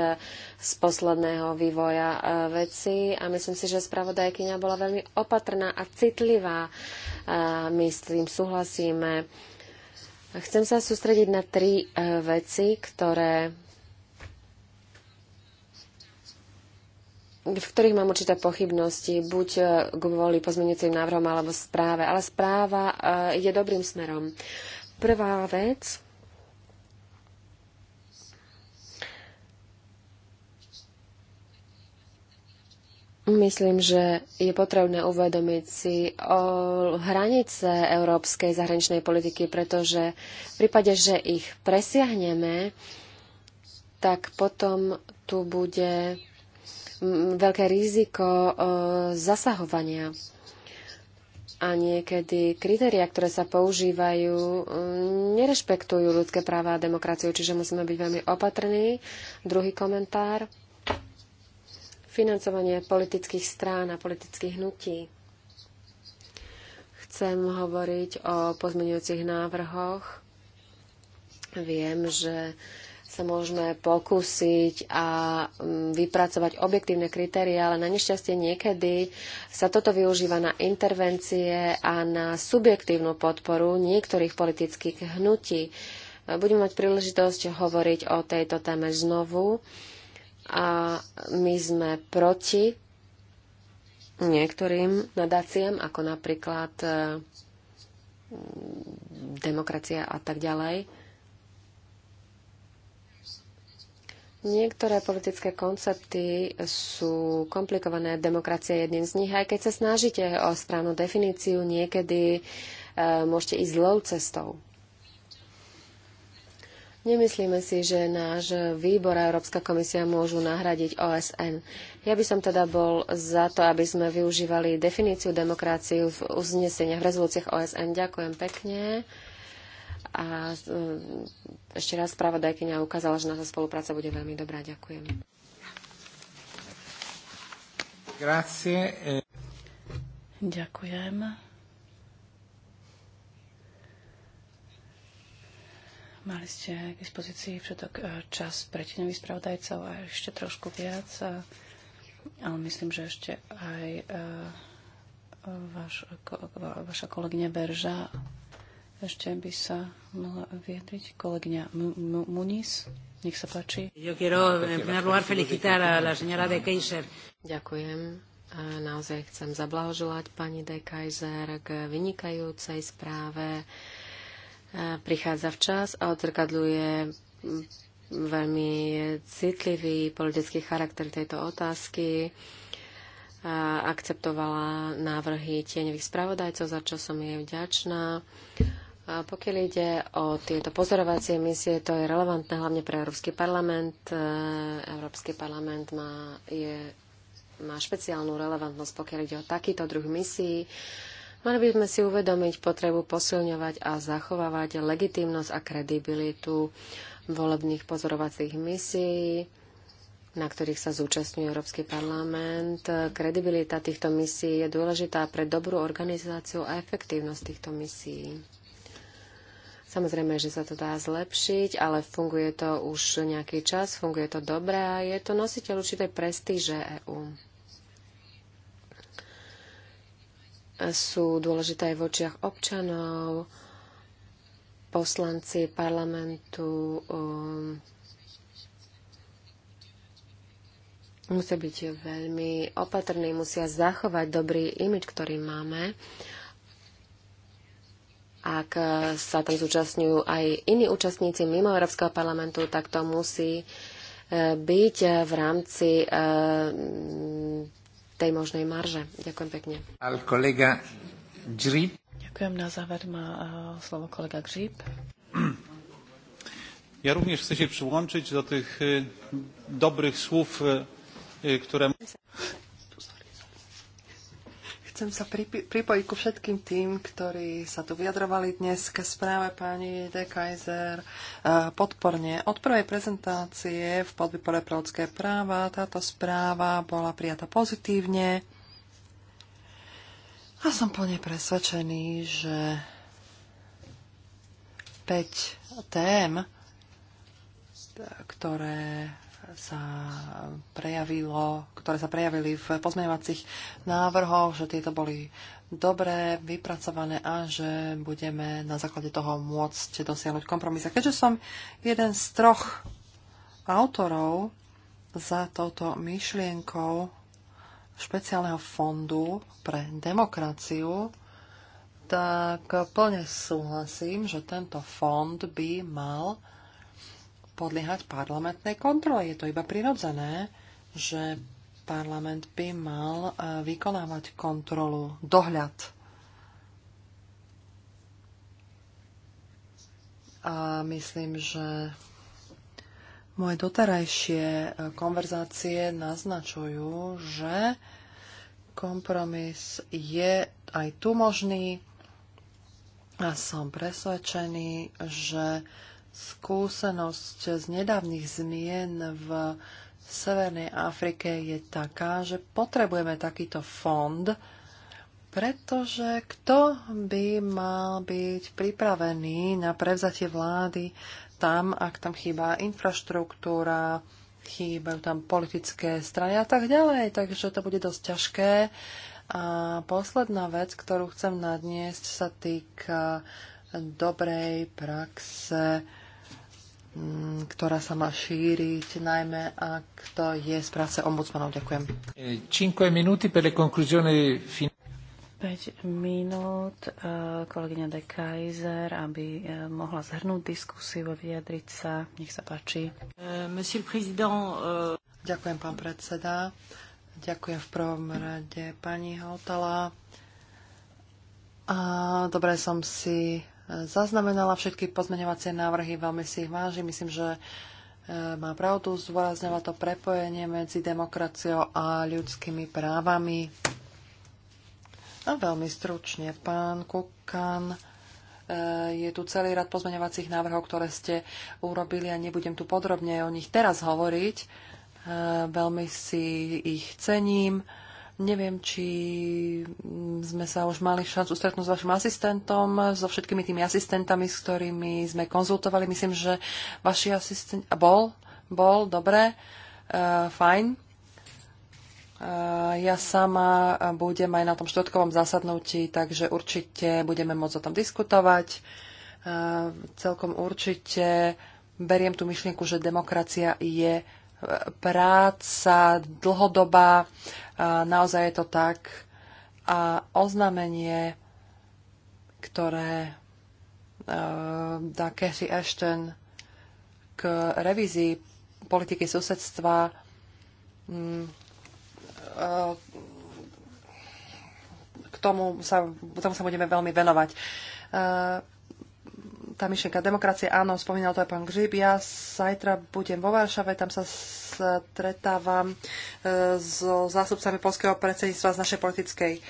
z posledného vývoja e, veci a myslím si, že spravodajkyňa bola veľmi opatrná a citlivá. My s tým súhlasíme. Chcem sa sústrediť na tri veci, ktoré v ktorých mám určité pochybnosti, buď e, kvôli pozmeňujúcim návrhom alebo správe. Ale správa je dobrým smerom. Prvá vec, Myslím, že je potrebné uvedomiť si o hranice európskej zahraničnej politiky, pretože v prípade, že ich presiahneme, tak potom tu bude veľké riziko e, zasahovania. A niekedy kritéria, ktoré sa používajú, e, nerešpektujú ľudské práva a demokraciu, čiže musíme byť veľmi opatrní. Druhý komentár. Financovanie politických strán a politických hnutí. Chcem hovoriť o pozmenujúcich návrhoch. Viem, že uh, sa môžeme pokúsiť a mm, vypracovať objektívne kritéria, ale na nešťastie niekedy sa toto využíva na intervencie a na subjektívnu podporu niektorých politických hnutí. Budeme mať príležitosť hovoriť o tejto téme znovu a my sme proti niektorým nadáciám, ako napríklad mm, demokracia a tak ďalej. Niektoré politické koncepty sú komplikované, demokracia je jedným z nich. Aj keď sa snažíte o správnu definíciu, niekedy e, môžete ísť zlou cestou. Nemyslíme si, že náš výbor a Európska komisia môžu nahradiť OSN. Ja by som teda bol za to, aby sme využívali definíciu demokracie v uzneseniach, v rezolúciách OSN. Ďakujem pekne. A e, ešte raz spravodajkynia ukázala, že naša spolupráca bude veľmi dobrá. Ďakujem. Grazie. E- Ďakujem. Mali ste k dispozícii všetok e, čas pre tenových spravodajcov a ešte trošku viac, ale myslím, že ešte aj vaš, vaša kolegyňa Berža ešte by sa mohla vyjadriť kolegyňa Muniz. Nech sa páči. Eh, Ďakujem. Naozaj chcem zablahoželať pani De Kaiser k vynikajúcej správe. E, prichádza včas a odzrkadľuje veľmi citlivý politický charakter tejto otázky e, akceptovala návrhy tieňových spravodajcov, za čo som jej vďačná. A pokiaľ ide o tieto pozorovacie misie, to je relevantné hlavne pre Európsky parlament. E, Európsky parlament má, je, má špeciálnu relevantnosť, pokiaľ ide o takýto druh misií. Mali by sme si uvedomiť potrebu posilňovať a zachovávať legitimnosť a kredibilitu volebných pozorovacích misií na ktorých sa zúčastňuje Európsky parlament. Kredibilita týchto misií je dôležitá pre dobrú organizáciu a efektívnosť týchto misií. Samozrejme, že sa to dá zlepšiť, ale funguje to už nejaký čas, funguje to dobre a je to nositeľ určitej prestíže EÚ. Sú dôležité aj v očiach občanov, poslanci parlamentu um, musia byť veľmi opatrní, musia zachovať dobrý imič, ktorý máme. Uh, ak sa tam zúčastňujú aj iní účastníci mimo Európskeho parlamentu, tak to musí e, byť v rámci e, tej možnej marže. Ďakujem pekne. Al kolega Grip. Ďakujem. Na záver má e, slovo kolega Grip. Ja rovnež chcem się przyłączyć do tých dobrých slov, ktoré... Chcem sa pripi- pripojiť ku všetkým tým, ktorí sa tu vyjadrovali dnes ke správe pani De Kaiser e, podporne. Od prvej prezentácie v podvýpore pre ľudské práva táto správa bola prijata pozitívne a som plne presvedčený, že 5 tém, ktoré sa prejavilo, ktoré sa prejavili v pozmeňovacích návrhoch, že tieto boli dobre vypracované a že budeme na základe toho môcť dosiahnuť kompromis. A keďže som jeden z troch autorov za touto myšlienkou špeciálneho fondu pre demokraciu, tak plne súhlasím, že tento fond by mal podliehať parlamentnej kontrole. Je to iba prirodzené, že parlament by mal e, vykonávať kontrolu, dohľad. A myslím, že moje doterajšie e, konverzácie naznačujú, že kompromis je aj tu možný a som presvedčený, že skúsenosť z nedávnych zmien v Severnej Afrike je taká, že potrebujeme takýto fond, pretože kto by mal byť pripravený na prevzatie vlády tam, ak tam chýba infraštruktúra, chýbajú tam politické strany a tak ďalej, takže to bude dosť ťažké. A posledná vec, ktorú chcem nadniesť, sa týka dobrej praxe Mm, ktorá sa má šíriť, najmä ak to je z práce ombudsmanov. Ďakujem. 5 minúty per le conclusione 5 minút eh, kolegyňa de Kaiser, aby eh, mohla zhrnúť diskusiu a vyjadriť sa. Nech sa páči. Eh, monsieur président, Ďakujem, pán predseda. Ďakujem v prvom rade pani Hautala. Dobre som si zaznamenala všetky pozmeňovacie návrhy, veľmi si ich váži. Myslím, že e, má pravdu, zdôrazňovať to prepojenie medzi demokraciou a ľudskými právami. A veľmi stručne, pán Kukan, e, je tu celý rad pozmeňovacích návrhov, ktoré ste urobili a nebudem tu podrobne o nich teraz hovoriť. E, veľmi si ich cením Neviem, či sme sa už mali šancu stretnúť s vašim asistentom, so všetkými tými asistentami, s ktorými sme konzultovali. Myslím, že vaši asistent... Bol? Bol, dobre. Uh, fajn. Uh, ja sama budem aj na tom štvrtkovom zasadnutí, takže určite budeme môcť o tom diskutovať. Uh, celkom určite beriem tú myšlienku, že demokracia je práca dlhodobá, naozaj je to tak. A oznámenie, ktoré e, dá Cathy Ashton k revízii politiky susedstva, mm, e, k tomu sa, tomu sa budeme veľmi venovať. E, tá myšlienka demokracie, áno, spomínal to aj pán Gžib. Ja zajtra budem vo Varšave, tam sa stretávam e, so zástupcami polského predsedníctva z našej politickej e,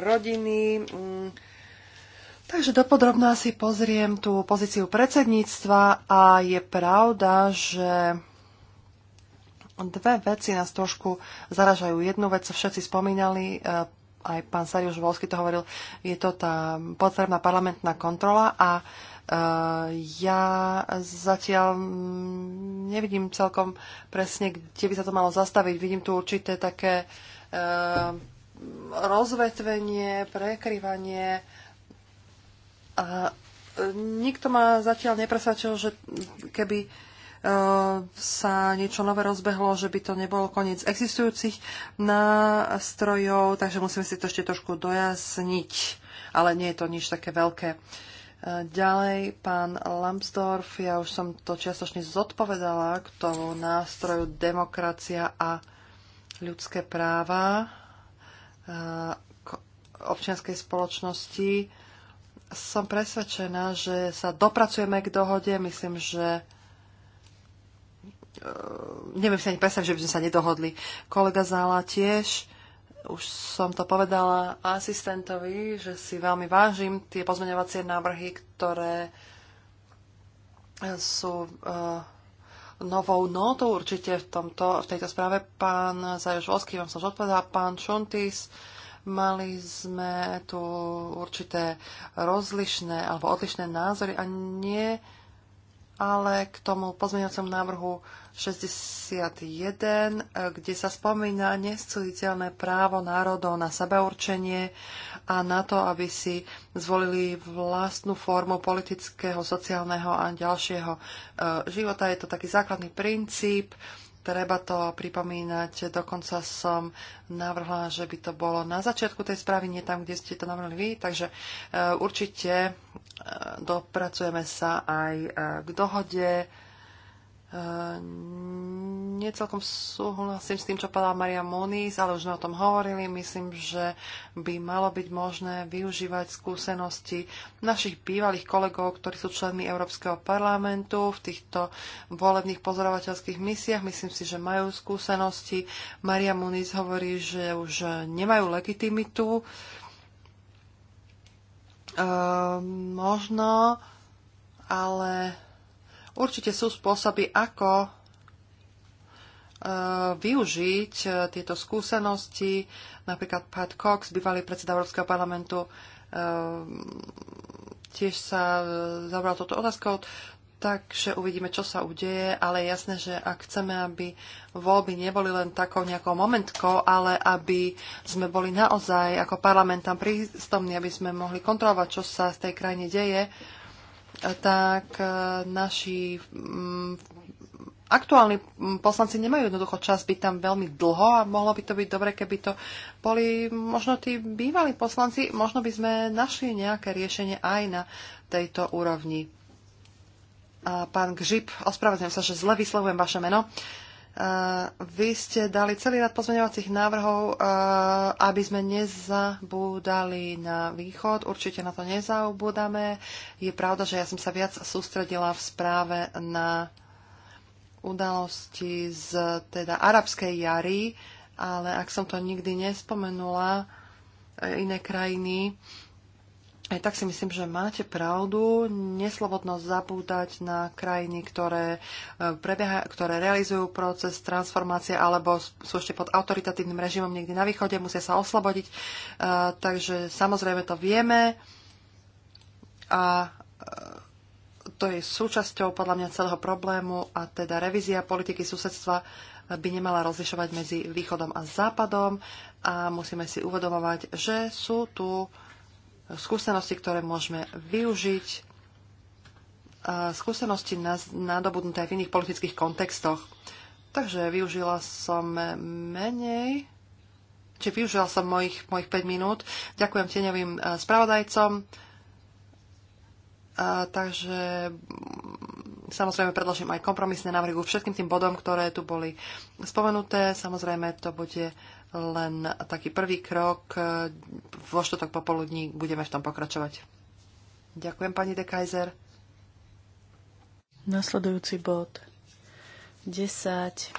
rodiny. Mm. Takže dopodrobná si pozriem tú pozíciu predsedníctva a je pravda, že dve veci nás trošku zaražajú. Jednu vec všetci spomínali, e, aj pán Sariuš Volsky to hovoril, je to tá potrebná parlamentná kontrola a ja zatiaľ nevidím celkom presne, kde by sa to malo zastaviť. Vidím tu určité také eh, rozvetvenie, prekryvanie. A eh, nikto ma zatiaľ nepresvedčil, že keby eh, sa niečo nové rozbehlo, že by to nebolo koniec existujúcich nástrojov, takže musíme si to ešte trošku dojasniť, ale nie je to nič také veľké. Ďalej, pán Lambsdorff, ja už som to čiastočne zodpovedala k tomu nástroju demokracia a ľudské práva eh, k občianskej spoločnosti. Som presvedčená, že sa dopracujeme k dohode. Myslím, že eh, neviem si ani presne, že by sme sa nedohodli. Kolega Zála tiež už som to povedala asistentovi, že si veľmi vážim tie pozmeňovacie návrhy, ktoré sú uh, novou notou určite v, tomto, v tejto správe. Pán Zajuš Volský vám som už odpovedala, pán Šuntis, mali sme tu určité rozlišné alebo odlišné názory a nie ale k tomu pozmeňovacom návrhu uh, 61, eh, kde sa spomína nescuditeľné právo národov na sebeurčenie a na to, aby si zvolili vlastnú formu politického, sociálneho a ďalšieho eh, života. Je to taký základný princíp. Treba to pripomínať. Dokonca som navrhla, že by to bolo na začiatku tej správy, nie tam, kde ste to navrhli vy. Takže eh, určite dopracujeme sa aj k dohode Ehm, celkom súhlasím s tým, čo povedala Maria Moniz, ale už sme o tom hovorili. Myslím, že by malo byť možné využívať skúsenosti našich bývalých kolegov, ktorí sú členmi Európskeho parlamentu v týchto volebných pozorovateľských misiách. Myslím si, že majú skúsenosti. Maria Moniz hovorí, že už nemajú legitimitu. Ehm, možno, ale Určite sú spôsoby, ako e, využiť e, tieto skúsenosti. Napríklad Pat Cox, bývalý predseda Európskeho parlamentu, e, tiež sa zabral toto otázkou takže uvidíme, čo sa udeje, ale je jasné, že ak chceme, aby voľby neboli len takou nejakou momentkou, ale aby sme boli naozaj ako parlament tam prístomní, aby sme mohli kontrolovať, čo sa v tej krajine deje, tak e, naši mm, aktuálni poslanci nemajú jednoducho čas byť tam veľmi dlho a mohlo by to byť dobre, keby to boli možno tí bývalí poslanci, možno by sme našli nejaké riešenie aj na tejto úrovni. A pán Gžip, ospravedlňujem sa, že zle vyslovujem vaše meno. Uh, Eh, vy ste dali celý rad pozmeňovacích návrhov, eh, aby sme nezabúdali na východ. Určite na to nezabúdame. Je pravda, že ja som sa viac sústredila v správe na udalosti z teda arabskej jary, ale ak som to nikdy nespomenula, eh, iné krajiny, aj tak si myslím, že máte pravdu. Neslobodno zapútať na krajiny, ktoré, e, prebieha, ktoré realizujú proces transformácie alebo sú ešte pod autoritatívnym režimom niekde na východe, musia sa oslobodiť. E, takže samozrejme to vieme. A e, to je súčasťou podľa mňa celého problému a teda revízia politiky susedstva by nemala rozlišovať medzi východom a západom a musíme si uvedomovať, že sú tu skúsenosti, ktoré môžeme využiť, skúsenosti nadobudnuté aj v iných politických kontextoch. Takže využila som menej, či využila som mojich, mojich 5 minút. Ďakujem tieňovým e, spravodajcom. A, takže mm, samozrejme predložím aj kompromisné návrhy všetkým tým bodom, ktoré tu boli spomenuté. Samozrejme to bude len taký prvý krok. E, vo štotok popoludní budeme v tom pokračovať. Ďakujem, pani de Kaiser. Nasledujúci bod 10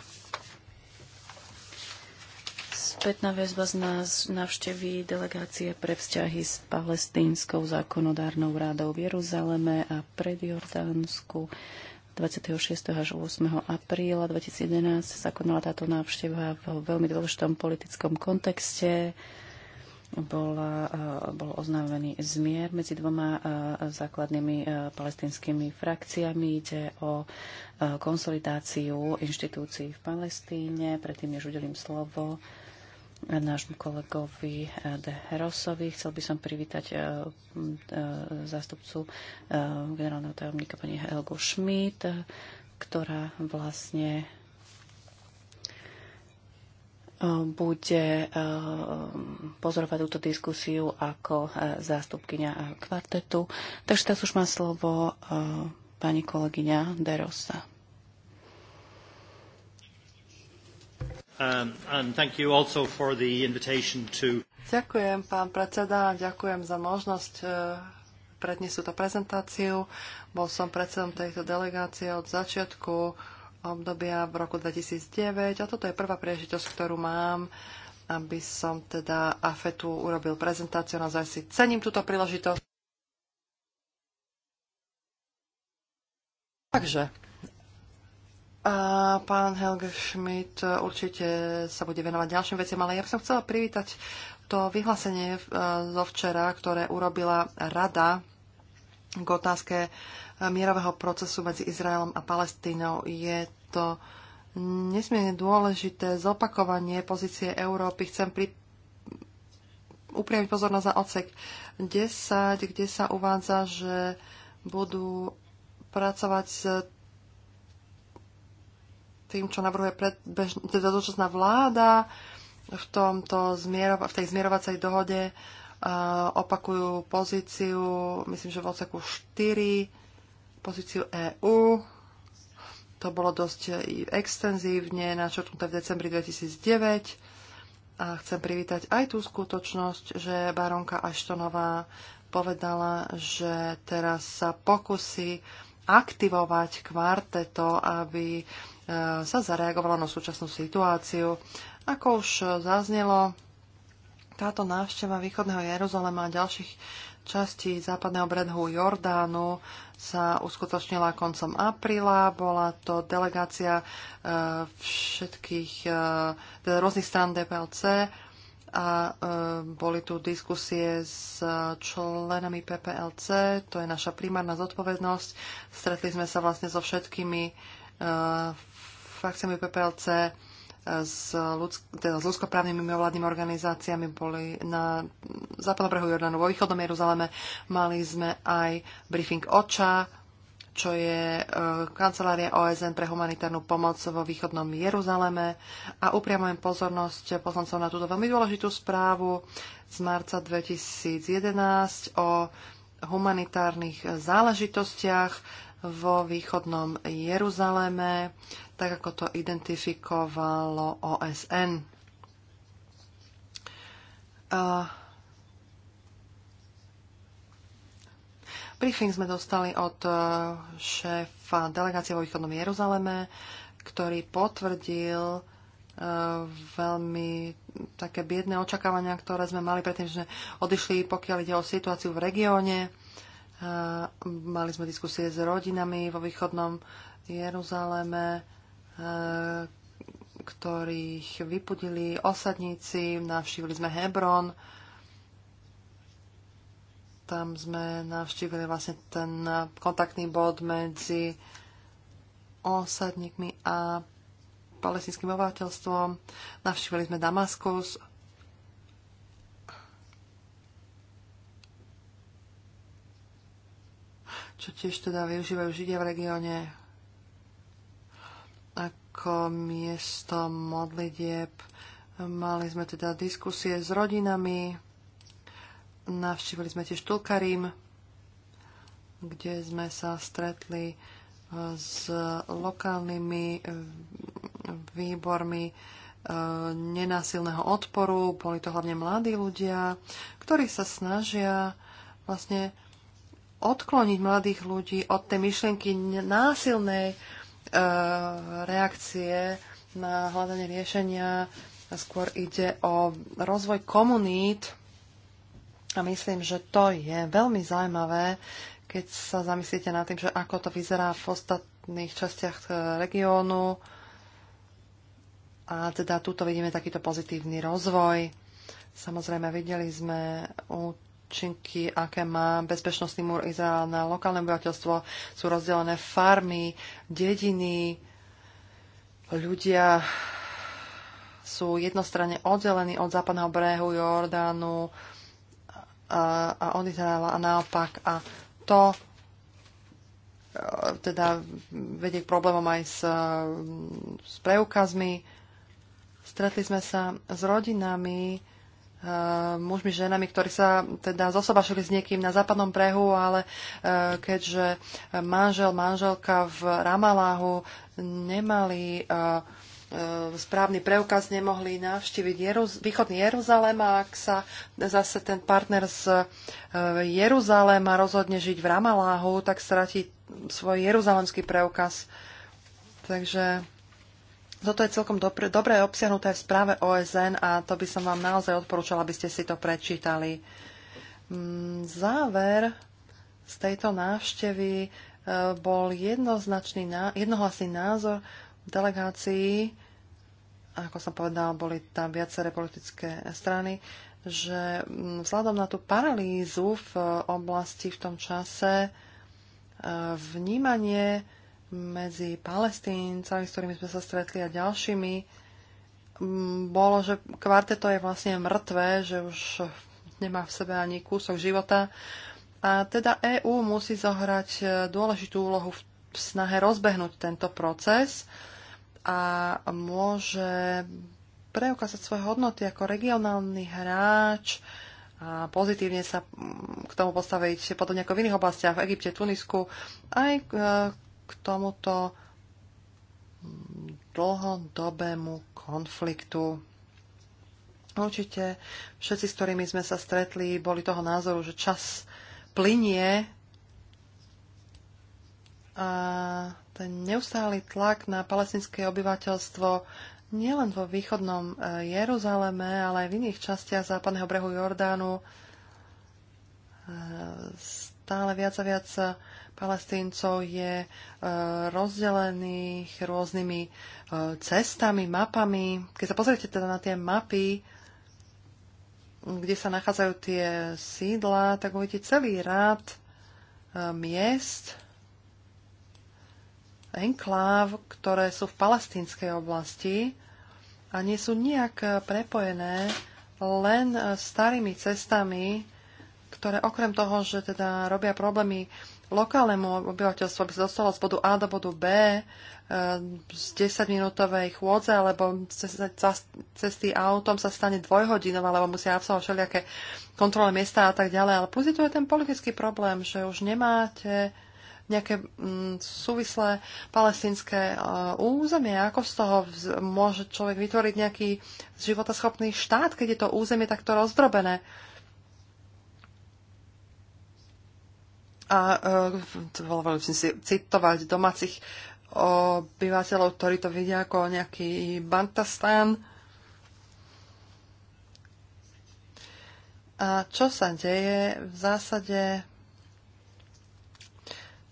spätná väzba z nás navšteví delegácie pre vzťahy s palestínskou zákonodárnou rádou v Jeruzaleme a pred Jordánsku 26. až 8. apríla 2011 sa konala táto návšteva v veľmi dôležitom politickom kontexte. Bola, e, bol oznámený zmier medzi dvoma e, základnými e, palestinskými frakciami. Ide o konsolidáciu inštitúcií v Palestíne. Predtým, než udelím slovo, nášmu kolegovi eh, De Herosovi. Chcel by som privítať eh, eh, zástupcu generálneho tajomníka pani Helgu Schmidt, ktorá vlastne bude pozorovať túto diskusiu ako zástupkynia kvartetu. Takže teraz už má slovo pani kolegyňa De Rosa. Um, ďakujem, pán predseda, ďakujem za možnosť e, predniesť túto prezentáciu. Bol som predsedom tejto delegácie od začiatku obdobia v roku 2009 a toto je prvá príležitosť, ktorú mám, aby som teda AFETu urobil prezentáciu. Naozaj si cením túto príležitosť. Takže, a pán Helge Schmidt určite sa bude venovať ďalším veciam, ale ja by som chcela privítať to vyhlásenie e, zo včera, ktoré urobila Rada k otázke e, mierového procesu medzi Izraelom a Palestínou. Je to nesmierne dôležité zopakovanie pozície Európy. Chcem pri upriamiť pozornosť na odsek 10, kde sa uvádza, že budú pracovať s tým, čo navrhuje predbež, teda dočasná vláda v, tomto zmierova, v tej zmierovacej dohode opakujú pozíciu, myslím, že v odseku 4, pozíciu EÚ. To bolo dosť extenzívne načrtnuté v decembri 2009. A chcem privítať aj tú skutočnosť, že baronka Aštonová povedala, že teraz sa pokusí aktivovať kvarteto, aby Eh, sa zareagovala na súčasnú situáciu. Ako už zaznelo, táto návšteva východného Jeruzalema a ďalších častí západného brehu Jordánu sa uskutočnila koncom apríla. Bola to delegácia eh, všetkých eh, teda rôznych strán DPLC a boli tu diskusie s členami PPLC, to je naša primárna zodpovednosť. Stretli sme sa vlastne so všetkými frakciami PPLC eh, s, ľudsk- teda s ľudskoprávnymi mimovládnymi organizáciami boli na západnom brehu Jordánu vo východnom Jeruzaleme. Mali sme aj briefing OČA, čo je e, kancelária OSN pre humanitárnu pomoc vo východnom Jeruzaleme a upriamujem pozornosť poslancov na túto veľmi dôležitú správu z marca 2011 o humanitárnych záležitostiach vo východnom Jeruzaléme, tak ako to identifikovalo OSN. Uh, briefing sme dostali od e, šéfa delegácie vo východnom Jeruzaleme, ktorý potvrdil e, veľmi také biedne očakávania, ktoré sme mali predtým, že odišli, pokiaľ ide o situáciu v regióne. Eh, mali sme diskusie s rodinami vo východnom Jeruzaleme, eh, ktorých vypudili osadníci. Navštívili sme Hebron. Tam sme navštívili vlastne ten kontaktný bod medzi osadníkmi a palestinským obyvateľstvom. Navštívili sme Damaskus, čo tiež teda využívajú Židia v regióne ako miesto modlitieb. Mali sme teda diskusie s rodinami, navštívili sme tiež Tulkarím, kde sme sa stretli e, s lokálnymi e, výbormi e, nenásilného odporu. Boli to hlavne mladí ľudia, ktorí sa snažia vlastne odkloniť mladých ľudí od tej myšlienky násilnej e, reakcie na hľadanie riešenia. Skôr ide o rozvoj komunít a myslím, že to je veľmi zaujímavé, keď sa zamyslíte nad tým, že ako to vyzerá v ostatných častiach e, regiónu. A teda túto vidíme takýto pozitívny rozvoj. Samozrejme, videli sme u účinky, aké má bezpečnostný múr Izrael na lokálne obyvateľstvo. Sú rozdelené farmy, dediny, ľudia sú jednostranne oddelení od západného brehu Jordánu a, a od Izraela a naopak. A to e, teda vedie k problémom aj s, s preukazmi. Stretli sme sa s rodinami, Eh, mužmi, ženami, ktorí sa teda zosobašili s niekým na západnom brehu, ale eh, keďže manžel, manželka v Ramaláhu nemali eh, správny preukaz, nemohli navštíviť Jeruz- východný Jeruzalém a ak sa zase ten partner z Jeruzaléma rozhodne žiť v Ramaláhu, tak stratí svoj jeruzalemský preukaz. Takže toto je celkom dobre, dobre obsiahnuté v správe OSN a to by som vám naozaj odporúčala, aby ste si to prečítali. Mm, záver z tejto návštevy e, bol jednoznačný, jednohlasný názor delegácií, ako som povedal, boli tam viaceré politické strany, že mm, vzhľadom na tú paralýzu v e, oblasti v tom čase e, vnímanie medzi palestíncami, s ktorými sme sa stretli a ďalšími, bolo, že kvarteto je vlastne mŕtvé, že už nemá v sebe ani kúsok života. A teda EÚ musí zohrať e, dôležitú úlohu v snahe rozbehnúť tento proces a môže preukázať svoje hodnoty ako regionálny hráč a pozitívne sa k tomu postaviť podobne ako v iných oblastiach v Egypte, Tunisku, aj e, k tomuto dlhodobému konfliktu. Určite všetci, s ktorými sme sa stretli, boli toho názoru, že čas plinie a ten neustály tlak na palestinské obyvateľstvo nielen vo východnom e, Jeruzaleme, ale aj v iných častiach západného brehu Jordánu e, stále viac a viac palestíncov je e, rozdelených rôznymi e, cestami, mapami. Keď sa pozriete teda na tie mapy, kde sa nachádzajú tie sídla, tak uvidíte celý rád e, miest, enkláv, ktoré sú v palestínskej oblasti a nie sú nijak prepojené len starými cestami, ktoré okrem toho, že teda robia problémy lokálnemu obyvateľstvu, aby sa dostalo z bodu A do bodu B eh, z 10-minútovej chôdze alebo cesty autom sa stane dvojhodinová, lebo musia absolvovať všelijaké kontrole miesta a tak ďalej. Ale pozitú je tu ten politický problém, že už nemáte nejaké mm, súvislé palestinské uh, územie. Ako z toho vz- môže človek vytvoriť nejaký životaschopný štát, keď je to územie takto rozdrobené? Uh, a dovolil e, som si citovať domácich obyvateľov, ktorí to vidia ako nejaký bantastán. A čo sa deje? V zásade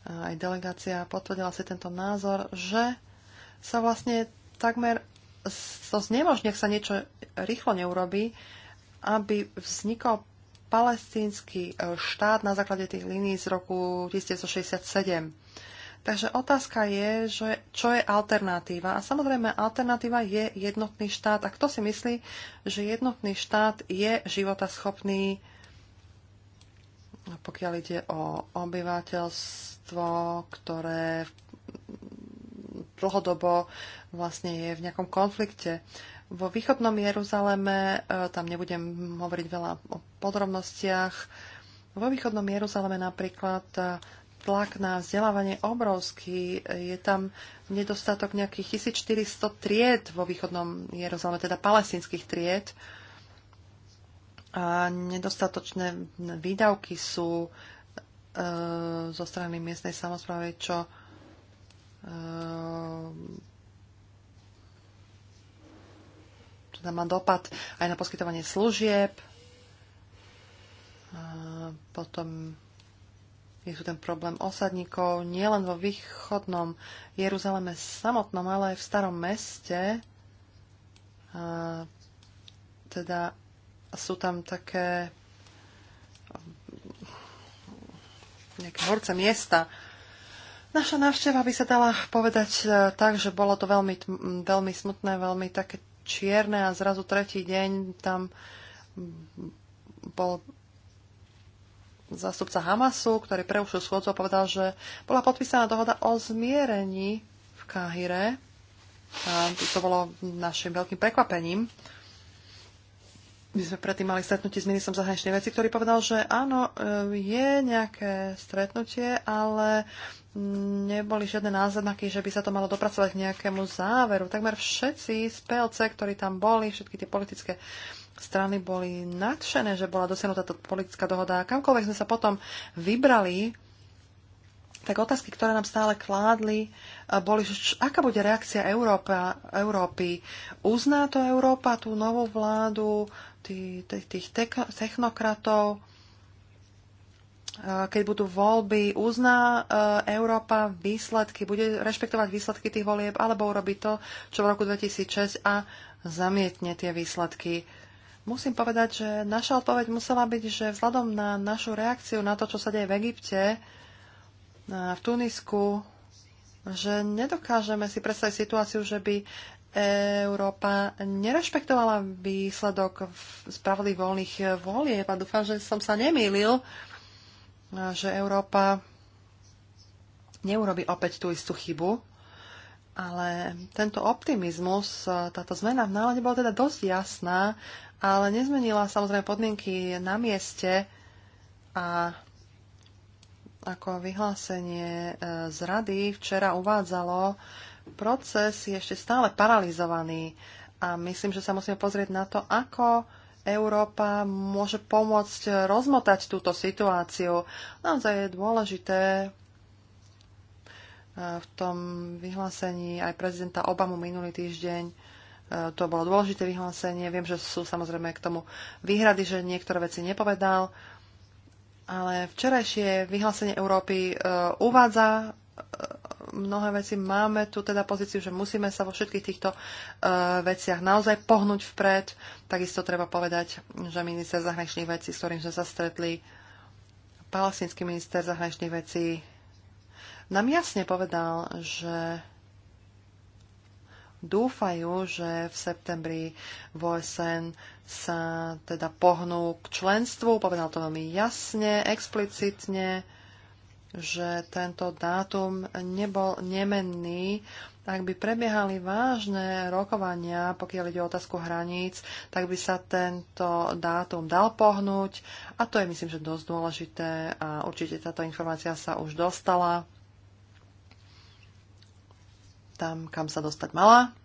aj delegácia potvrdila si tento názor, že sa vlastne takmer to znemožne, ak sa niečo rýchlo neurobi, aby vznikol palestínsky e, štát na základe tých línií z roku 1967. Takže otázka je, že čo je alternatíva. A samozrejme, alternatíva je jednotný štát. A kto si myslí, že jednotný štát je životaschopný, pokiaľ ide o obyvateľstvo, ktoré dlhodobo vlastne je v nejakom konflikte vo východnom Jeruzaleme, e, tam nebudem hovoriť veľa o podrobnostiach, vo východnom Jeruzaleme napríklad e, tlak na vzdelávanie obrovský. Je tam nedostatok nejakých 1400 tried vo východnom Jeruzaleme, teda palestinských tried. A nedostatočné výdavky sú e, zo strany miestnej samozprávy, čo e, to má dopad aj na poskytovanie služieb. Potom je tu ten problém osadníkov nielen vo východnom Jeruzaleme samotnom, ale aj v starom meste. A, teda sú tam také nejaké horce miesta. Naša návšteva by sa dala povedať e, tak, že bolo to veľmi, veľmi smutné, veľmi také čierne a zrazu tretí deň tam bol zástupca Hamasu, ktorý preušil schôdzu a povedal, že bola podpísaná dohoda o zmierení v Káhire. A to bolo našim veľkým prekvapením my sme predtým mali stretnutie s ministrom zahraničnej veci, ktorý povedal, že áno, e, je nejaké stretnutie, ale neboli žiadne náznaky, že by sa to malo dopracovať k nejakému záveru. Takmer všetci z PLC, ktorí tam boli, všetky tie politické strany boli nadšené, že bola dosiahnutá tá politická dohoda. A kamkoľvek sme sa potom vybrali, tak otázky, ktoré nám stále kládli, e, boli, že aká bude reakcia Európa, Európy. Uzná to Európa, tú novú vládu, tí, tých technokratov, e, keď budú voľby, uzná e, Európa výsledky, bude rešpektovať výsledky tých volieb, alebo urobi to, čo v roku 2006 a zamietne tie výsledky. Musím povedať, že naša odpoveď musela byť, že vzhľadom na našu reakciu na to, čo sa deje v Egypte, e, v Tunisku, že nedokážeme si predstaviť situáciu, že by Európa nerešpektovala výsledok spravodlivých voľných volieb a dúfam, že som sa nemýlil, že Európa neurobi opäť tú istú chybu, ale tento optimizmus, táto zmena v nálade bola teda dosť jasná, ale nezmenila samozrejme podmienky na mieste a ako vyhlásenie eh, z rady včera uvádzalo, proces je ešte stále paralizovaný a myslím, že sa musíme pozrieť na to, ako Európa môže pomôcť rozmotať túto situáciu. Naozaj je dôležité eh, v tom vyhlásení aj prezidenta Obamu minulý týždeň. Eh, to bolo dôležité vyhlásenie. Viem, že sú samozrejme k tomu výhrady, že niektoré veci nepovedal. Ale včerajšie vyhlásenie Európy eh, uvádza mnohé veci. Máme tu teda pozíciu, že musíme sa vo všetkých týchto e, veciach naozaj pohnúť vpred. Takisto treba povedať, že minister zahraničných vecí, s ktorým sme sa stretli, palestinský minister zahraničných vecí, nám jasne povedal, že dúfajú, že v septembri v OSN sa teda pohnú k členstvu. Povedal to veľmi jasne, explicitne že tento dátum nebol nemenný. Ak by prebiehali vážne rokovania, pokiaľ ide o otázku hraníc, tak by sa tento dátum dal pohnúť a to je myslím, že dosť dôležité a určite táto informácia sa už dostala tam, kam sa dostať mala.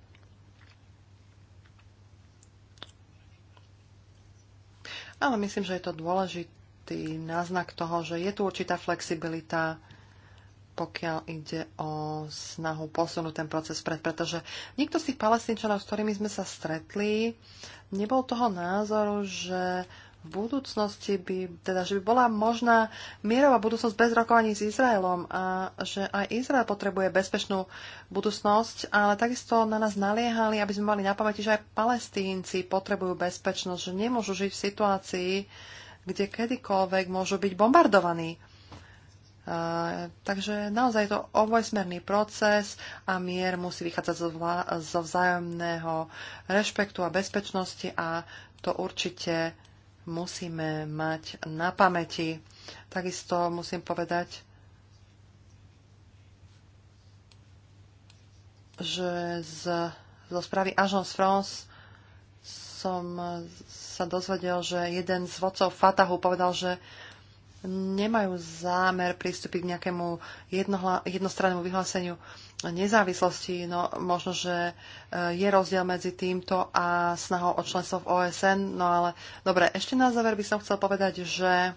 Ale myslím, že je to dôležité určitý náznak toho, že je tu určitá flexibilita, pokiaľ ide o snahu posunúť ten proces pred, pretože niekto z tých palestínčanov, s ktorými sme sa stretli, nebol toho názoru, že v budúcnosti by, teda, že by bola možná mierová budúcnosť bez rokovaní s Izraelom a že aj Izrael potrebuje bezpečnú budúcnosť, ale takisto na nás naliehali, aby sme mali na pamäti, že aj palestínci potrebujú bezpečnosť, že nemôžu žiť v situácii, kde kedykoľvek môžu byť bombardovaní. Uh, takže naozaj je to obojsmerný proces a mier musí vychádzať zo, vla- zo vzájomného rešpektu a bezpečnosti a to určite musíme mať na pamäti. Takisto musím povedať, že z, zo správy Agence France som sa dozvedel, že jeden z vodcov Fatahu povedal, že nemajú zámer pristúpiť k nejakému jednohla, jednostrannému vyhláseniu nezávislosti. No, možno, že e, je rozdiel medzi týmto a snahou o členstvo v OSN. No ale dobre, ešte na záver by som chcel povedať, že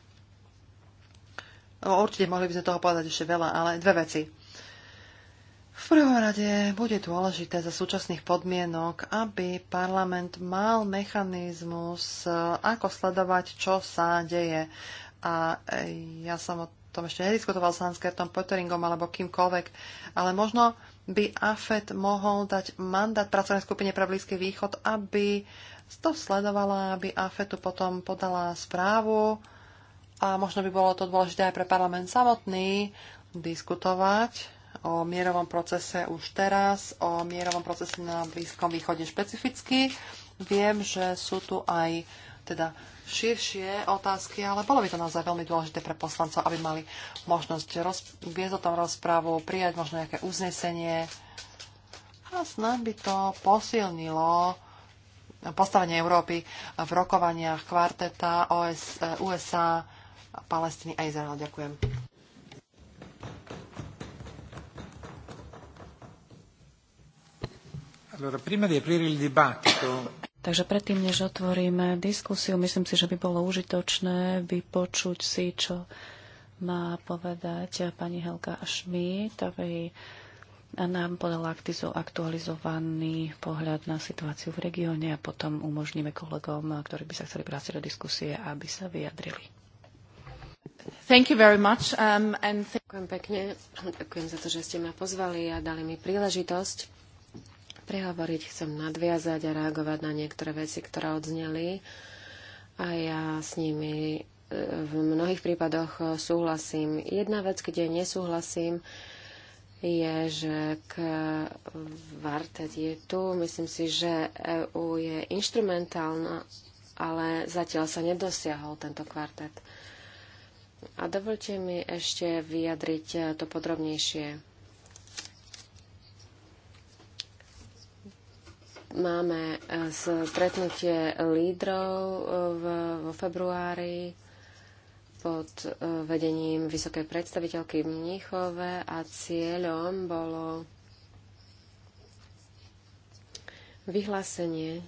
no, určite mohli by sme toho povedať ešte veľa, ale dve veci v prvom rade bude dôležité za súčasných podmienok, aby parlament mal mechanizmus, eh, ako sledovať, čo sa deje. A eh, ja som o tom ešte nediskutoval s Hanskertom Potteringom alebo kýmkoľvek, ale možno by AFED mohol dať mandát pracovnej skupine pre Blízky východ, aby to sledovala, aby AFETu potom podala správu a možno by bolo to dôležité aj pre parlament samotný diskutovať o mierovom procese už teraz, o mierovom procese na Blízkom východe špecificky. Viem, že sú tu aj teda širšie otázky, ale bolo by to naozaj veľmi dôležité pre poslancov, aby mali možnosť roz... viesť o tom rozprávu, prijať možno nejaké uznesenie a snad by to posilnilo postavenie Európy v rokovaniach kvarteta OS, USA, Palestiny a Izrael. Ďakujem. Takže predtým, než otvoríme diskusiu, myslím si, že by bolo užitočné vypočuť si, čo má povedať pani Helga Schmidt, aby nám podala aktualizovaný pohľad na situáciu v regióne a potom umožníme kolegom, ktorí by sa chceli vrátiť do diskusie, aby sa vyjadrili. Thank you very much, um, and th- Ďakujem pekne. Ďakujem za to, že ste ma pozvali a dali mi príležitosť prehovoriť, chcem nadviazať a reagovať na niektoré veci, ktoré odzneli a ja s nimi e, v mnohých prípadoch súhlasím. Jedna vec, kde nesúhlasím, je, že k kvartet je tu. Myslím si, že EU je instrumentálna, no, ale zatiaľ sa nedosiahol tento kvartet. A dovolte mi ešte vyjadriť to podrobnejšie. Máme e, stretnutie lídrov e, vo februári pod e, vedením vysokej predstaviteľky Mnichove a cieľom bolo vyhlásenie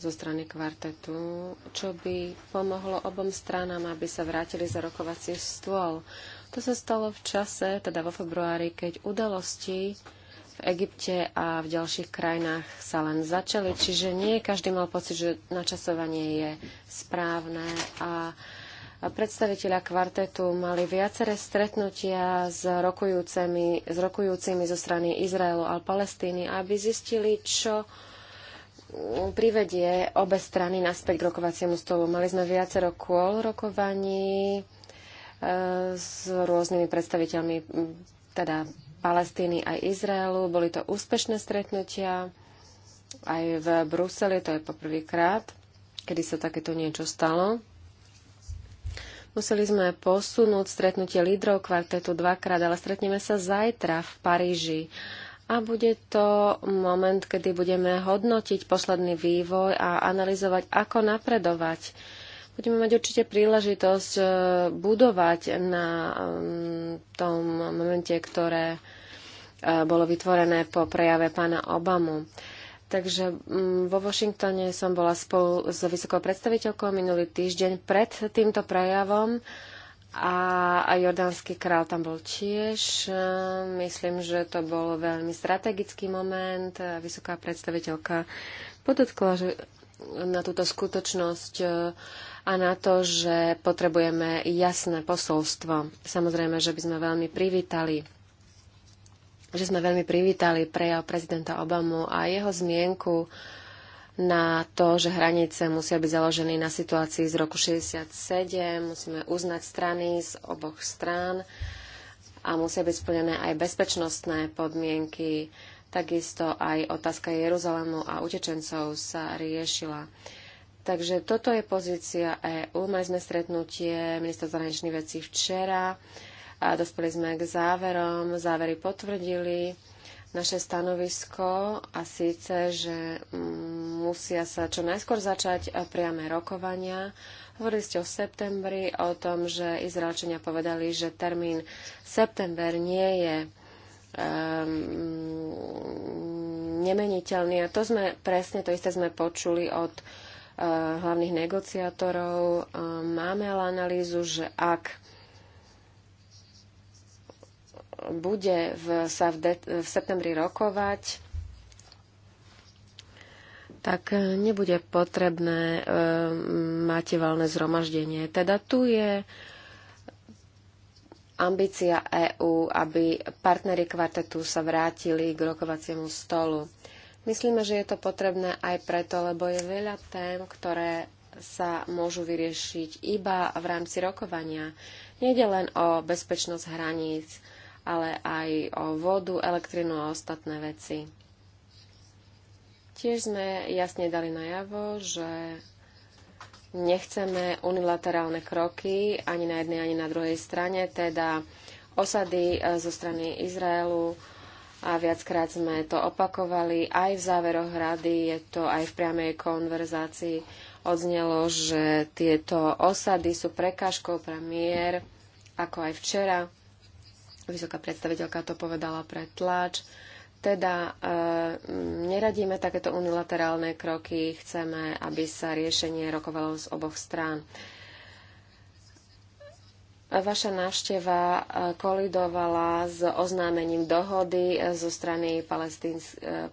zo strany kvartetu, čo by pomohlo obom stranám, aby sa vrátili za rokovací stôl. To sa stalo v čase, teda vo februári, keď udalosti v Egypte a v ďalších krajinách sa len začali, čiže nie každý mal pocit, že načasovanie je správne a predstaviteľa kvartetu mali viaceré stretnutia s, rokujúcimi, s rokujúcimi zo strany Izraelu a Palestíny, aby zistili, čo privedie obe strany naspäť k rokovaciemu stolu. Mali sme viacero kôl rokovaní e, s rôznymi predstaviteľmi teda Palestíny aj Izraelu. Boli to úspešné stretnutia. Aj v Bruseli to je poprvýkrát, kedy sa takéto niečo stalo. Museli sme posunúť stretnutie lídrov kvartetu dvakrát, ale stretneme sa zajtra v Paríži. A bude to moment, kedy budeme hodnotiť posledný vývoj a analyzovať, ako napredovať budeme mať určite príležitosť e, budovať na mm, tom momente, ktoré e, bolo vytvorené po prejave pána Obamu. Takže mm, vo Washingtone som bola spolu s vysokou predstaviteľkou minulý týždeň pred týmto prejavom a jordánsky král tam bol tiež. E, myslím, že to bol veľmi strategický moment. Vysoká predstaviteľka podotkla, že na túto skutočnosť a na to, že potrebujeme jasné posolstvo. Samozrejme, že by sme veľmi privítali že sme veľmi privítali prejav prezidenta Obamu a jeho zmienku na to, že hranice musia byť založené na situácii z roku 67, musíme uznať strany z oboch strán a musia byť splnené aj bezpečnostné podmienky. Takisto aj otázka Jeruzalému a utečencov sa riešila. Takže toto je pozícia EÚ. Mali sme stretnutie ministra zahraničných vecí včera a dospeli sme k záverom. Závery potvrdili naše stanovisko a síce, že mm, musia sa čo najskôr začať priame rokovania. Hovorili ste o septembri, o tom, že Izraelčania povedali, že termín september nie je um, nemeniteľný. A to sme presne, to isté sme počuli od Eh, hlavných negociátorov. Eh, máme ale analýzu, že ak bude v, sa v, de, v septembri rokovať, tak eh, nebude potrebné e, mať valné zhromaždenie. Teda tu je ambícia EÚ, aby partnery kvartetu sa vrátili k rokovaciemu stolu. Myslíme, že je to potrebné aj preto, lebo je veľa tém, ktoré sa môžu vyriešiť iba v rámci rokovania. Nejde len o bezpečnosť hraníc, ale aj o vodu, elektrinu a ostatné veci. Tiež sme jasne dali najavo, že nechceme unilaterálne kroky ani na jednej, ani na druhej strane, teda osady eh, zo strany Izraelu, a viackrát sme to opakovali. Aj v záveroch rady je to aj v priamej konverzácii odznelo, že tieto osady sú prekážkou pre mier, ako aj včera. Vysoká predstaviteľka to povedala pre tlač. Teda e, neradíme takéto unilaterálne kroky, chceme, aby sa riešenie rokovalo z oboch strán. Vaša návšteva e, kolidovala s oznámením dohody e, zo strany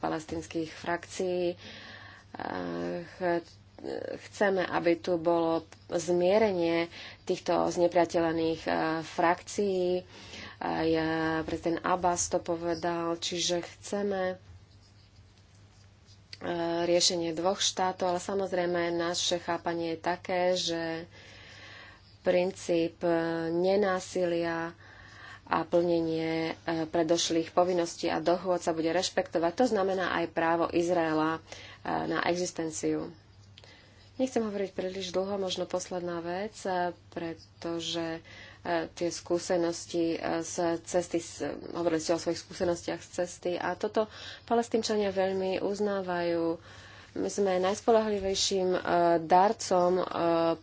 palestinských e, frakcií. Chceme, aby tu bolo zmierenie týchto znepriateľených frakcií. prezident Abbas to povedal, čiže chceme riešenie dvoch štátov, ale samozrejme naše chápanie je také, že princíp e, nenásilia a plnenie e, predošlých povinností a dohôd sa bude rešpektovať. To znamená aj právo Izraela e, na existenciu. Nechcem hovoriť príliš dlho, možno posledná vec, pretože tie skúsenosti z cesty, hovorili ste o svojich skúsenostiach z cesty a toto palestínčania veľmi uznávajú my sme najspolahlivejším e, darcom e,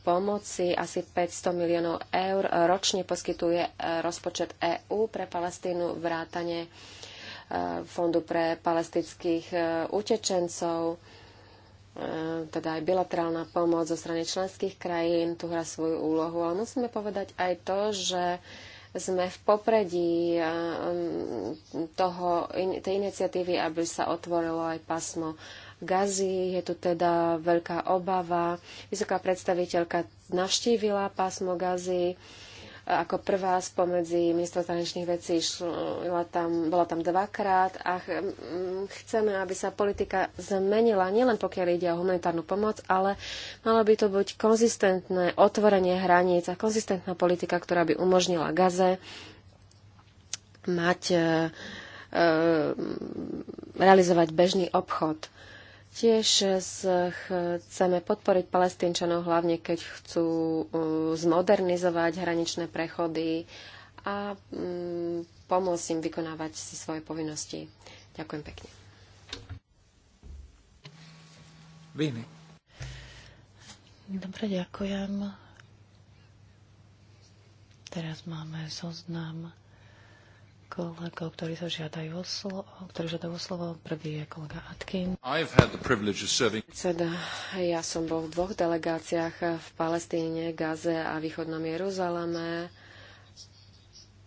pomoci asi 500 miliónov eur ročne poskytuje e, rozpočet EÚ pre Palestínu vrátane Fondu pre palestinských utečencov, teda aj bilaterálna pomoc zo strany členských krajín, tu hrá svoju úlohu. Ale musíme povedať aj to, že sme v popredí toho, tej iniciatívy, aby sa otvorilo aj pasmo Gazi. Je tu teda veľká obava. Vysoká predstaviteľka navštívila pásmo Gazi ako prvá spomedzi ministra zahraničných vecí šla tam, bola tam dvakrát a ch chceme, aby sa politika zmenila, nielen pokiaľ ide o humanitárnu pomoc, ale malo by to byť konzistentné otvorenie hraníc a konzistentná politika, ktorá by umožnila Gaze mať e, e, realizovať bežný obchod. Tiež chceme podporiť palestínčanov, hlavne keď chcú uh, zmodernizovať hraničné prechody a mm, pomôcť im vykonávať si svoje povinnosti. Ďakujem pekne. Víme. Dobre, ďakujem. Teraz máme zoznam kolegov, ktorí sa žiadajú o slovo. Ktorí žiadajú o slovo. Prvý je kolega Atkin. Predseda, ja som bol v dvoch delegáciách v Palestíne, Gaze a východnom Jeruzaleme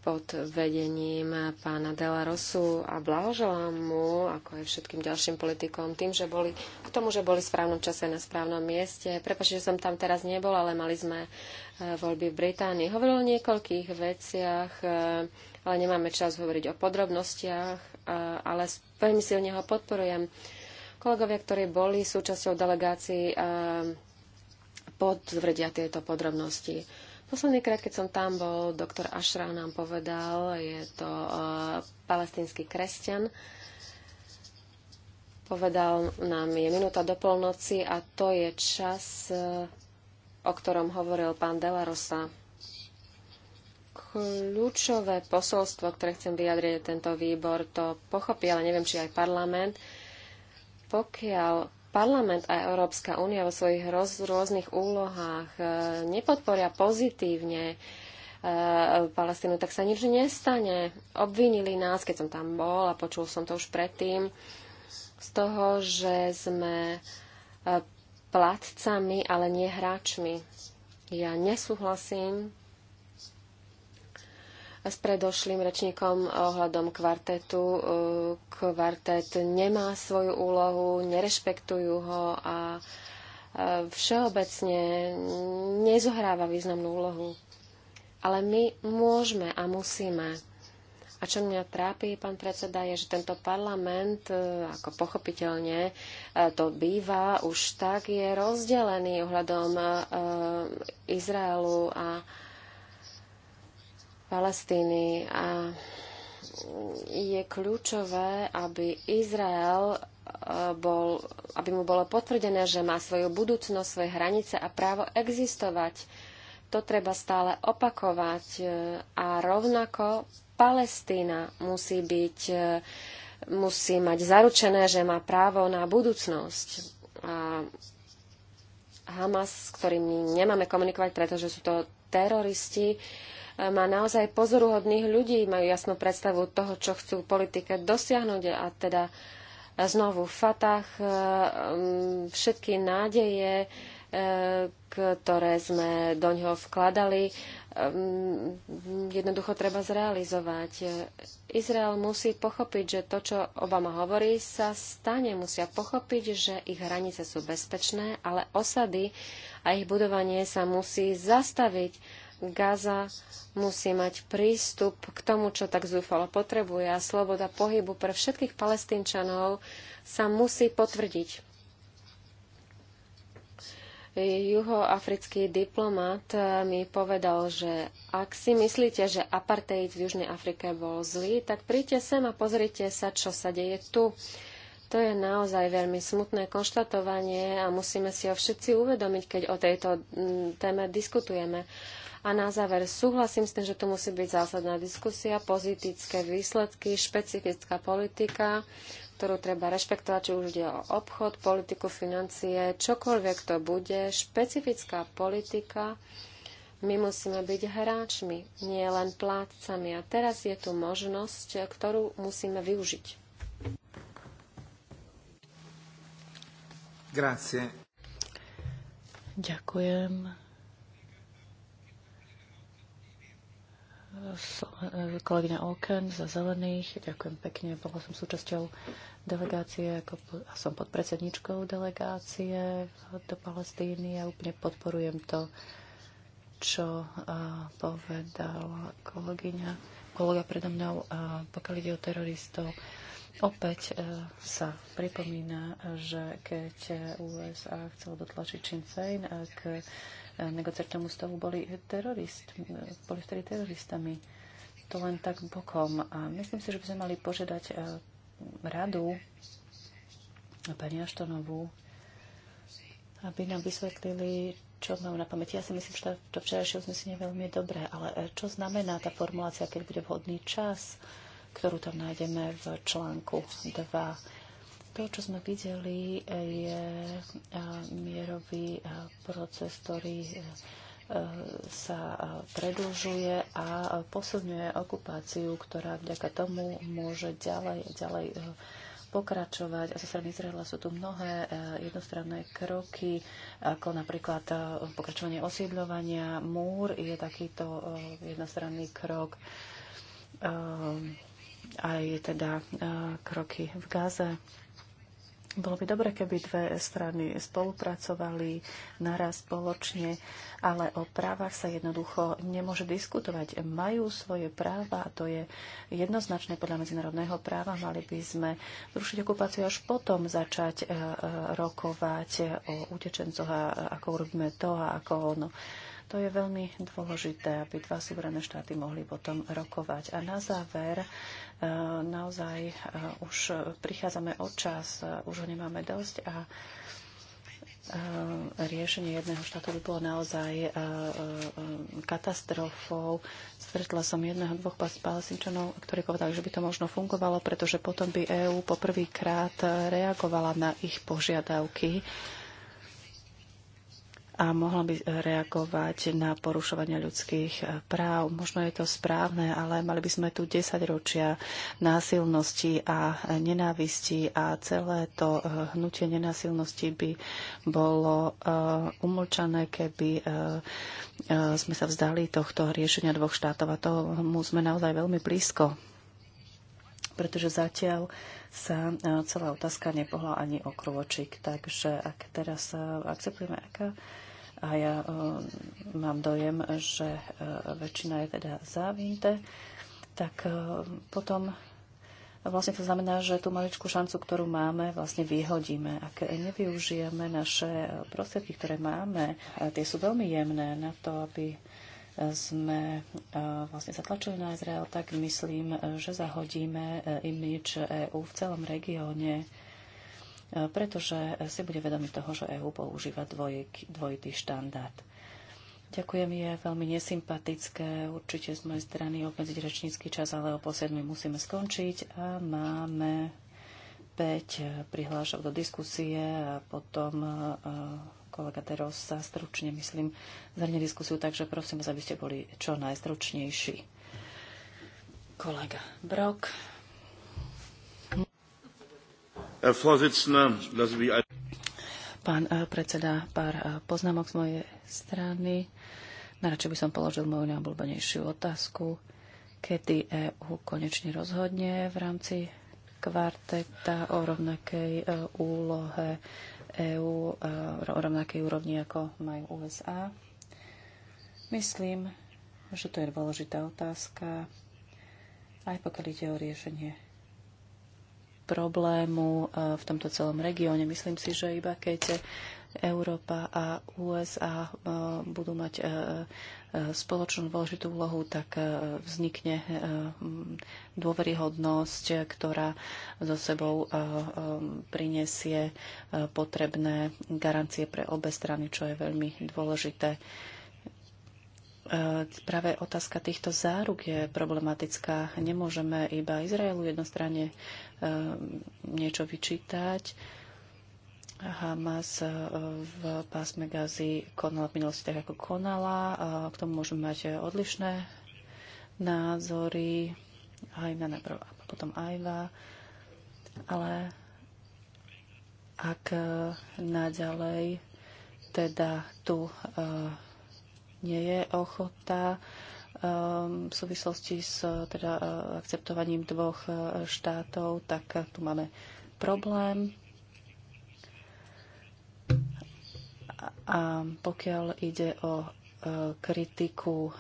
pod vedením pána Dela Rosu a blahoželám mu, ako aj všetkým ďalším politikom, tým, že boli, k tomu, že boli v správnom čase na správnom mieste. Prepačte, že som tam teraz nebol, ale mali sme e, voľby v Británii. Hovoril o niekoľkých veciach, e, ale nemáme čas hovoriť o podrobnostiach, e, ale veľmi silne ho podporujem. Kolegovia, ktorí boli súčasťou delegácií, potvrdia tieto podrobnosti. Posledný krát, keď som tam bol, doktor Ašra nám povedal, je to uh, eh, palestínsky kresťan, povedal nám, je minúta do polnoci a to je čas, uh, o ktorom hovoril pán Delarosa. Kľúčové posolstvo, ktoré chcem vyjadriť tento výbor, to pochopí, ale neviem, či aj parlament. Pokiaľ parlament a Európska únia vo svojich roz, rôznych úlohách e, nepodporia pozitívne e, Palestínu, tak sa nič nestane. Obvinili nás, keď som tam bol a počul som to už predtým, z toho, že sme e, platcami, ale nie hráčmi. Ja nesúhlasím s predošlým rečníkom ohľadom kvartetu. E, kvartet nemá svoju úlohu, nerešpektujú ho a e, všeobecne nezohráva významnú úlohu. Ale my môžeme a musíme. A čo mňa trápi, pán predseda, je, že tento parlament, e, ako pochopiteľne to býva, už tak je rozdelený ohľadom Izraelu a Palestíny a je kľúčové, aby Izrael e, bol, aby mu bolo potvrdené, že má svoju budúcnosť, svoje hranice a právo existovať. To treba stále opakovať e, a rovnako Palestína musí byť, e, musí mať zaručené, že má právo na budúcnosť. A Hamas, s ktorými nemáme komunikovať, pretože sú to teroristi, uh, má naozaj pozoruhodných ľudí, majú jasnú predstavu toho, čo chcú v politike dosiahnuť a teda znovu v fatách e, všetky nádeje, e, ktoré sme do ňoho vkladali, e, jednoducho treba zrealizovať. Izrael musí pochopiť, že to, čo Obama hovorí, sa stane. Musia pochopiť, že ich hranice sú bezpečné, ale osady a ich budovanie sa musí zastaviť Gaza musí mať prístup k tomu, čo tak zúfalo potrebuje a sloboda pohybu pre všetkých palestínčanov sa musí potvrdiť. Juhoafrický diplomat eh, mi povedal, že ak si myslíte, že apartheid v Južnej Afrike bol zlý, tak príďte sem a pozrite sa, čo sa deje tu. To je naozaj veľmi smutné konštatovanie a musíme si ho všetci uvedomiť, keď o tejto mm, téme diskutujeme. A na záver súhlasím s tým, že tu musí byť zásadná diskusia, pozitické výsledky, špecifická politika, ktorú treba rešpektovať, či už ide o obchod, politiku, financie, čokoľvek to bude. Špecifická politika, my musíme byť hráčmi, nie len plátcami. A teraz je tu možnosť, ktorú musíme využiť. Grazie. Ďakujem. E, kolegyňa Oken za Zelených. Ďakujem pekne. Bola som súčasťou delegácie ako, a som podpredsedničkou delegácie do Palestíny a úplne podporujem to, čo e, povedal kolegyňa, kolega predo mnou, pokiaľ ide o teroristov. Opäť e, sa pripomína, že keď USA chcelo dotlačiť Sinn Féin k negociačnom stavu boli, terorist, boli vtedy teroristami. To len tak bokom. A myslím si, že by sme mali požiadať e, radu pani Aštonovú, aby nám vysvetlili, čo mám na pamäti. Ja si myslím, že to včerajšie uznesenie je veľmi dobré, ale e, čo znamená tá formulácia, keď bude vhodný čas, ktorú tam nájdeme v článku 2 to, čo sme videli, je e, mierový e, proces, ktorý e, sa predlžuje a posilňuje okupáciu, ktorá vďaka tomu môže ďalej, ďalej pokračovať. A zo strany Izraela sú tu mnohé jednostranné kroky, ako napríklad pokračovanie osídľovania. Múr je takýto jednostranný krok. Aj teda kroky v Gaze. Bolo by dobre, keby dve strany spolupracovali naraz spoločne, ale o právach sa jednoducho nemôže diskutovať. Majú svoje práva a to je jednoznačné podľa medzinárodného práva. Mali by sme zrušiť okupáciu až potom začať e, e, rokovať o utečencoch a ako urobíme to a ako ono. To je veľmi dôležité, aby dva súverené štáty mohli potom rokovať. A na záver Eh, naozaj eh, už prichádzame od čas, eh, už ho nemáme dosť a riešenie jedného štátu by bolo naozaj katastrofou. Stretla som jedného, dvoch palestinčanov, ktorí povedali, že by to možno fungovalo, pretože potom by EÚ poprvýkrát reagovala na ich požiadavky a mohla by reagovať na porušovanie ľudských práv. Možno je to správne, ale mali by sme tu 10 ročia násilnosti a nenávisti a celé to eh, hnutie nenásilnosti by bolo eh, umlčané, keby eh, sme sa vzdali tohto riešenia dvoch štátov a tomu sme naozaj veľmi blízko pretože zatiaľ sa celá otázka nepohla ani o krôčik. Takže ak teraz akceptujeme aká a ja e, mám dojem, že e, väčšina je teda za Vinte, tak e, potom vlastne to znamená, že tú maličkú šancu, ktorú máme, vlastne vyhodíme. Ak nevyužijeme naše prostriedky, ktoré máme, tie sú veľmi jemné na to, aby sme vlastne zatlačili na Izrael, tak myslím, že zahodíme imič EÚ v celom regióne pretože si bude vedomý toho, že EÚ používa dvoj, dvojitý štandard. Ďakujem, je veľmi nesympatické určite z mojej strany obmedziť rečnícky čas, ale o posledný musíme skončiť a máme 5 prihlášok do diskusie a potom e, kolega Teros sa stručne, myslím, zhrne diskusiu, takže prosím aby ste boli čo najstručnejší. Kolega Brok. Pán eh, predseda, pár eh, poznámok z mojej strany. Najradšej by som položil moju neobľúbenejšiu otázku. Kedy EU konečne rozhodne v rámci kvarteta o rovnakej eh, úlohe EU, o rovnakej úrovni, ako majú USA? Myslím, že to je dôležitá otázka, aj pokiaľ ide o riešenie problému e, v tomto celom regióne. Myslím si, že iba keď Európa a USA e, budú mať e, spoločnú dôležitú úlohu, tak vznikne dôveryhodnosť, ktorá so sebou prinesie potrebné garancie pre obe strany, čo je veľmi dôležité. E, práve otázka týchto záruk je problematická. Nemôžeme iba Izraelu jednostranne e, niečo vyčítať. Hamas e, v pásme Gazi konala v minulosti tak, ako konala. K tomu môžeme mať odlišné názory. Aj na najprv a potom Ajva. Ale ak naďalej teda tu nie je ochota ehm, v súvislosti s teda, e, akceptovaním dvoch e, štátov, tak tu máme problém. A pokiaľ ide o e, kritiku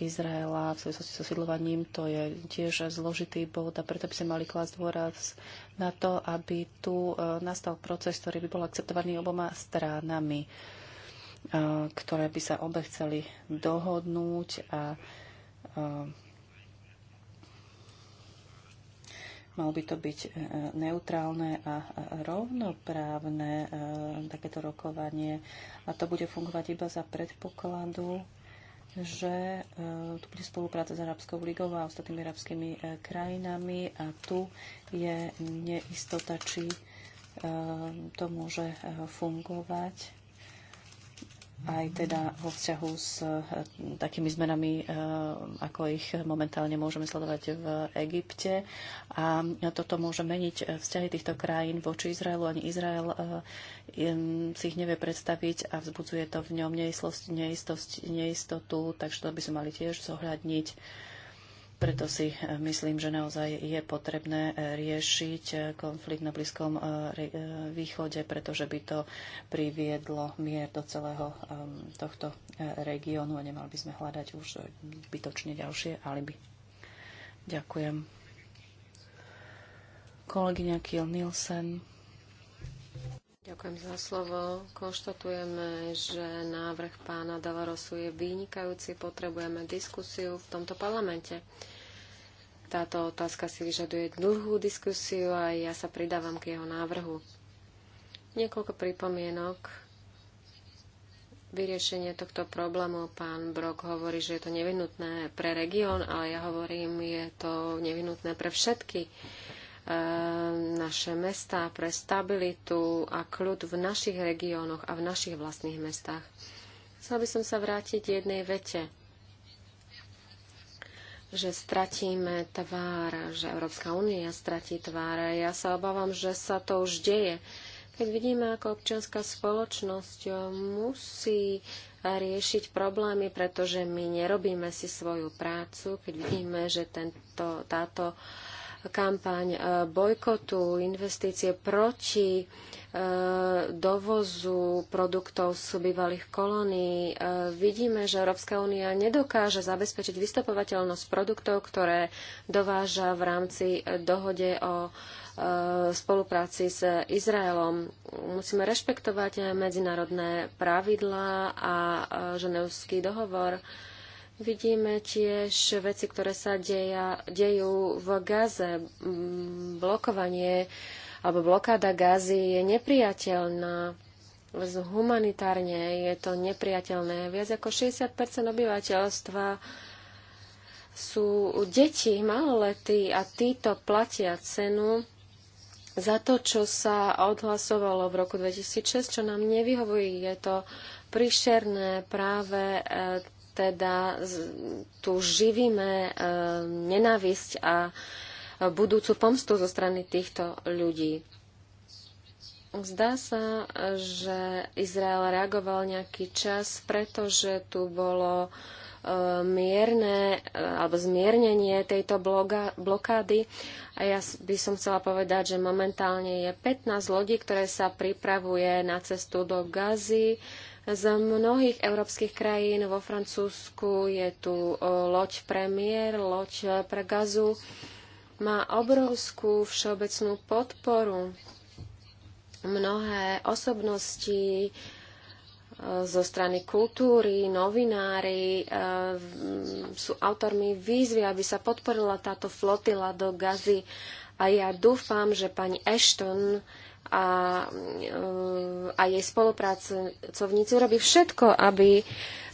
Izraela v súvislosti s osídľovaním, to je tiež zložitý bod a preto by sme mali klásť dôraz na to, aby tu nastal proces, ktorý by bol akceptovaný oboma stranami. Eh, ktoré by sa obe chceli dohodnúť a eh, Malo by to byť eh, neutrálne a rovnoprávne takéto rokovanie a to bude fungovať iba za predpokladu, že tu bude spolupráca s Arabskou ligou a ostatnými arabskými krajinami a tu je neistota, či to môže fungovať aj teda vo vzťahu s eh, takými zmenami, eh, ako ich momentálne môžeme sledovať v Egypte. A toto môže meniť eh, vzťahy týchto krajín voči Izraelu. Ani Izrael si ich nevie predstaviť a vzbudzuje to v ňom neistosť, neistosť, neistotu, takže to by sme mali tiež zohľadniť preto si eh, myslím, že naozaj je potrebné eh, riešiť eh, konflikt na Blízkom východe, pretože by to priviedlo mier do celého ehm, tohto regiónu a nemali by sme hľadať už bytočne ďalšie aliby. Ďakujem. Kolegyňa Kiel Nielsen. Ďakujem za slovo. Konštatujeme, že návrh pána Dalarosu je vynikajúci. Potrebujeme diskusiu v tomto parlamente. Táto otázka si vyžaduje dlhú diskusiu a ja sa pridávam k jeho návrhu. Niekoľko pripomienok. Vyriešenie tohto problému pán Brok hovorí, že je to nevinutné pre región, ale ja hovorím, je to nevinutné pre všetky Eh, naše mesta pre stabilitu a kľud v našich regiónoch a v našich vlastných mestách. Chcela by som sa vrátiť jednej vete, že stratíme tvár, že Európska únia stratí tvár. Ja sa obávam, že sa to už deje. Keď vidíme, ako občianská spoločnosť musí riešiť problémy, pretože my nerobíme si svoju prácu, keď vidíme, že tento, táto uh, kampaň e, bojkotu, investície proti e, dovozu produktov z bývalých kolónií. E, vidíme, že Európska únia nedokáže zabezpečiť vystopovateľnosť produktov, ktoré dováža v rámci dohode o spolupráci s Izraelom. Musíme rešpektovať medzinárodné pravidlá a ženevský dohovor. Vidíme tiež veci, ktoré sa deja, dejú v Gaze. Blokovanie alebo blokáda Gazy je nepriateľná. Humanitárne je to nepriateľné. Viac ako 60 obyvateľstva sú deti, maloletí a títo platia cenu za to, čo sa odhlasovalo v roku 2006, čo nám nevyhovuje. Je to príšerné práve e, teda tu živíme e, nenávisť a budúcu pomstu zo strany týchto ľudí. Zdá sa, že Izrael reagoval nejaký čas, pretože tu bolo e, mierne e, alebo zmiernenie tejto bloga, blokády. A ja by som chcela povedať, že momentálne je 15 lodí, ktoré sa pripravuje na cestu do Gazy. Z mnohých európskych krajín vo Francúzsku je tu loď premiér, loď e, pre gazu. Má obrovskú všeobecnú podporu. Mnohé osobnosti e, zo strany kultúry, novinári e, sú autormi výzvy, aby sa podporila táto flotila do gazy. A ja dúfam, že pani Ashton a, eh, a jej spolupracovníci urobí všetko, aby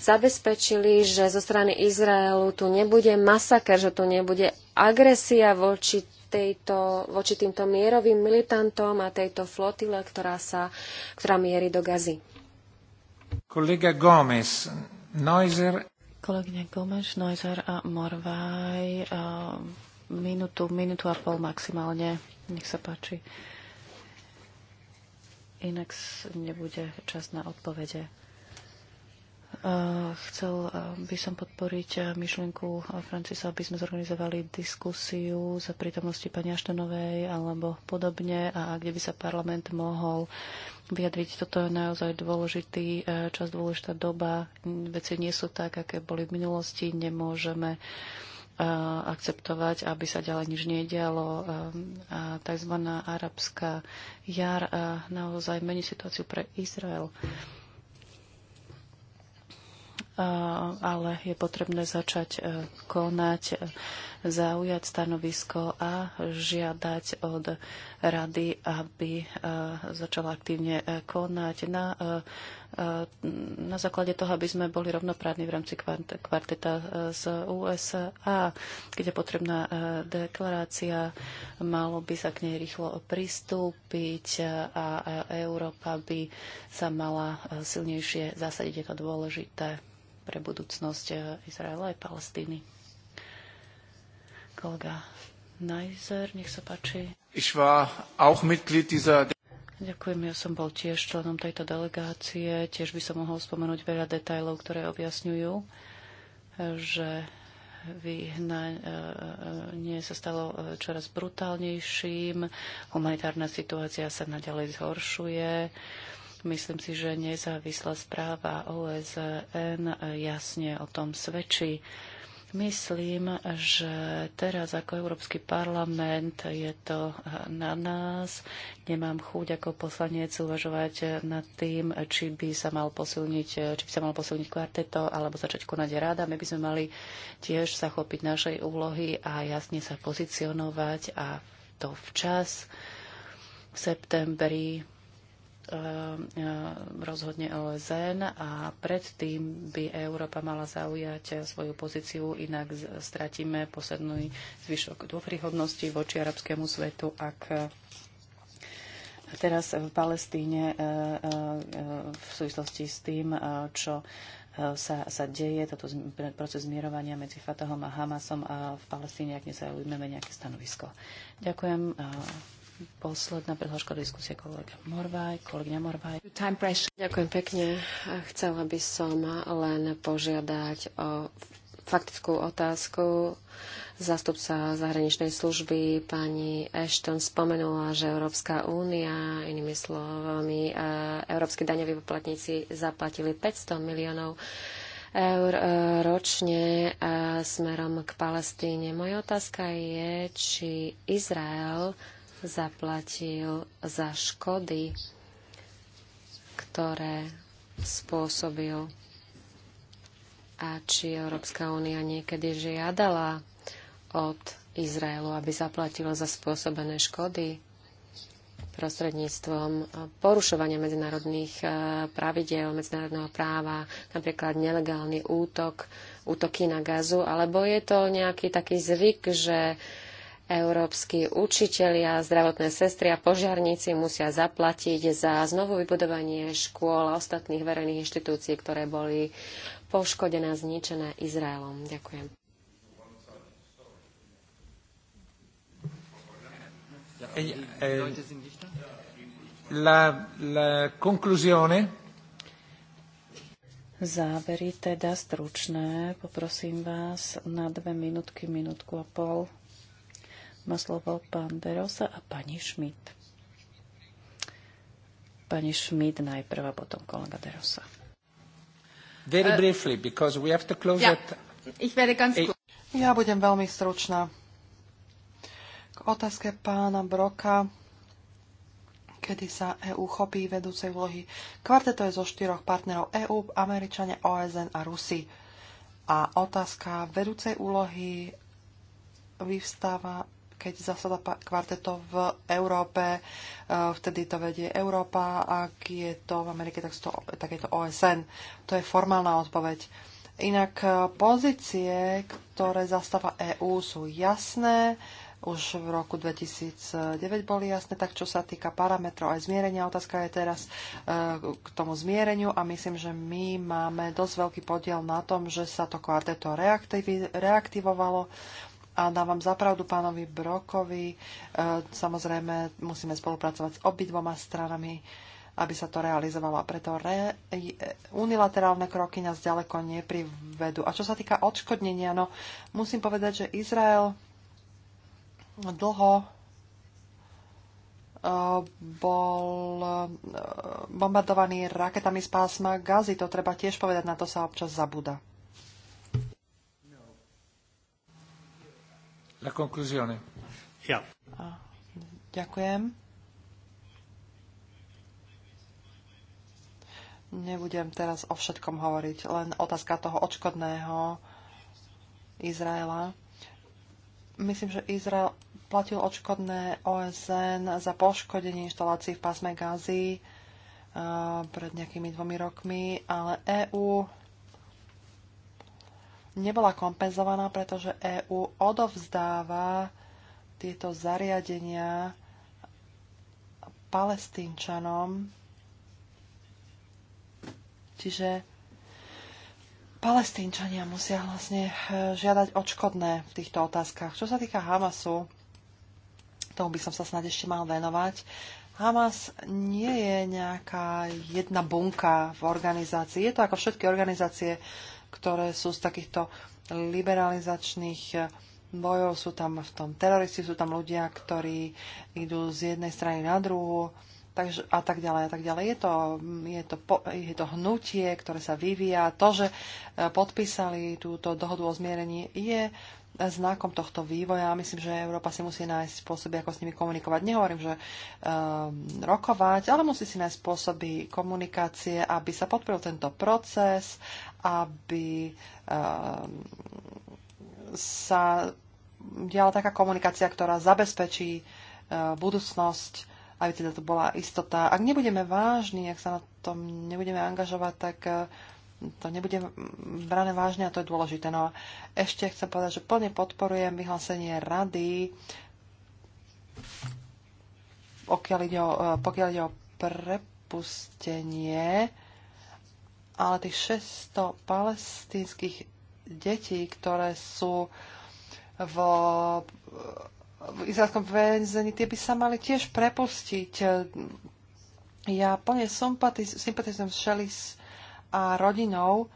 zabezpečili, že zo strany Izraelu tu nebude masaker, že tu nebude agresia voči, tejto, voči týmto mierovým militantom a tejto flotile, ktorá, sa, ktorá mierí do Gazy. Kolega Gomez, Neuser. Kolegyne Gomez, Neuser a Morvaj. Eh, minútu, minútu a pol maximálne. Nech sa páči inak nebude čas na odpovede. E, chcel e, by som podporiť e, myšlienku Francisa, aby sme zorganizovali diskusiu za prítomnosti pani Aštenovej alebo podobne a kde by sa parlament mohol vyjadriť. Toto je naozaj dôležitý čas, dôležitá doba. Veci nie sú tak, aké boli v minulosti. Nemôžeme uh, akceptovať, aby sa ďalej nič nedialo. tzv. arabská jar naozaj mení situáciu pre Izrael. Ale je potrebné začať e, konať, e, zaujať stanovisko a žiadať od rady, aby e, začala aktívne konať na na základe toho, aby sme boli rovnoprávni v rámci kvarteta eh, z USA. Keď je potrebná eh, deklarácia, malo by sa k nej rýchlo pristúpiť eh, a Európa by sa mala silnejšie zasadiť. Je to dôležité pre budúcnosť Izraela aj Palestíny. Kolega Najzer, nech sa páči. Ich war auch Mitglied dieser Ďakujem, ja som bol tiež členom tejto delegácie. Tiež by som mohol spomenúť veľa detajlov, ktoré objasňujú, že vyhnanie sa stalo e, čoraz brutálnejším, humanitárna situácia sa naďalej zhoršuje. Myslím si, že nezávislá správa OSN jasne o tom svedčí. Myslím, že teraz ako Európsky parlament je to na nás. Nemám chuť ako poslanec uvažovať nad tým, či by sa mal posilniť, či by sa mal posilniť kvarteto alebo začať konať rada. My by sme mali tiež sa chopiť našej úlohy a jasne sa pozicionovať a to včas. V septembri E, e, rozhodne OSN a predtým by Európa mala zaujať svoju pozíciu, inak stratíme poslednú zvyšok dôfrihodnosti voči arabskému svetu, ak teraz v Palestíne e, v súvislosti s tým, čo sa, sa deje, toto proces zmierovania medzi Fatahom a Hamasom a v Palestíne, ak nezaujmeme nejaké stanovisko. Ďakujem posledná prihláška do diskusie kolega Morvaj, kolegyňa Morvaj. Time pressure. Ďakujem pekne. Chcela by som len požiadať o faktickú otázku. zastupca zahraničnej služby pani Ashton spomenula, že Európska únia, inými slovami, e, európsky daňoví poplatníci zaplatili 500 miliónov eur e, ročne e, smerom k Palestíne. Moja otázka je, či Izrael zaplatil za škody, ktoré spôsobil a či Európska únia niekedy žiadala od Izraelu, aby zaplatilo za spôsobené škody prostredníctvom porušovania medzinárodných eh, pravidel, medzinárodného práva, napríklad nelegálny útok, útoky na gazu, alebo je to nejaký taký zvyk, že Európsky učitelia, zdravotné sestry a požiarníci musia zaplatiť za znovu vybudovanie škôl a ostatných verejných inštitúcií, ktoré boli poškodené a zničené Izraelom. Ďakujem. Eh, eh, la, la conclusione. Závery teda stručné. Poprosím vás na dve minútky, minútku a pol. Má slovo pán Derosa a pani Šmit. Pani Šmit najprv a potom kolega Derosa. Very eh, briefly, because we have to close ja. it. Ich werde ganz eh, ja budem veľmi stručná. K otázke pána Broka, kedy sa EÚ chopí vedúcej vlohy. Kvarteto je zo štyroch partnerov EÚ, Američania, OSN a Rusy. A otázka vedúcej úlohy vyvstáva keď zasada kvarteto v Európe, e, vtedy to vedie Európa, ak je to v Amerike, tak, to, tak je to OSN. To je formálna odpoveď. Inak e, pozície, ktoré zastáva EÚ, sú jasné. Už v roku 2009 boli jasné, tak čo sa týka parametrov aj zmierenia, otázka je teraz e, k tomu zmiereniu a myslím, že my máme dosť veľký podiel na tom, že sa to kvarteto reaktivovalo a dávam zapravdu pánovi Brokovi. E, samozrejme, musíme spolupracovať s obidvoma stranami, aby sa to realizovalo. A preto re, e, unilaterálne kroky nás ďaleko neprivedú. A čo sa týka odškodnenia, no musím povedať, že Izrael dlho e, bol bombardovaný raketami z pásma Gazy. To treba tiež povedať, na to sa občas zabúda. La conclusione. Ja. Ďakujem. Nebudem teraz o všetkom hovoriť, len otázka toho odškodného Izraela. Myslím, že Izrael platil odškodné OSN za poškodenie inštalácií v pásme Gazy pred nejakými dvomi rokmi, ale EÚ nebola kompenzovaná, pretože EÚ odovzdáva tieto zariadenia palestínčanom. Čiže palestínčania musia vlastne eh, žiadať odškodné v týchto otázkach. Čo sa týka Hamasu, tomu by som sa snad ešte mal venovať. Hamas nie je nejaká jedna bunka v organizácii. Je to ako všetky organizácie ktoré sú z takýchto liberalizačných eh, bojov. Sú tam v tom teroristi, sú tam ľudia, ktorí idú z jednej strany na druhú takže, a tak ďalej a tak ďalej. Je to, je, to, je to hnutie, ktoré sa vyvíja. To, že eh, podpísali túto dohodu o zmierení, je znakom tohto vývoja. Myslím, že Európa si musí nájsť spôsoby, ako s nimi komunikovať. Nehovorím, že um, rokovať, ale musí si nájsť spôsoby komunikácie, aby sa podporil tento proces, aby um, sa diala taká komunikácia, ktorá zabezpečí uh, budúcnosť, aby teda to bola istota. Ak nebudeme vážni, ak sa na tom nebudeme angažovať, tak uh, to nebude brané vážne a to je dôležité. No a ešte chcem povedať, že plne podporujem vyhlásenie rady, pokiaľ ide o, e, pokiaľ ide o prepustenie, ale tých 600 palestínskych detí, ktoré sú v, v izraelskom väzení, tie by sa mali tiež prepustiť. Ja plne sympatizujem s a rodinou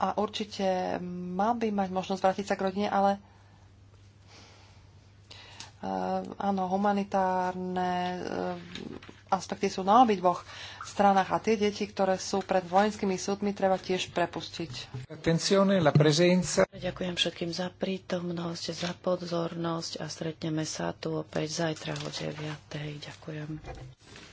a určite mal by mať možnosť vrátiť sa k rodine, ale uh, áno, humanitárne uh, aspekty sú na dvoch stranách a tie deti, ktoré sú pred vojenskými súdmi, treba tiež prepustiť. Ďakujem všetkým za prítomnosť, za pozornosť a stretneme sa tu opäť zajtra o 9. Ďakujem.